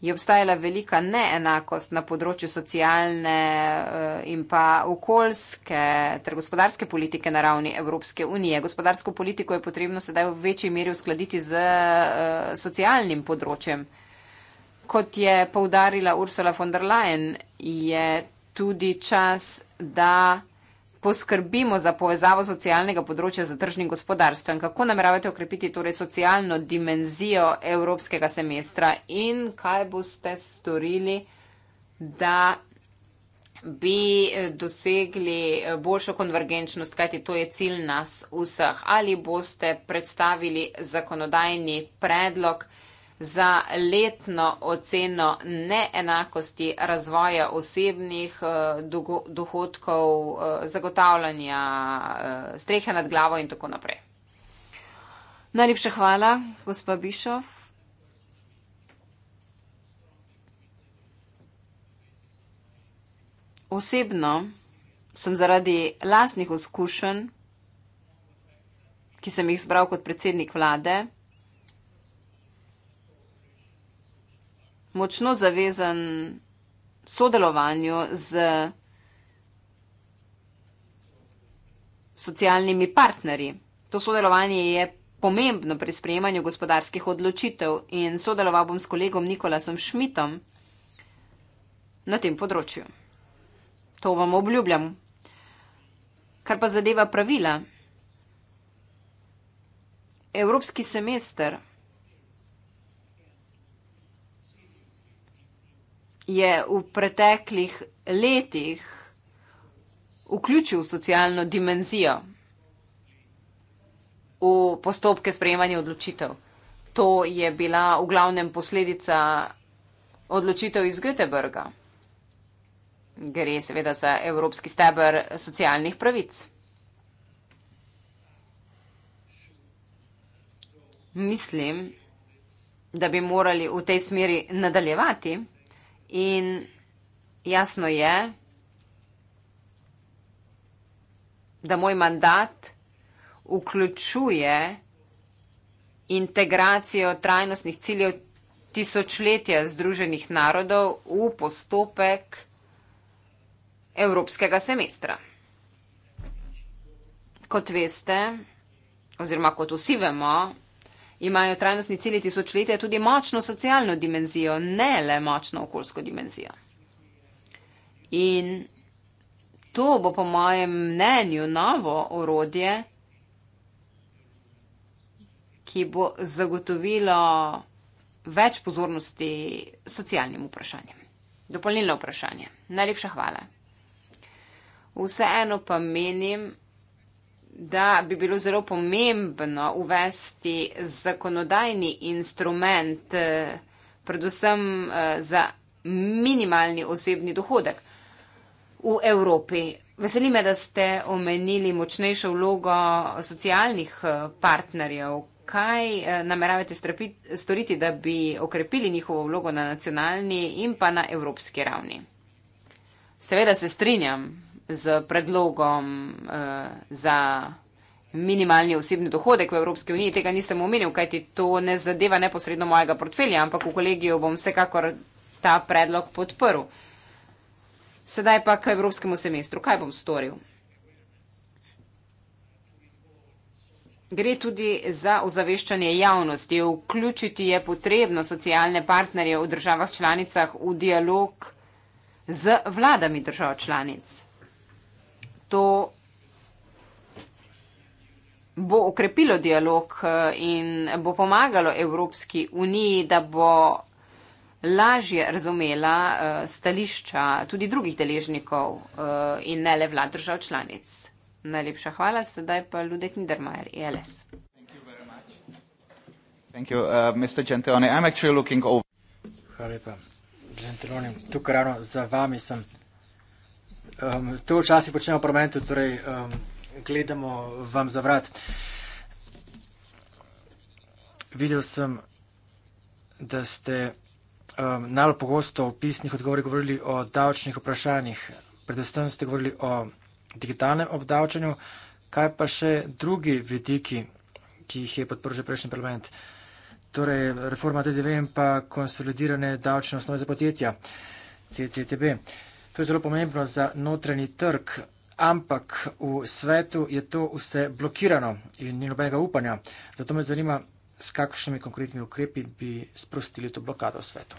je obstajala velika neenakost na področju socialne eh, in pa okoljske ter gospodarske politike na ravni Evropske unije. Gospodarsko politiko je potrebno sedaj v večji meri uskladiti z eh, socialnim področjem. Kot je poudarila Ursula von der Leyen, je tudi čas, da poskrbimo za povezavo socialnega področja z tržnim gospodarstvom. Kako nameravate okrepiti torej socialno dimenzijo evropskega semestra in kaj boste storili, da bi dosegli boljšo konvergenčnost, kajti to je cilj nas vseh. Ali boste predstavili zakonodajni predlog? za letno oceno neenakosti razvoja osebnih eh, dohodkov, eh, zagotavljanja eh, strehe nad glavo in tako naprej. Najlepša hvala, gospa Bišov. Osebno sem zaradi lastnih uskušenj, ki sem jih zbral kot predsednik vlade, močno zavezan sodelovanju z socialnimi partnerji. To sodelovanje je pomembno pri sprejemanju gospodarskih odločitev in sodeloval bom s kolegom Nikolasom Šmitom na tem področju. To vam obljubljam. Kar pa zadeva pravila, evropski semester. je v preteklih letih vključil socialno dimenzijo v postopke sprejemanja odločitev. To je bila v glavnem posledica odločitev iz Göteborga. Gre seveda za evropski stebr socialnih pravic. Mislim, da bi morali v tej smeri nadaljevati. In jasno je, da moj mandat vključuje integracijo trajnostnih ciljev tisočletja Združenih narodov v postopek evropskega semestra. Kot veste, oziroma kot vsi vemo, imajo trajnostni cilji tisočletja tudi močno socialno dimenzijo, ne le močno okoljsko dimenzijo. In to bo po mojem mnenju novo orodje, ki bo zagotovilo več pozornosti socialnim vprašanjem. Dopolnilno vprašanje. Najlepša hvala. Vseeno pa menim, da bi bilo zelo pomembno uvesti zakonodajni instrument, eh, predvsem eh, za minimalni osebni dohodek v Evropi. Veseli me, da ste omenili močnejšo vlogo socialnih eh, partnerjev. Kaj nameravate storiti, da bi okrepili njihovo vlogo na nacionalni in pa na evropski ravni? Seveda se strinjam z predlogom uh, za minimalni osebni dohodek v Evropski uniji. Tega nisem omenil, kajti to ne zadeva neposredno mojega portfelja, ampak v kolegiju bom vsekakor ta predlog podprl. Sedaj pa k Evropskemu semestru. Kaj bom storil? Gre tudi za ozaveščanje javnosti. Vključiti je potrebno socialne partnerje v državah članicah v dialog z vladami držav članic to bo okrepilo dialog eh, in bo pomagalo Evropski uniji, da bo lažje razumela eh, stališča tudi drugih deležnikov eh, in ne le vlad držav članic. Najlepša hvala, sedaj pa Ludek Niedermayer, ELS. Uh, hvala lepa, gentiloni, tukaj ravno za vami sem. Um, to včasih počnemo v parlamentu, torej um, gledamo vam za vrat. Videl sem, da ste um, ehm, najbolj pogosto v pisnih odgovorih govorili o davčnih vprašanjih. Predvsem ste govorili o digitalnem obdavčanju. Kaj pa še drugi vidiki, ki jih je podporil že prejšnji parlament? Torej, reforma TDV in pa konsolidirane davčne osnove za podjetja, CCTB. Uh, To je zelo pomembno za notranji trg, ampak v svetu je to vse blokirano in ni nobenega upanja. Zato me zanima, s kakšnimi konkretnimi ukrepi bi sprostili to blokado v svetu.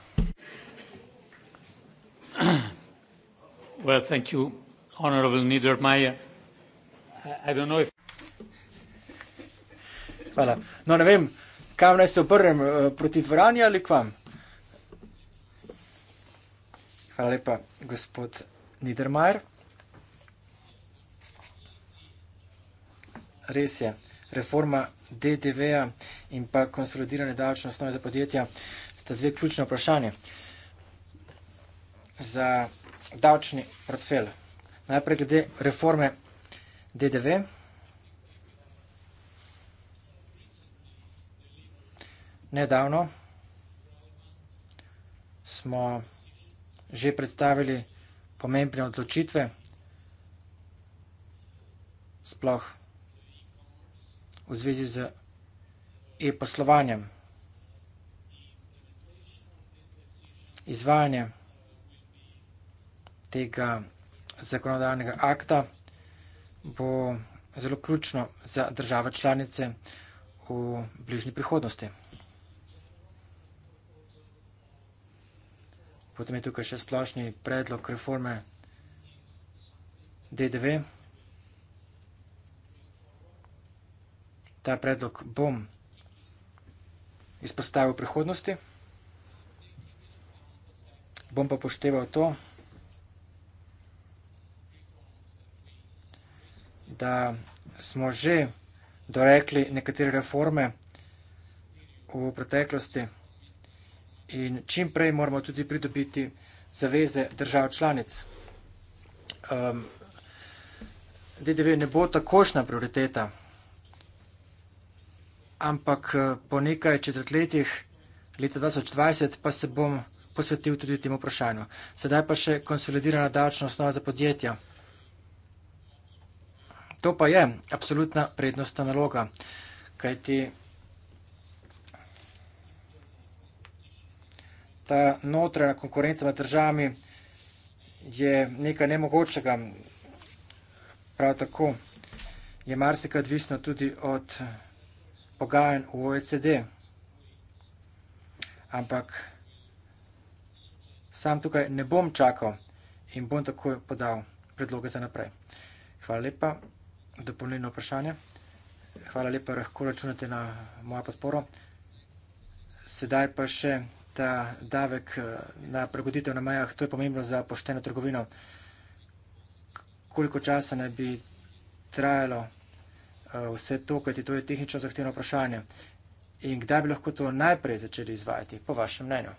Well, thank you, honorable Niedermeyer. I don't know if. Hvala. No, ne vem, kam naj se obrnem, eh, proti dvorani ali k vam? Hvala lepa, gospod Niedermayer. Res je, reforma DDV-ja in pa konsolidirane davčne osnove za podjetja sta dve ključne vprašanje za davčni portfel. Najprej glede reforme DDV. Nedavno smo že predstavili pomembne odločitve, sploh v zvezi z e-poslovanjem. Izvajanje tega zakonodajnega akta bo zelo ključno za države članice v bližnji prihodnosti. potem je tukaj še splošni predlog reforme DDV. Ta predlog bom izpostavil v prihodnosti. Bom pa pošteval to, da smo že dorekli nekatere reforme v preteklosti, in čim prej moramo tudi pridobiti zaveze držav članic. Um, DDV ne bo takošna prioriteta, ampak eh, po nekaj četrtletjih leta 2020 pa se bom posvetil tudi temu vprašanju. Sedaj pa še konsolidirana davčna osnova za podjetja. To pa je absolutna prednostna naloga, kajti ta notranja konkurenca med državami je nekaj nemogočega. Prav tako je marsikaj odvisno tudi od pogajanj v OECD. Ampak sam tukaj ne bom čakal in bom tako podal predloge za naprej. Hvala lepa. Dopolnilno vprašanje. Hvala lepa, lahko računate na mojo podporo. Sedaj pa še ta davek eh, na pregoditev na mejah, to je pomembno za pošteno trgovino. Koliko časa ne bi trajalo eh, vse to, kajti to je tehnično zahtevno vprašanje. In kdaj bi lahko to najprej začeli izvajati, po vašem mnenju?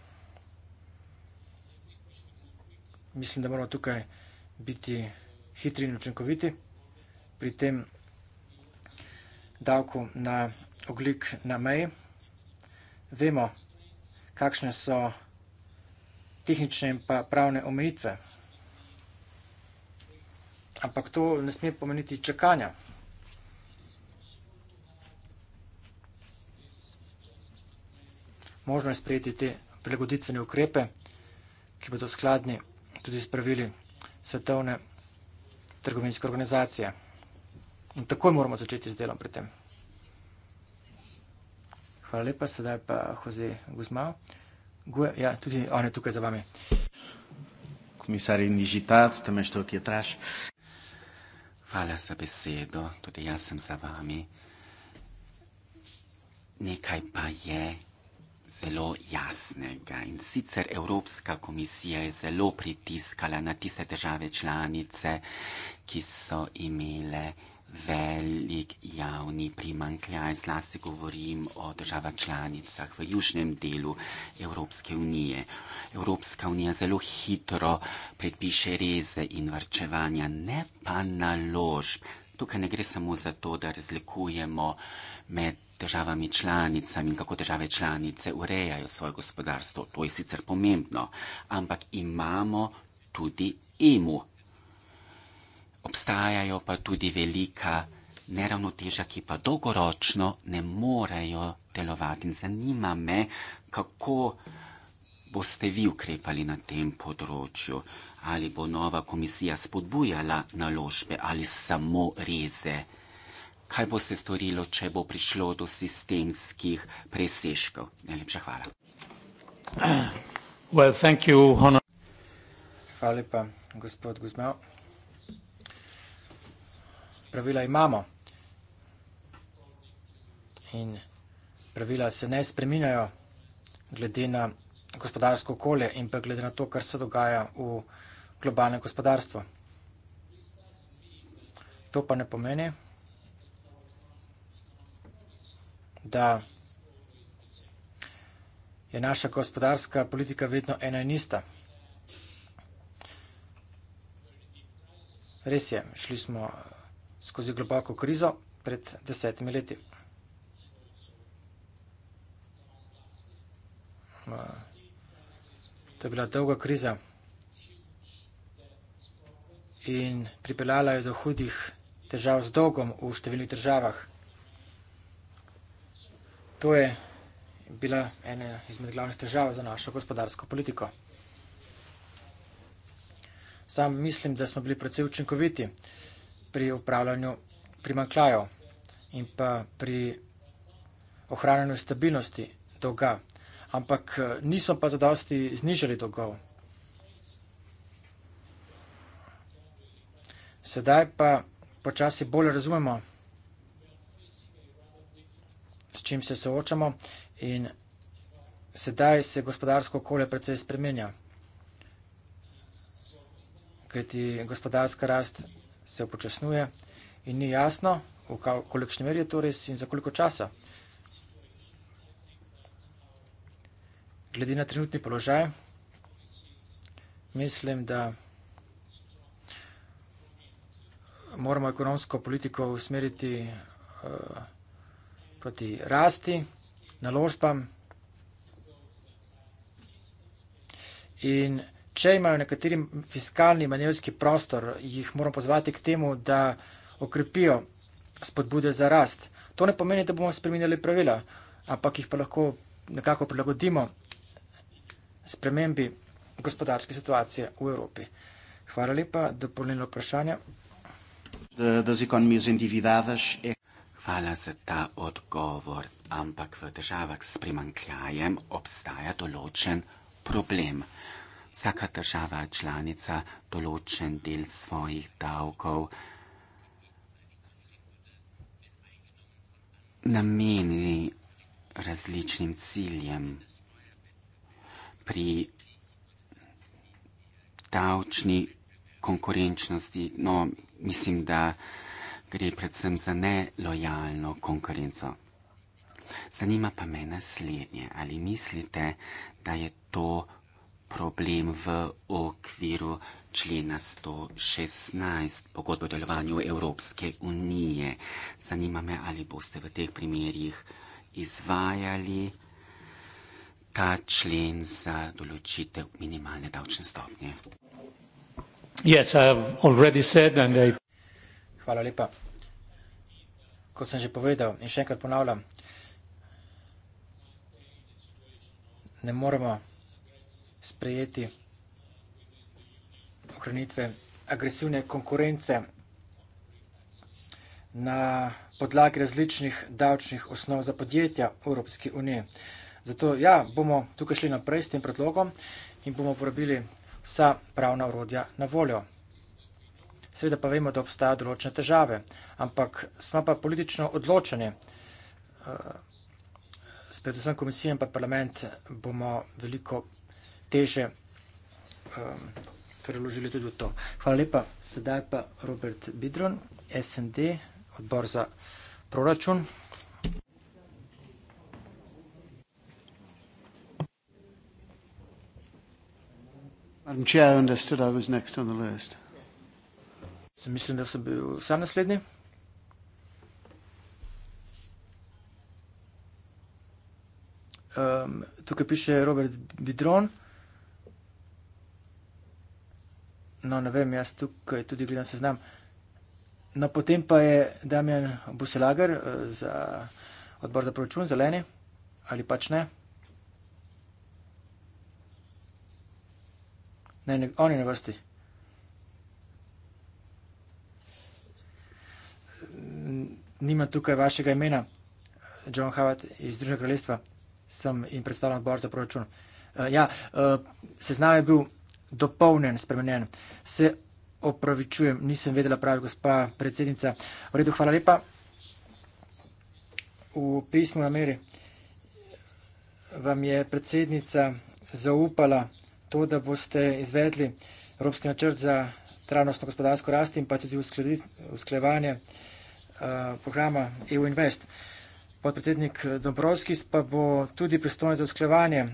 Mislim, da moramo tukaj biti hitri in učinkoviti pri tem davku na oglik na meji. Vemo, kakšne so tehnične in pa pravne omejitve. Ampak to ne sme pomeniti čakanja. Možno je sprejeti te prilagoditvene ukrepe, ki bodo skladni tudi s pravili svetovne trgovinske organizacije. In tako moramo začeti z delom pri tem. Hvala lepa, sedaj pa Jose Guzmao. Gue, ja, tudi on je tukaj za vami. Komisar in Nižitac, tam je što, ki je traš. Hvala za besedo, tudi jaz sem za vami. Nekaj pa je zelo jasnega in sicer Evropska komisija je zelo pritiskala na tiste države članice, ki so imele velik javni primankljaj, zlasti govorim o državah članicah v južnem delu Evropske unije. Evropska unija zelo hitro predpiše reze in varčevanja, ne pa naložb. Tukaj ne gre samo za to, da razlikujemo med državami članicami in kako države članice urejajo svoje gospodarstvo. To je sicer pomembno, ampak imamo tudi EMU, obstajajo pa tudi velika neravnoteža, ki pa dolgoročno ne morejo delovati. In zanima me, kako boste vi ukrepali na tem področju, ali bo nova komisija spodbujala naložbe ali samo reze. Kaj bo se storilo, če bo prišlo do sistemskih preseškov? Najlepša hvala. Well, you, hvala lepa, gospod Guzmel pravila imamo. In pravila se ne spreminjajo glede na gospodarsko okolje in pa glede na to, kar se dogaja v globalnem gospodarstvu. To pa ne pomeni, da je naša gospodarska politika vedno ena in ista. Res je, šli smo skozi globoko krizo pred desetimi leti. No, to je bila dolga kriza in pripeljala je do hudih težav z dolgom v številnih državah. To je bila ena izmed glavnih težav za našo gospodarsko politiko. Sam mislim, da smo bili precej učinkoviti pri upravljanju primankljajo in pa pri ohranjanju stabilnosti dolga. Ampak eh, nismo pa zadosti znižali dolgov. Sedaj pa počasi bolj razumemo, s čim se soočamo in sedaj se gospodarsko okolje precej spremenja. Kajti gospodarska rast se upočasnjuje in ni jasno, v kolikšni meri je to res in za koliko časa. Glede na trenutni položaj, mislim, da moramo ekonomsko politiko usmeriti eh, proti rasti, naložbam in če imajo nekateri fiskalni manevrski prostor, jih moramo pozvati k temu, da okrepijo spodbude za rast. To ne pomeni, da bomo spremenjali pravila, ampak jih pa lahko nekako prilagodimo spremembi gospodarske situacije v Evropi. Hvala lepa, dopolnilo vprašanje. Eh. Hvala za ta odgovor, ampak v državah s primankljajem obstaja določen problem vsaka država članica določen del svojih davkov nameni različnim ciljem. Pri davčni konkurenčnosti, no, mislim, da gre predvsem za nelojalno konkurenco. Zanima pa me naslednje, ali mislite, da je to problem v okviru člena 116 pogodbe o delovanju Evropske unije. Zanima me, ali boste v teh primerjih izvajali ta člen za določitev minimalne davčne stopnje. Yes, said, I... Hvala lepa. Kot sem že povedal in še enkrat ponavljam, ne moremo sprejeti ohranitve agresivne konkurence na podlagi različnih davčnih osnov za podjetja v Evropski uniji. Zato ja, bomo tukaj šli naprej s tem predlogom in bomo uporabili vsa pravna urodja na voljo. Seveda pa vemo, da obstajajo določene težave, ampak smo pa politično odločeni. Eh, s predvsem komisijem pa parlament bomo veliko teže um, torej vložili tudi v to. Hvala lepa. Sedaj pa Robert Bidron, SND, odbor za proračun. Madam Chair, I understood I was next on the list. Sem mislim, da sem bil sam naslednji. Um, tukaj piše Robert Bidron. no, ne vem, jaz tukaj tudi gledam seznam. No, potem pa je Damjan Buselager eh, za odbor za proračun, zeleni ali pač ne. Ne, ne, oni na vrsti. Nima tukaj vašega imena, John Havat iz Združenega kraljestva, sem in predstavljam odbor za proračun. Eh, ja, eh, seznam je bil dopolnjen, spremenjen. Se opravičujem, nisem vedela pravi, gospa predsednica. V redu, hvala lepa. V pismu nameri vam je predsednica zaupala to, da boste izvedli Evropski načrt za trajnostno gospodarsko rast in pa tudi usklevanje eh, programa EU Invest. Podpredsednik Dombrovskis pa bo tudi pristojen za usklevanje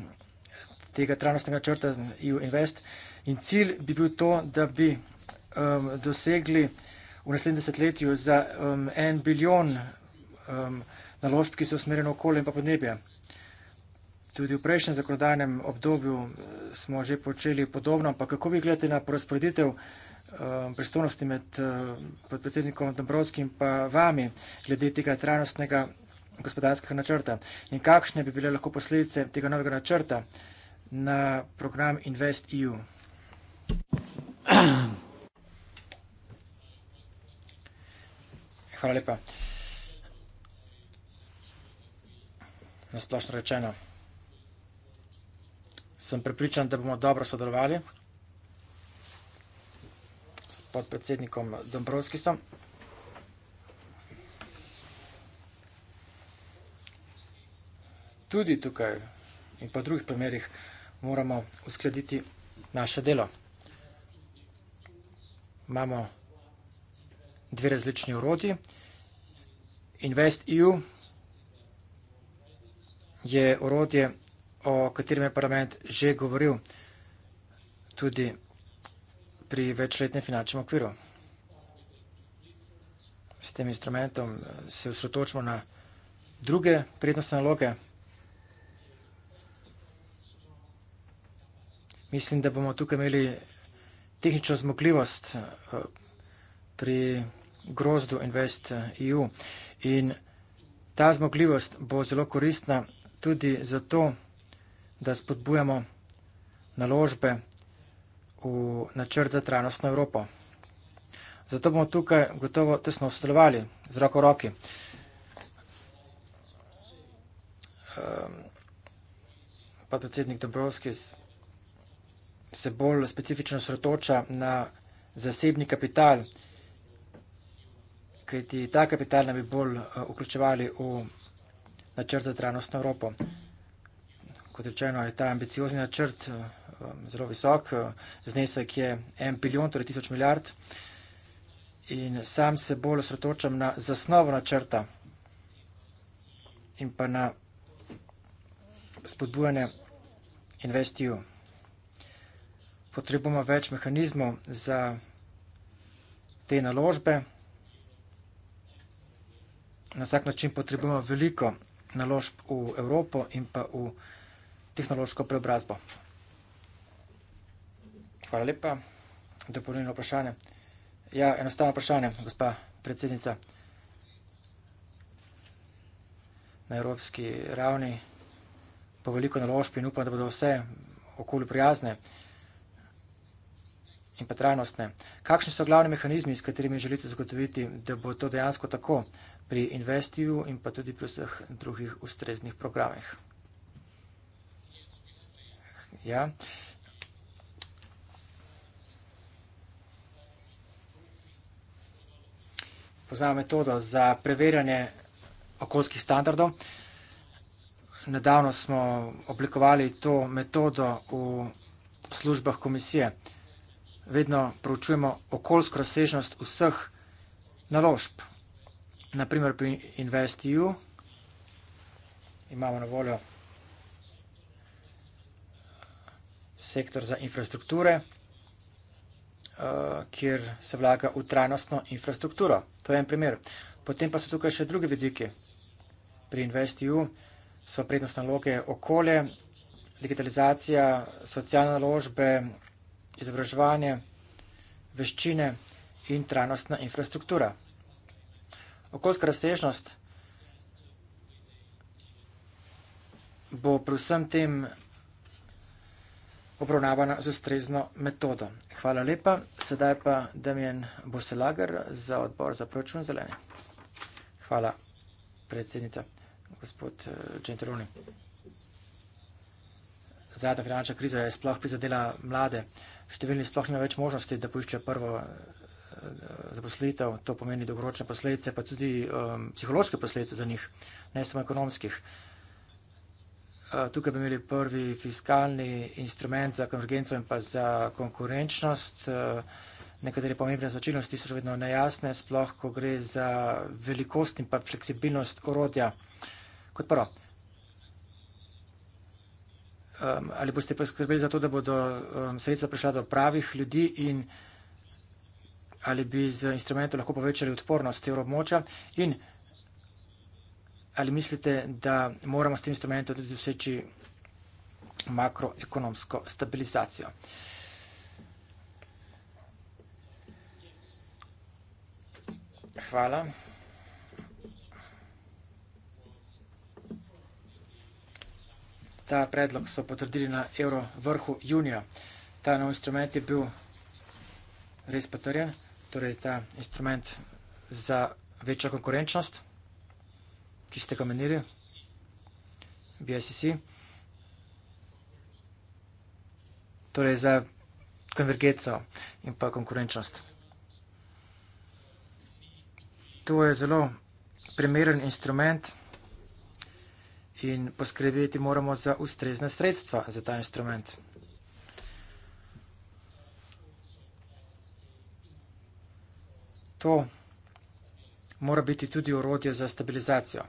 tega trajnostnega načrta EU Invest. In cilj bi bil to, da bi um, dosegli v naslednjem desetletju za um, en biljon um, naložb, ki so usmerjene okolje in pa podnebje. Tudi v prejšnjem zakonodajnem obdobju uh, smo že počeli podobno, ampak kako vi gledate na porazporeditev um, pristojnosti med um, podpredsednikom Dombrovskim in pa vami glede tega trajnostnega gospodarskega načrta in kakšne bi bile lahko posledice tega novega načrta na program Invest EU? Hvala lepa. Nasplošno rečeno, sem prepričan, da bomo dobro sodelovali s podpredsednikom Dombrovskisom. Tudi tukaj in pa drugih primerih moramo uskladiti naše delo imamo dve različni urodji. InvestEU je urodje, o katerem je parlament že govoril tudi pri večletnem finančnem okviru. S tem instrumentom eh, se osredotočimo na druge prednostne naloge. Mislim, da bomo tukaj imeli tehnično zmogljivost eh, pri grozdu Invest EU. In ta zmogljivost bo zelo koristna tudi zato, da spodbujamo naložbe v načrt za trajnostno Evropo. Zato bomo tukaj gotovo tesno sodelovali z roko v roki. Ehm, pa predsednik Dobrovski z se bolj specifično sretoča na zasebni kapital, kajti ta kapital nam bi bolj eh, vključevali v načrt za trajnostno Evropo. Kot rečeno, je ta ambiciozni načrt eh, um, zelo visok, eh, znesek je en bilion, torej tisoč milijard in sam se bolj sretočam na zasnovo načrta in pa na spodbujanje investiju potrebujemo več mehanizmov za te naložbe. Na vsak način potrebujemo veliko naložb v Evropo in pa v tehnološko preobrazbo. Hvala lepa. Dopolnilno vprašanje. Ja, enostavno vprašanje, gospa predsednica. Na evropski ravni po veliko naložb in upam, da bodo vse okolju prijazne in pa trajnostne. Kakšni so glavni mehanizmi, s katerimi želite zagotoviti, da bo to dejansko tako pri investiju in pa tudi pri vseh drugih ustreznih programih? Ja. Poznam metodo za preverjanje okoljskih standardov. Nedavno smo oblikovali to metodo v službah komisije vedno pročujemo okoljsko razsežnost vseh naložb. Naprimer pri InvestEU imamo na voljo sektor za infrastrukture, eh, kjer se vlaga v trajnostno infrastrukturo. To je en primer. Potem pa so tukaj še druge vidike. Pri InvestEU so prednostne naloge okolje, digitalizacija, socialne naložbe, izobraževanje, veščine in trajnostna infrastruktura. Okoljska razsežnost bo pri vsem tem obravnavana z ustrezno metodo. Hvala lepa. Sedaj pa Damjen Boselager za odbor za proračun zeleni. Hvala, predsednica, gospod Džentroni. Eh, Zadnja finančna kriza je sploh prizadela mlade številni sploh nima več možnosti, da poišče prvo eh, zaposlitev, to pomeni dolgoročne posledice, pa tudi um, psihološke posledice za njih, ne samo ekonomskih. Eh, tukaj bi imeli prvi fiskalni instrument za konvergenco in pa za konkurenčnost. Eh, Nekatere pomembne značilnosti so še vedno nejasne, sploh ko gre za velikost in pa fleksibilnost orodja. Kot prvo, um, ali boste poskrbeli za to, da bodo um, sredstva prišla do pravih ljudi in ali bi z instrumentom lahko povečali odpornost evroobmoča in ali mislite, da moramo s tem instrumentom tudi doseči makroekonomsko stabilizacijo. Hvala. Ta predlog so potrdili na evro vrhu junija. Ta nov instrument je bil res potrjen, torej ta instrument za večjo konkurenčnost, ki ste ga menili, BSCC. Torej za konvergenco in pa konkurenčnost. To je zelo primeren instrument in poskrbeti moramo za ustrezne sredstva za ta instrument. To mora biti tudi urodje za stabilizacijo.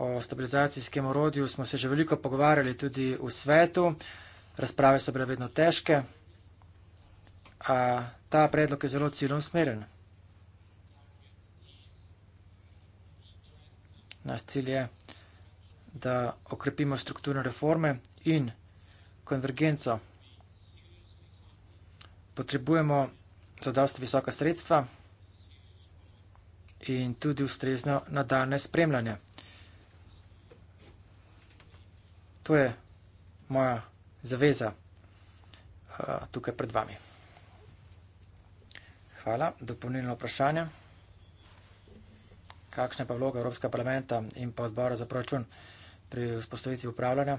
O stabilizacijskem urodju smo se že veliko pogovarjali tudi v svetu. Razprave so bile vedno težke a ta predlog je zelo ciljno usmeren. Naš cilj je, da okrepimo strukturne reforme in konvergenco. Potrebujemo za dosti visoka sredstva in tudi ustrezno nadaljne spremljanje. To je moja zaveza eh, tukaj pred vami. Hvala. Dopolnilno vprašanje. Kakšna je pa vloga Evropskega parlamenta in pa odbora za proračun pri vzpostavitvi upravljanja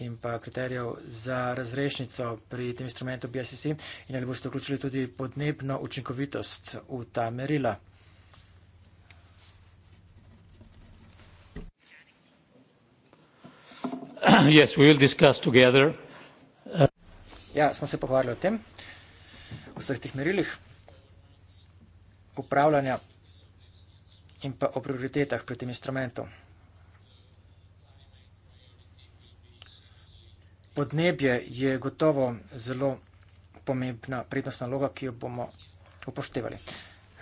in pa kriterijev za razrešnico pri tem instrumentu BSSC in ali boste vključili tudi podnebno učinkovitost v ta merila? Ja, smo se pogovarjali o tem vseh teh merilih upravljanja in pa o prioritetah pri tem instrumentu. Podnebje je gotovo zelo pomembna prednostna loga, ki jo bomo upoštevali.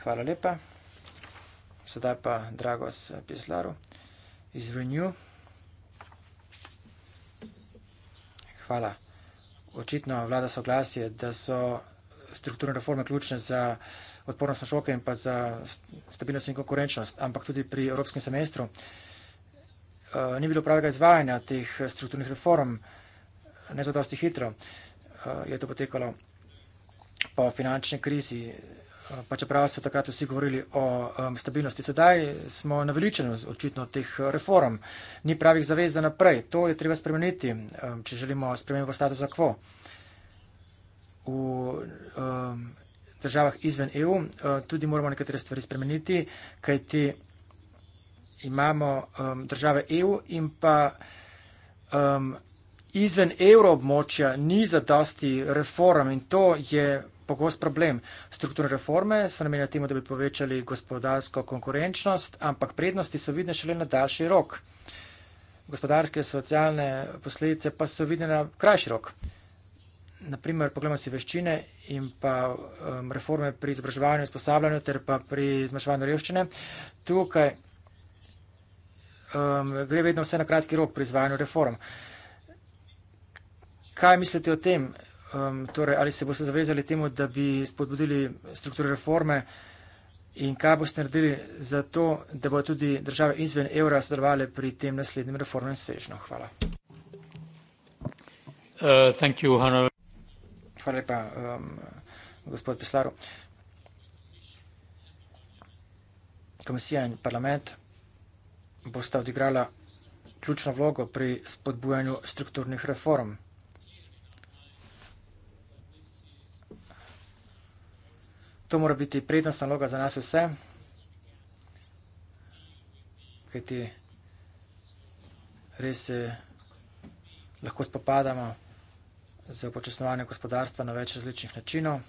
Hvala lepa. Sedaj pa Dragos Pizlaru iz Renew. Hvala. Očitno vlada soglasje, da so strukturne reforme ključne za odpornost na šoke in pa za stabilnost in konkurenčnost, ampak tudi pri evropskem semestru eh, ni bilo pravega izvajanja teh strukturnih reform, ne zadosti hitro eh, je to potekalo po finančni krizi, eh, pa čeprav so takrat vsi govorili o stabilnosti. Sedaj smo naveličeni očitno teh reform, ni pravih zavez za naprej. To je treba spremeniti, če želimo spremeniti v status za kvo v um, državah izven EU, uh, tudi moramo nekatere stvari spremeniti, kajti imamo um, države EU in pa um, izven evroobmočja ni zadosti reform in to je pogost problem. Strukturne reforme so namenjene temu, da bi povečali gospodarsko konkurenčnost, ampak prednosti so vidne šele na daljši rok. Gospodarske, socialne posledice pa so vidne na krajši rok naprimer poglobljenosti veščine in pa um, reforme pri izobraževanju in sposabljanju ter pa pri zmanjševanju revščine. Tukaj um, gre vedno vse na kratki rok pri izvajanju reform. Kaj mislite o tem? Um, torej, ali se boste zavezali temu, da bi spodbudili strukture reforme in kaj boste naredili za to, da bo tudi države izven evra sodelovali pri tem naslednjem reformnem svežnju? Hvala. Uh, thank you, Hanna. Hvala lepa, um, gospod Pislaru. Komisija in parlament bosta odigrala ključno vlogo pri spodbujanju strukturnih reform. To mora biti prednostna vloga za nas vse, kajti res se lahko spopadamo za upočasnovanje gospodarstva na več različnih načinov.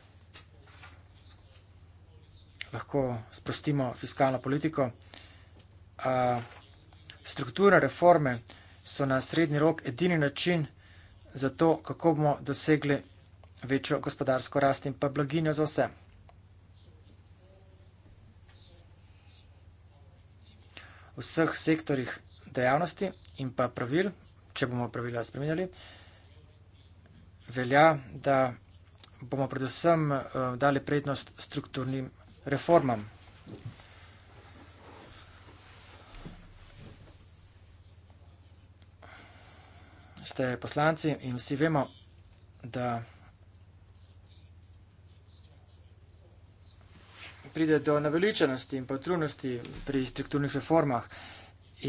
Lahko sprostimo fiskalno politiko. Strukturne reforme so na srednji rok edini način za to, kako bomo dosegli večjo gospodarsko rast in pa blaginjo za vse. V vseh sektorjih dejavnosti in pa pravil, če bomo pravila spremenjali, velja, da bomo predvsem eh, dali prednost strukturnim reformam. Ste poslanci in vsi vemo, da pride do naveličenosti in potrudnosti pri strukturnih reformah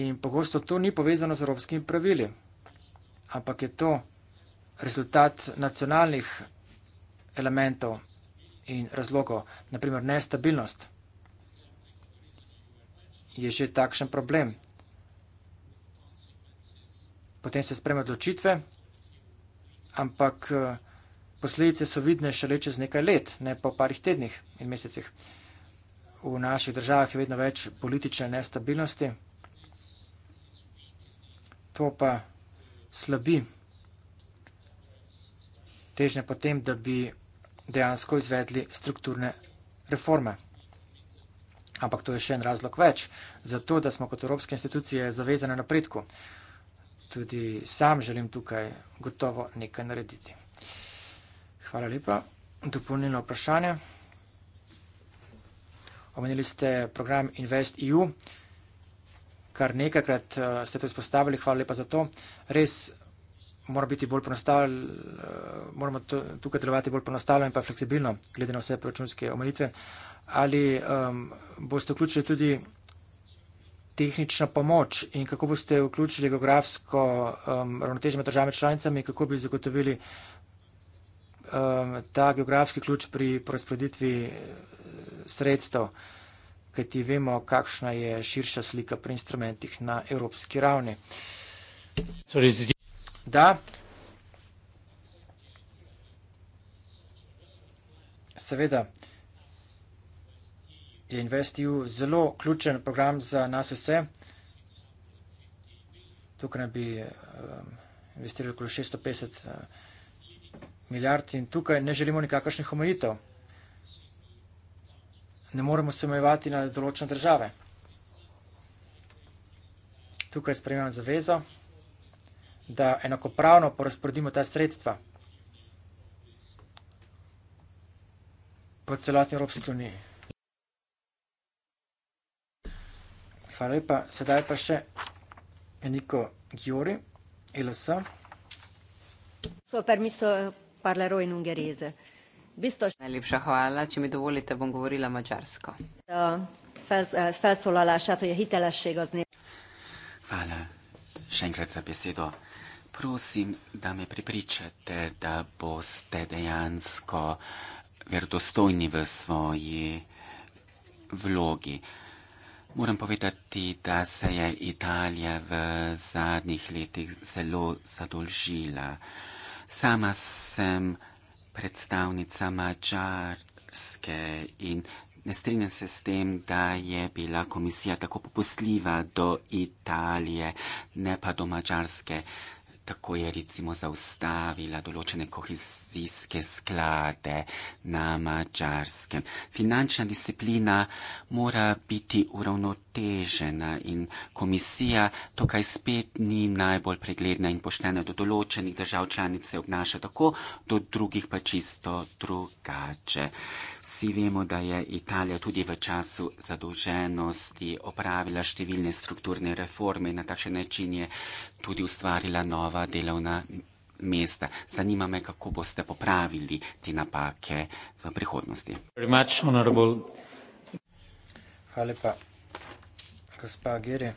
in pogosto to ni povezano z evropskimi pravili, ampak je to rezultat nacionalnih elementov in razlogov, naprimer nestabilnost, je že takšen problem. Potem se sprejme odločitve, ampak eh, posledice so vidne šele čez nekaj let, ne pa v parih tednih in mesecih. V naših državah je vedno več politične nestabilnosti, to pa slabi težnje potem, da bi dejansko izvedli strukturne reforme. Ampak to je še en razlog več, zato da smo kot evropske institucije zavezane napredku. Tudi sam želim tukaj gotovo nekaj narediti. Hvala lepa. Dopolnilno vprašanje. Omenili ste program InvestEU, kar nekajkrat eh, ste to izpostavili. Hvala lepa za to. Res mora biti bolj ponostavljen, eh, moramo tukaj delovati bolj ponostavljeno in pa fleksibilno, glede na vse proračunske omejitve. Ali um, boste vključili tudi tehnično pomoč in kako boste vključili geografsko um, ravnotežje med državami članicami in kako bi zagotovili um, ta geografski ključ pri porazporeditvi eh, sredstev, kajti vemo, kakšna je širša slika pri instrumentih na evropski ravni. Sorry, da seveda je InvestEU zelo ključen program za nas vse. Tukaj bi um, investirali okoli 650 uh, milijard in tukaj ne želimo nikakršnih omejitev. Ne moramo se omejevati na določene države. Tukaj spremljam zavezo da enakopravno porazporedimo ta sredstva po celotni Evropski uniji. Hvala lepa. Sedaj pa še Eniko Giori, LS. Najlepša hvala. Če mi dovolite, bom govorila mačarsko. Eh, hvala še enkrat za besedo prosim, da me pripričate, da boste dejansko verodostojni v svoji vlogi. Moram povedati, da se je Italija v zadnjih letih zelo zadolžila. Sama sem predstavnica Mačarske in ne strinjam se s tem, da je bila komisija tako popustljiva do Italije, ne pa do Mačarske. Tako je recimo zaustavila določene kohezijske sklade na mačarskem. Finančna disciplina mora biti uravnotežena in komisija tukaj spet ni najbolj pregledna in poštena do določenih držav članice obnaša tako, do drugih pa čisto drugače. Vsi vemo, da je Italija tudi v času zadolženosti opravila številne strukturne reforme in na takšen način je tudi ustvarila nova delovna mesta. Zanima me, kako boste popravili te napake v prihodnosti. Much, Hvala lepa, gospa Geri.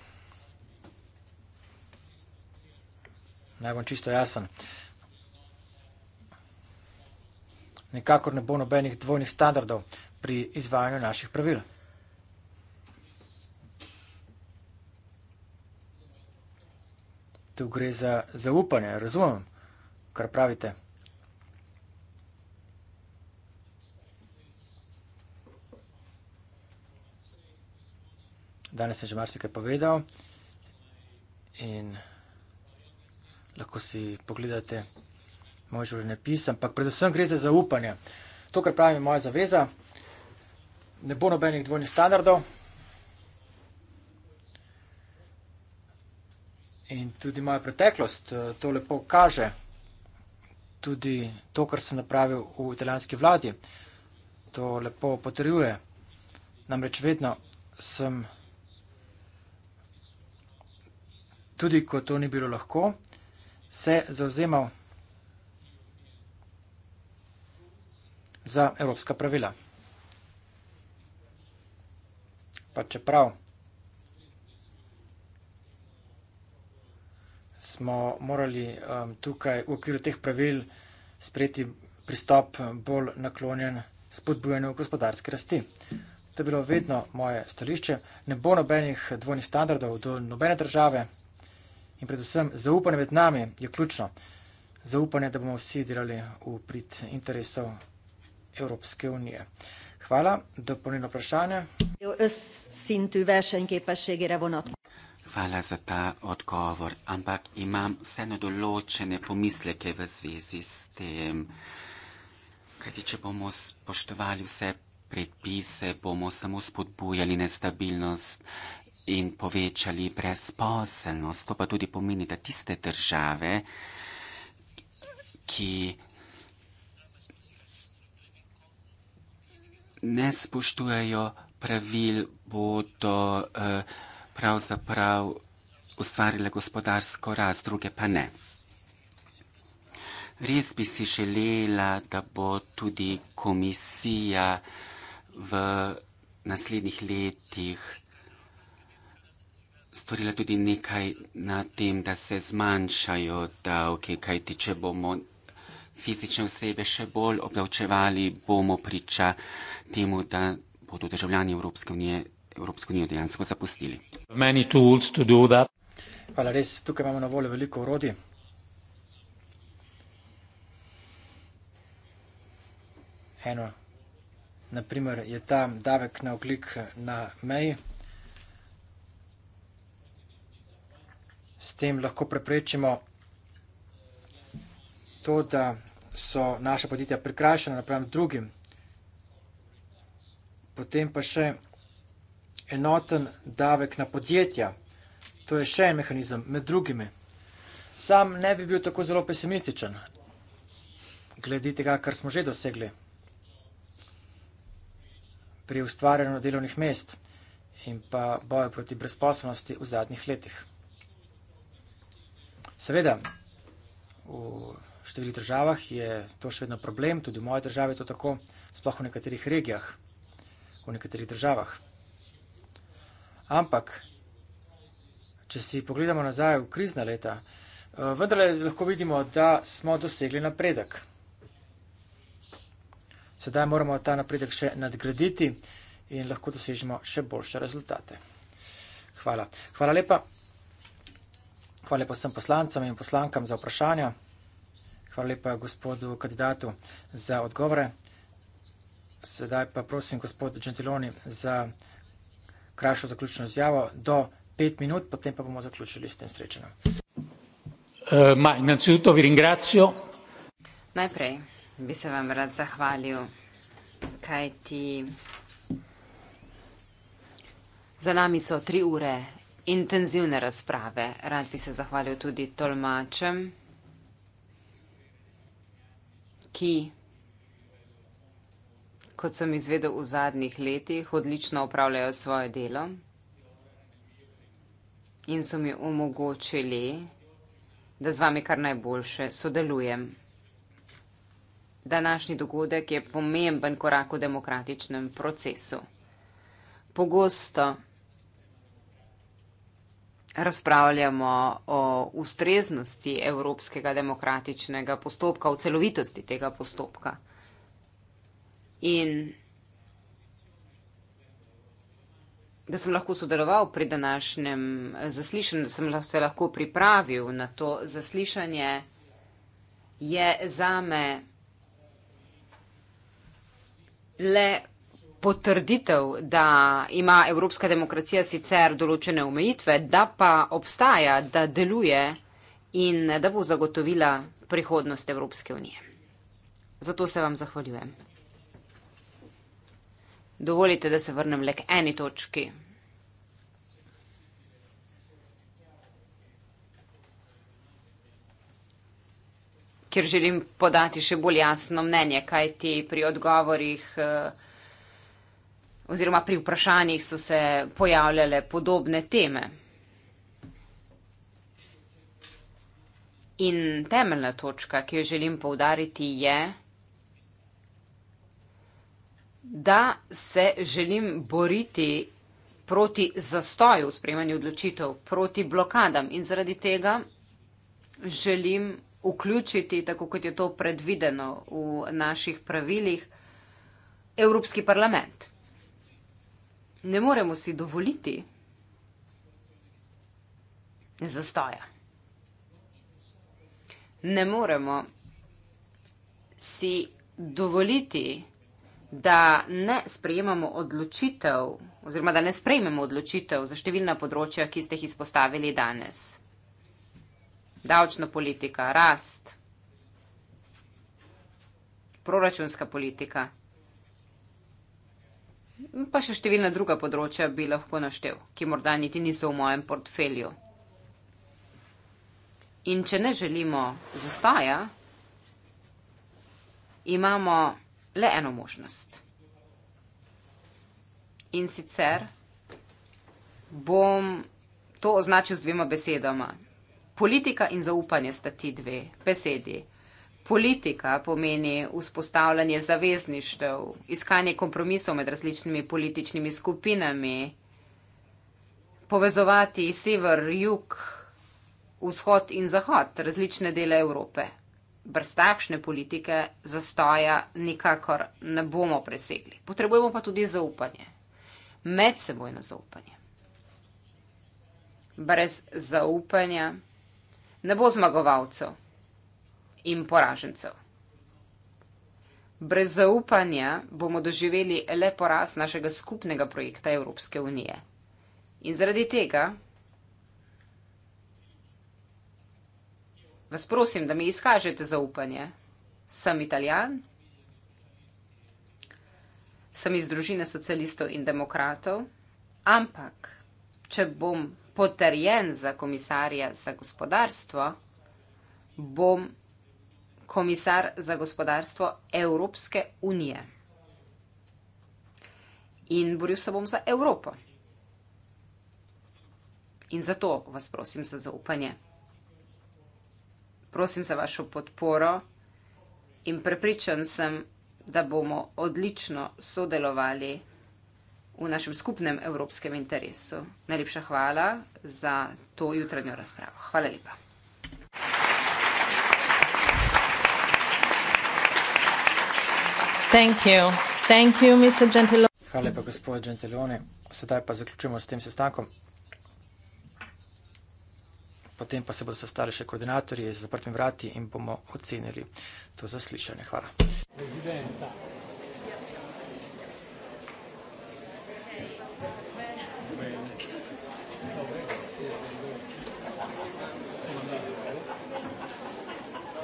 Naj bom čisto jasen. Uh, nikakor ne bo nobenih dvojnih standardov pri izvajanju naših pravil. Tu gre za zaupanje, razumem, kar pravite. Danes sem že marsikaj povedal in lahko si pogledate moj življenjepis, ampak predvsem gre za zaupanje. To, kar pravim, je moja zaveza. Ne bo nobenih dvojnih standardov. In tudi moja preteklost eh, to lepo kaže, tudi to, kar sem napravil v italijanski vladi, to lepo potrjuje. Namreč vedno sem, tudi ko to ni bilo lahko, se zauzemal. za evropska pravila. Pa čeprav smo morali um, tukaj v okviru teh pravil sprejeti pristop bolj naklonjen spodbujanju gospodarske rasti. To je bilo vedno moje stališče. Ne bo nobenih dvojnih standardov do nobene države in predvsem zaupanje med nami je ključno. Zaupanje, da bomo vsi delali v prid interesov Evropske unije. Hvala, dopolnilo vprašanje. Hvala za ta odgovor, ampak imam vseeno določene pomisleke v zvezi s tem, kajti če bomo spoštovali vse predpise, bomo samo spodbujali nestabilnost in povečali brezposelnost. To pa tudi pomeni, da tiste države, ki ne spoštujejo pravil, bodo eh, pravzaprav ustvarile gospodarsko rast, druge pa ne. Res bi si želela, da bo tudi komisija v naslednjih letih storila tudi nekaj na tem, da se zmanjšajo davke, kajti če bomo fizične osebe še bolj obdavčevali, bomo priča temu, da bodo državljani Evropske unije Evropsko unijo dejansko zapustili. Hvala, res tukaj imamo na voljo veliko urodi. Eno, naprimer, je ta davek na oklik na meji. S tem lahko preprečimo to, da so naše podjetja prikrajšana napram drugim. Potem pa še enoten davek na podjetja. To je še en mehanizem med drugimi. Sam ne bi bil tako zelo pesimističen glede tega, kar smo že dosegli pri ustvarjanju delovnih mest in pa boju proti brezposobnosti v zadnjih letih. Seveda, v številnih državah je to še vedno problem, tudi v moji državi je to tako, sploh v nekaterih regijah v nekaterih državah. Ampak, če si pogledamo nazaj v krizna leta, eh, vendarle lahko vidimo, da smo dosegli napredek. Sedaj moramo ta napredek še nadgraditi in lahko dosežemo še boljše rezultate. Hvala. Hvala lepa. Hvala lepa vsem poslancem in poslankam za vprašanja. Hvala lepa gospodu kandidatu za odgovore. Sedaj pa prosim gospod Gentiloni za krajšo zaključno izjavo do pet minut, potem pa bomo zaključili s tem srečanjem. Eh, ma, innanzitutto vi ringrazio. Najprej bi se vam rad zahvalil, kaj ti za nami so tri ure intenzivne razprave. Rad bi se zahvalil tudi tolmačem, ki kot sem izvedel v zadnjih letih, odlično upravljajo svoje delo in so mi omogočili, da z vami kar najboljše sodelujem. Današnji dogodek je pomemben korak v demokratičnem procesu. Pogosto razpravljamo o ustreznosti evropskega demokratičnega postopka, o celovitosti tega postopka in da sem lahko sodeloval pri današnjem eh, zaslišanju, da sem se lahko pripravil na to zaslišanje, je zame le potrditev, da ima evropska demokracija sicer določene omejitve, da pa obstaja, da deluje in da bo zagotovila prihodnost Evropske unije. Zato se vam zahvaljujem. Dovolite, da se vrnem le k eni točki. Ker želim podati še bolj jasno mnenje, kaj ti pri odgovorih eh, oziroma pri vprašanjih so se pojavljale podobne teme. In temeljna točka, ki jo želim povdariti, je, da se želim boriti proti zastoju v sprejemanju odločitev, proti blokadam in zaradi tega želim vključiti, tako kot je to predvideno v naših pravilih, Evropski parlament. Ne moremo si dovoliti zastoja. Ne moremo si dovoliti, da ne sprejemamo odločitev oziroma da ne sprejmemo odločitev za številna področja, ki ste jih izpostavili danes. Davčna politika, rast, proračunska politika, pa še številna druga področja bi lahko naštel, ki morda niti niso v mojem portfelju. In če ne želimo zastaja, imamo le eno možnost. In sicer bom to označil z dvema besedama. Politika in zaupanje sta ti dve besedi. Politika pomeni vzpostavljanje zavezništev, iskanje kompromisov med različnimi političnimi skupinami, povezovati sever, jug, vzhod in zahod, različne dele Evrope brez takšne politike zastoja nikakor ne bomo presegli. Potrebujemo pa tudi zaupanje, medsebojno zaupanje. Brez zaupanja ne bo zmagovalcev in poražencev. Brez zaupanja bomo doživeli le poraz našega skupnega projekta Evropske unije. In zaradi tega Vas prosim, da mi izkažete zaupanje. Sem italijan, sem iz družine socialistov in demokratov, ampak če bom potrjen za komisarja za gospodarstvo, bom komisar za gospodarstvo Evropske unije. In boril se bom za Evropo. In zato vas prosim za zaupanje prosim za vašo podporo in prepričan sem, da bomo odlično sodelovali v našem skupnem evropskem interesu. Najlepša hvala za to jutranjo razpravo. Hvala lepa. Thank you. Thank you, Hvala lepa, gospod Gentiloni. Sedaj pa zaključujemo s tem sestankom potem pa se bodo sestali še koordinatorji z zaprtimi vrati in bomo ocenili to zaslišanje. Hvala. Rezidenta. Thank you.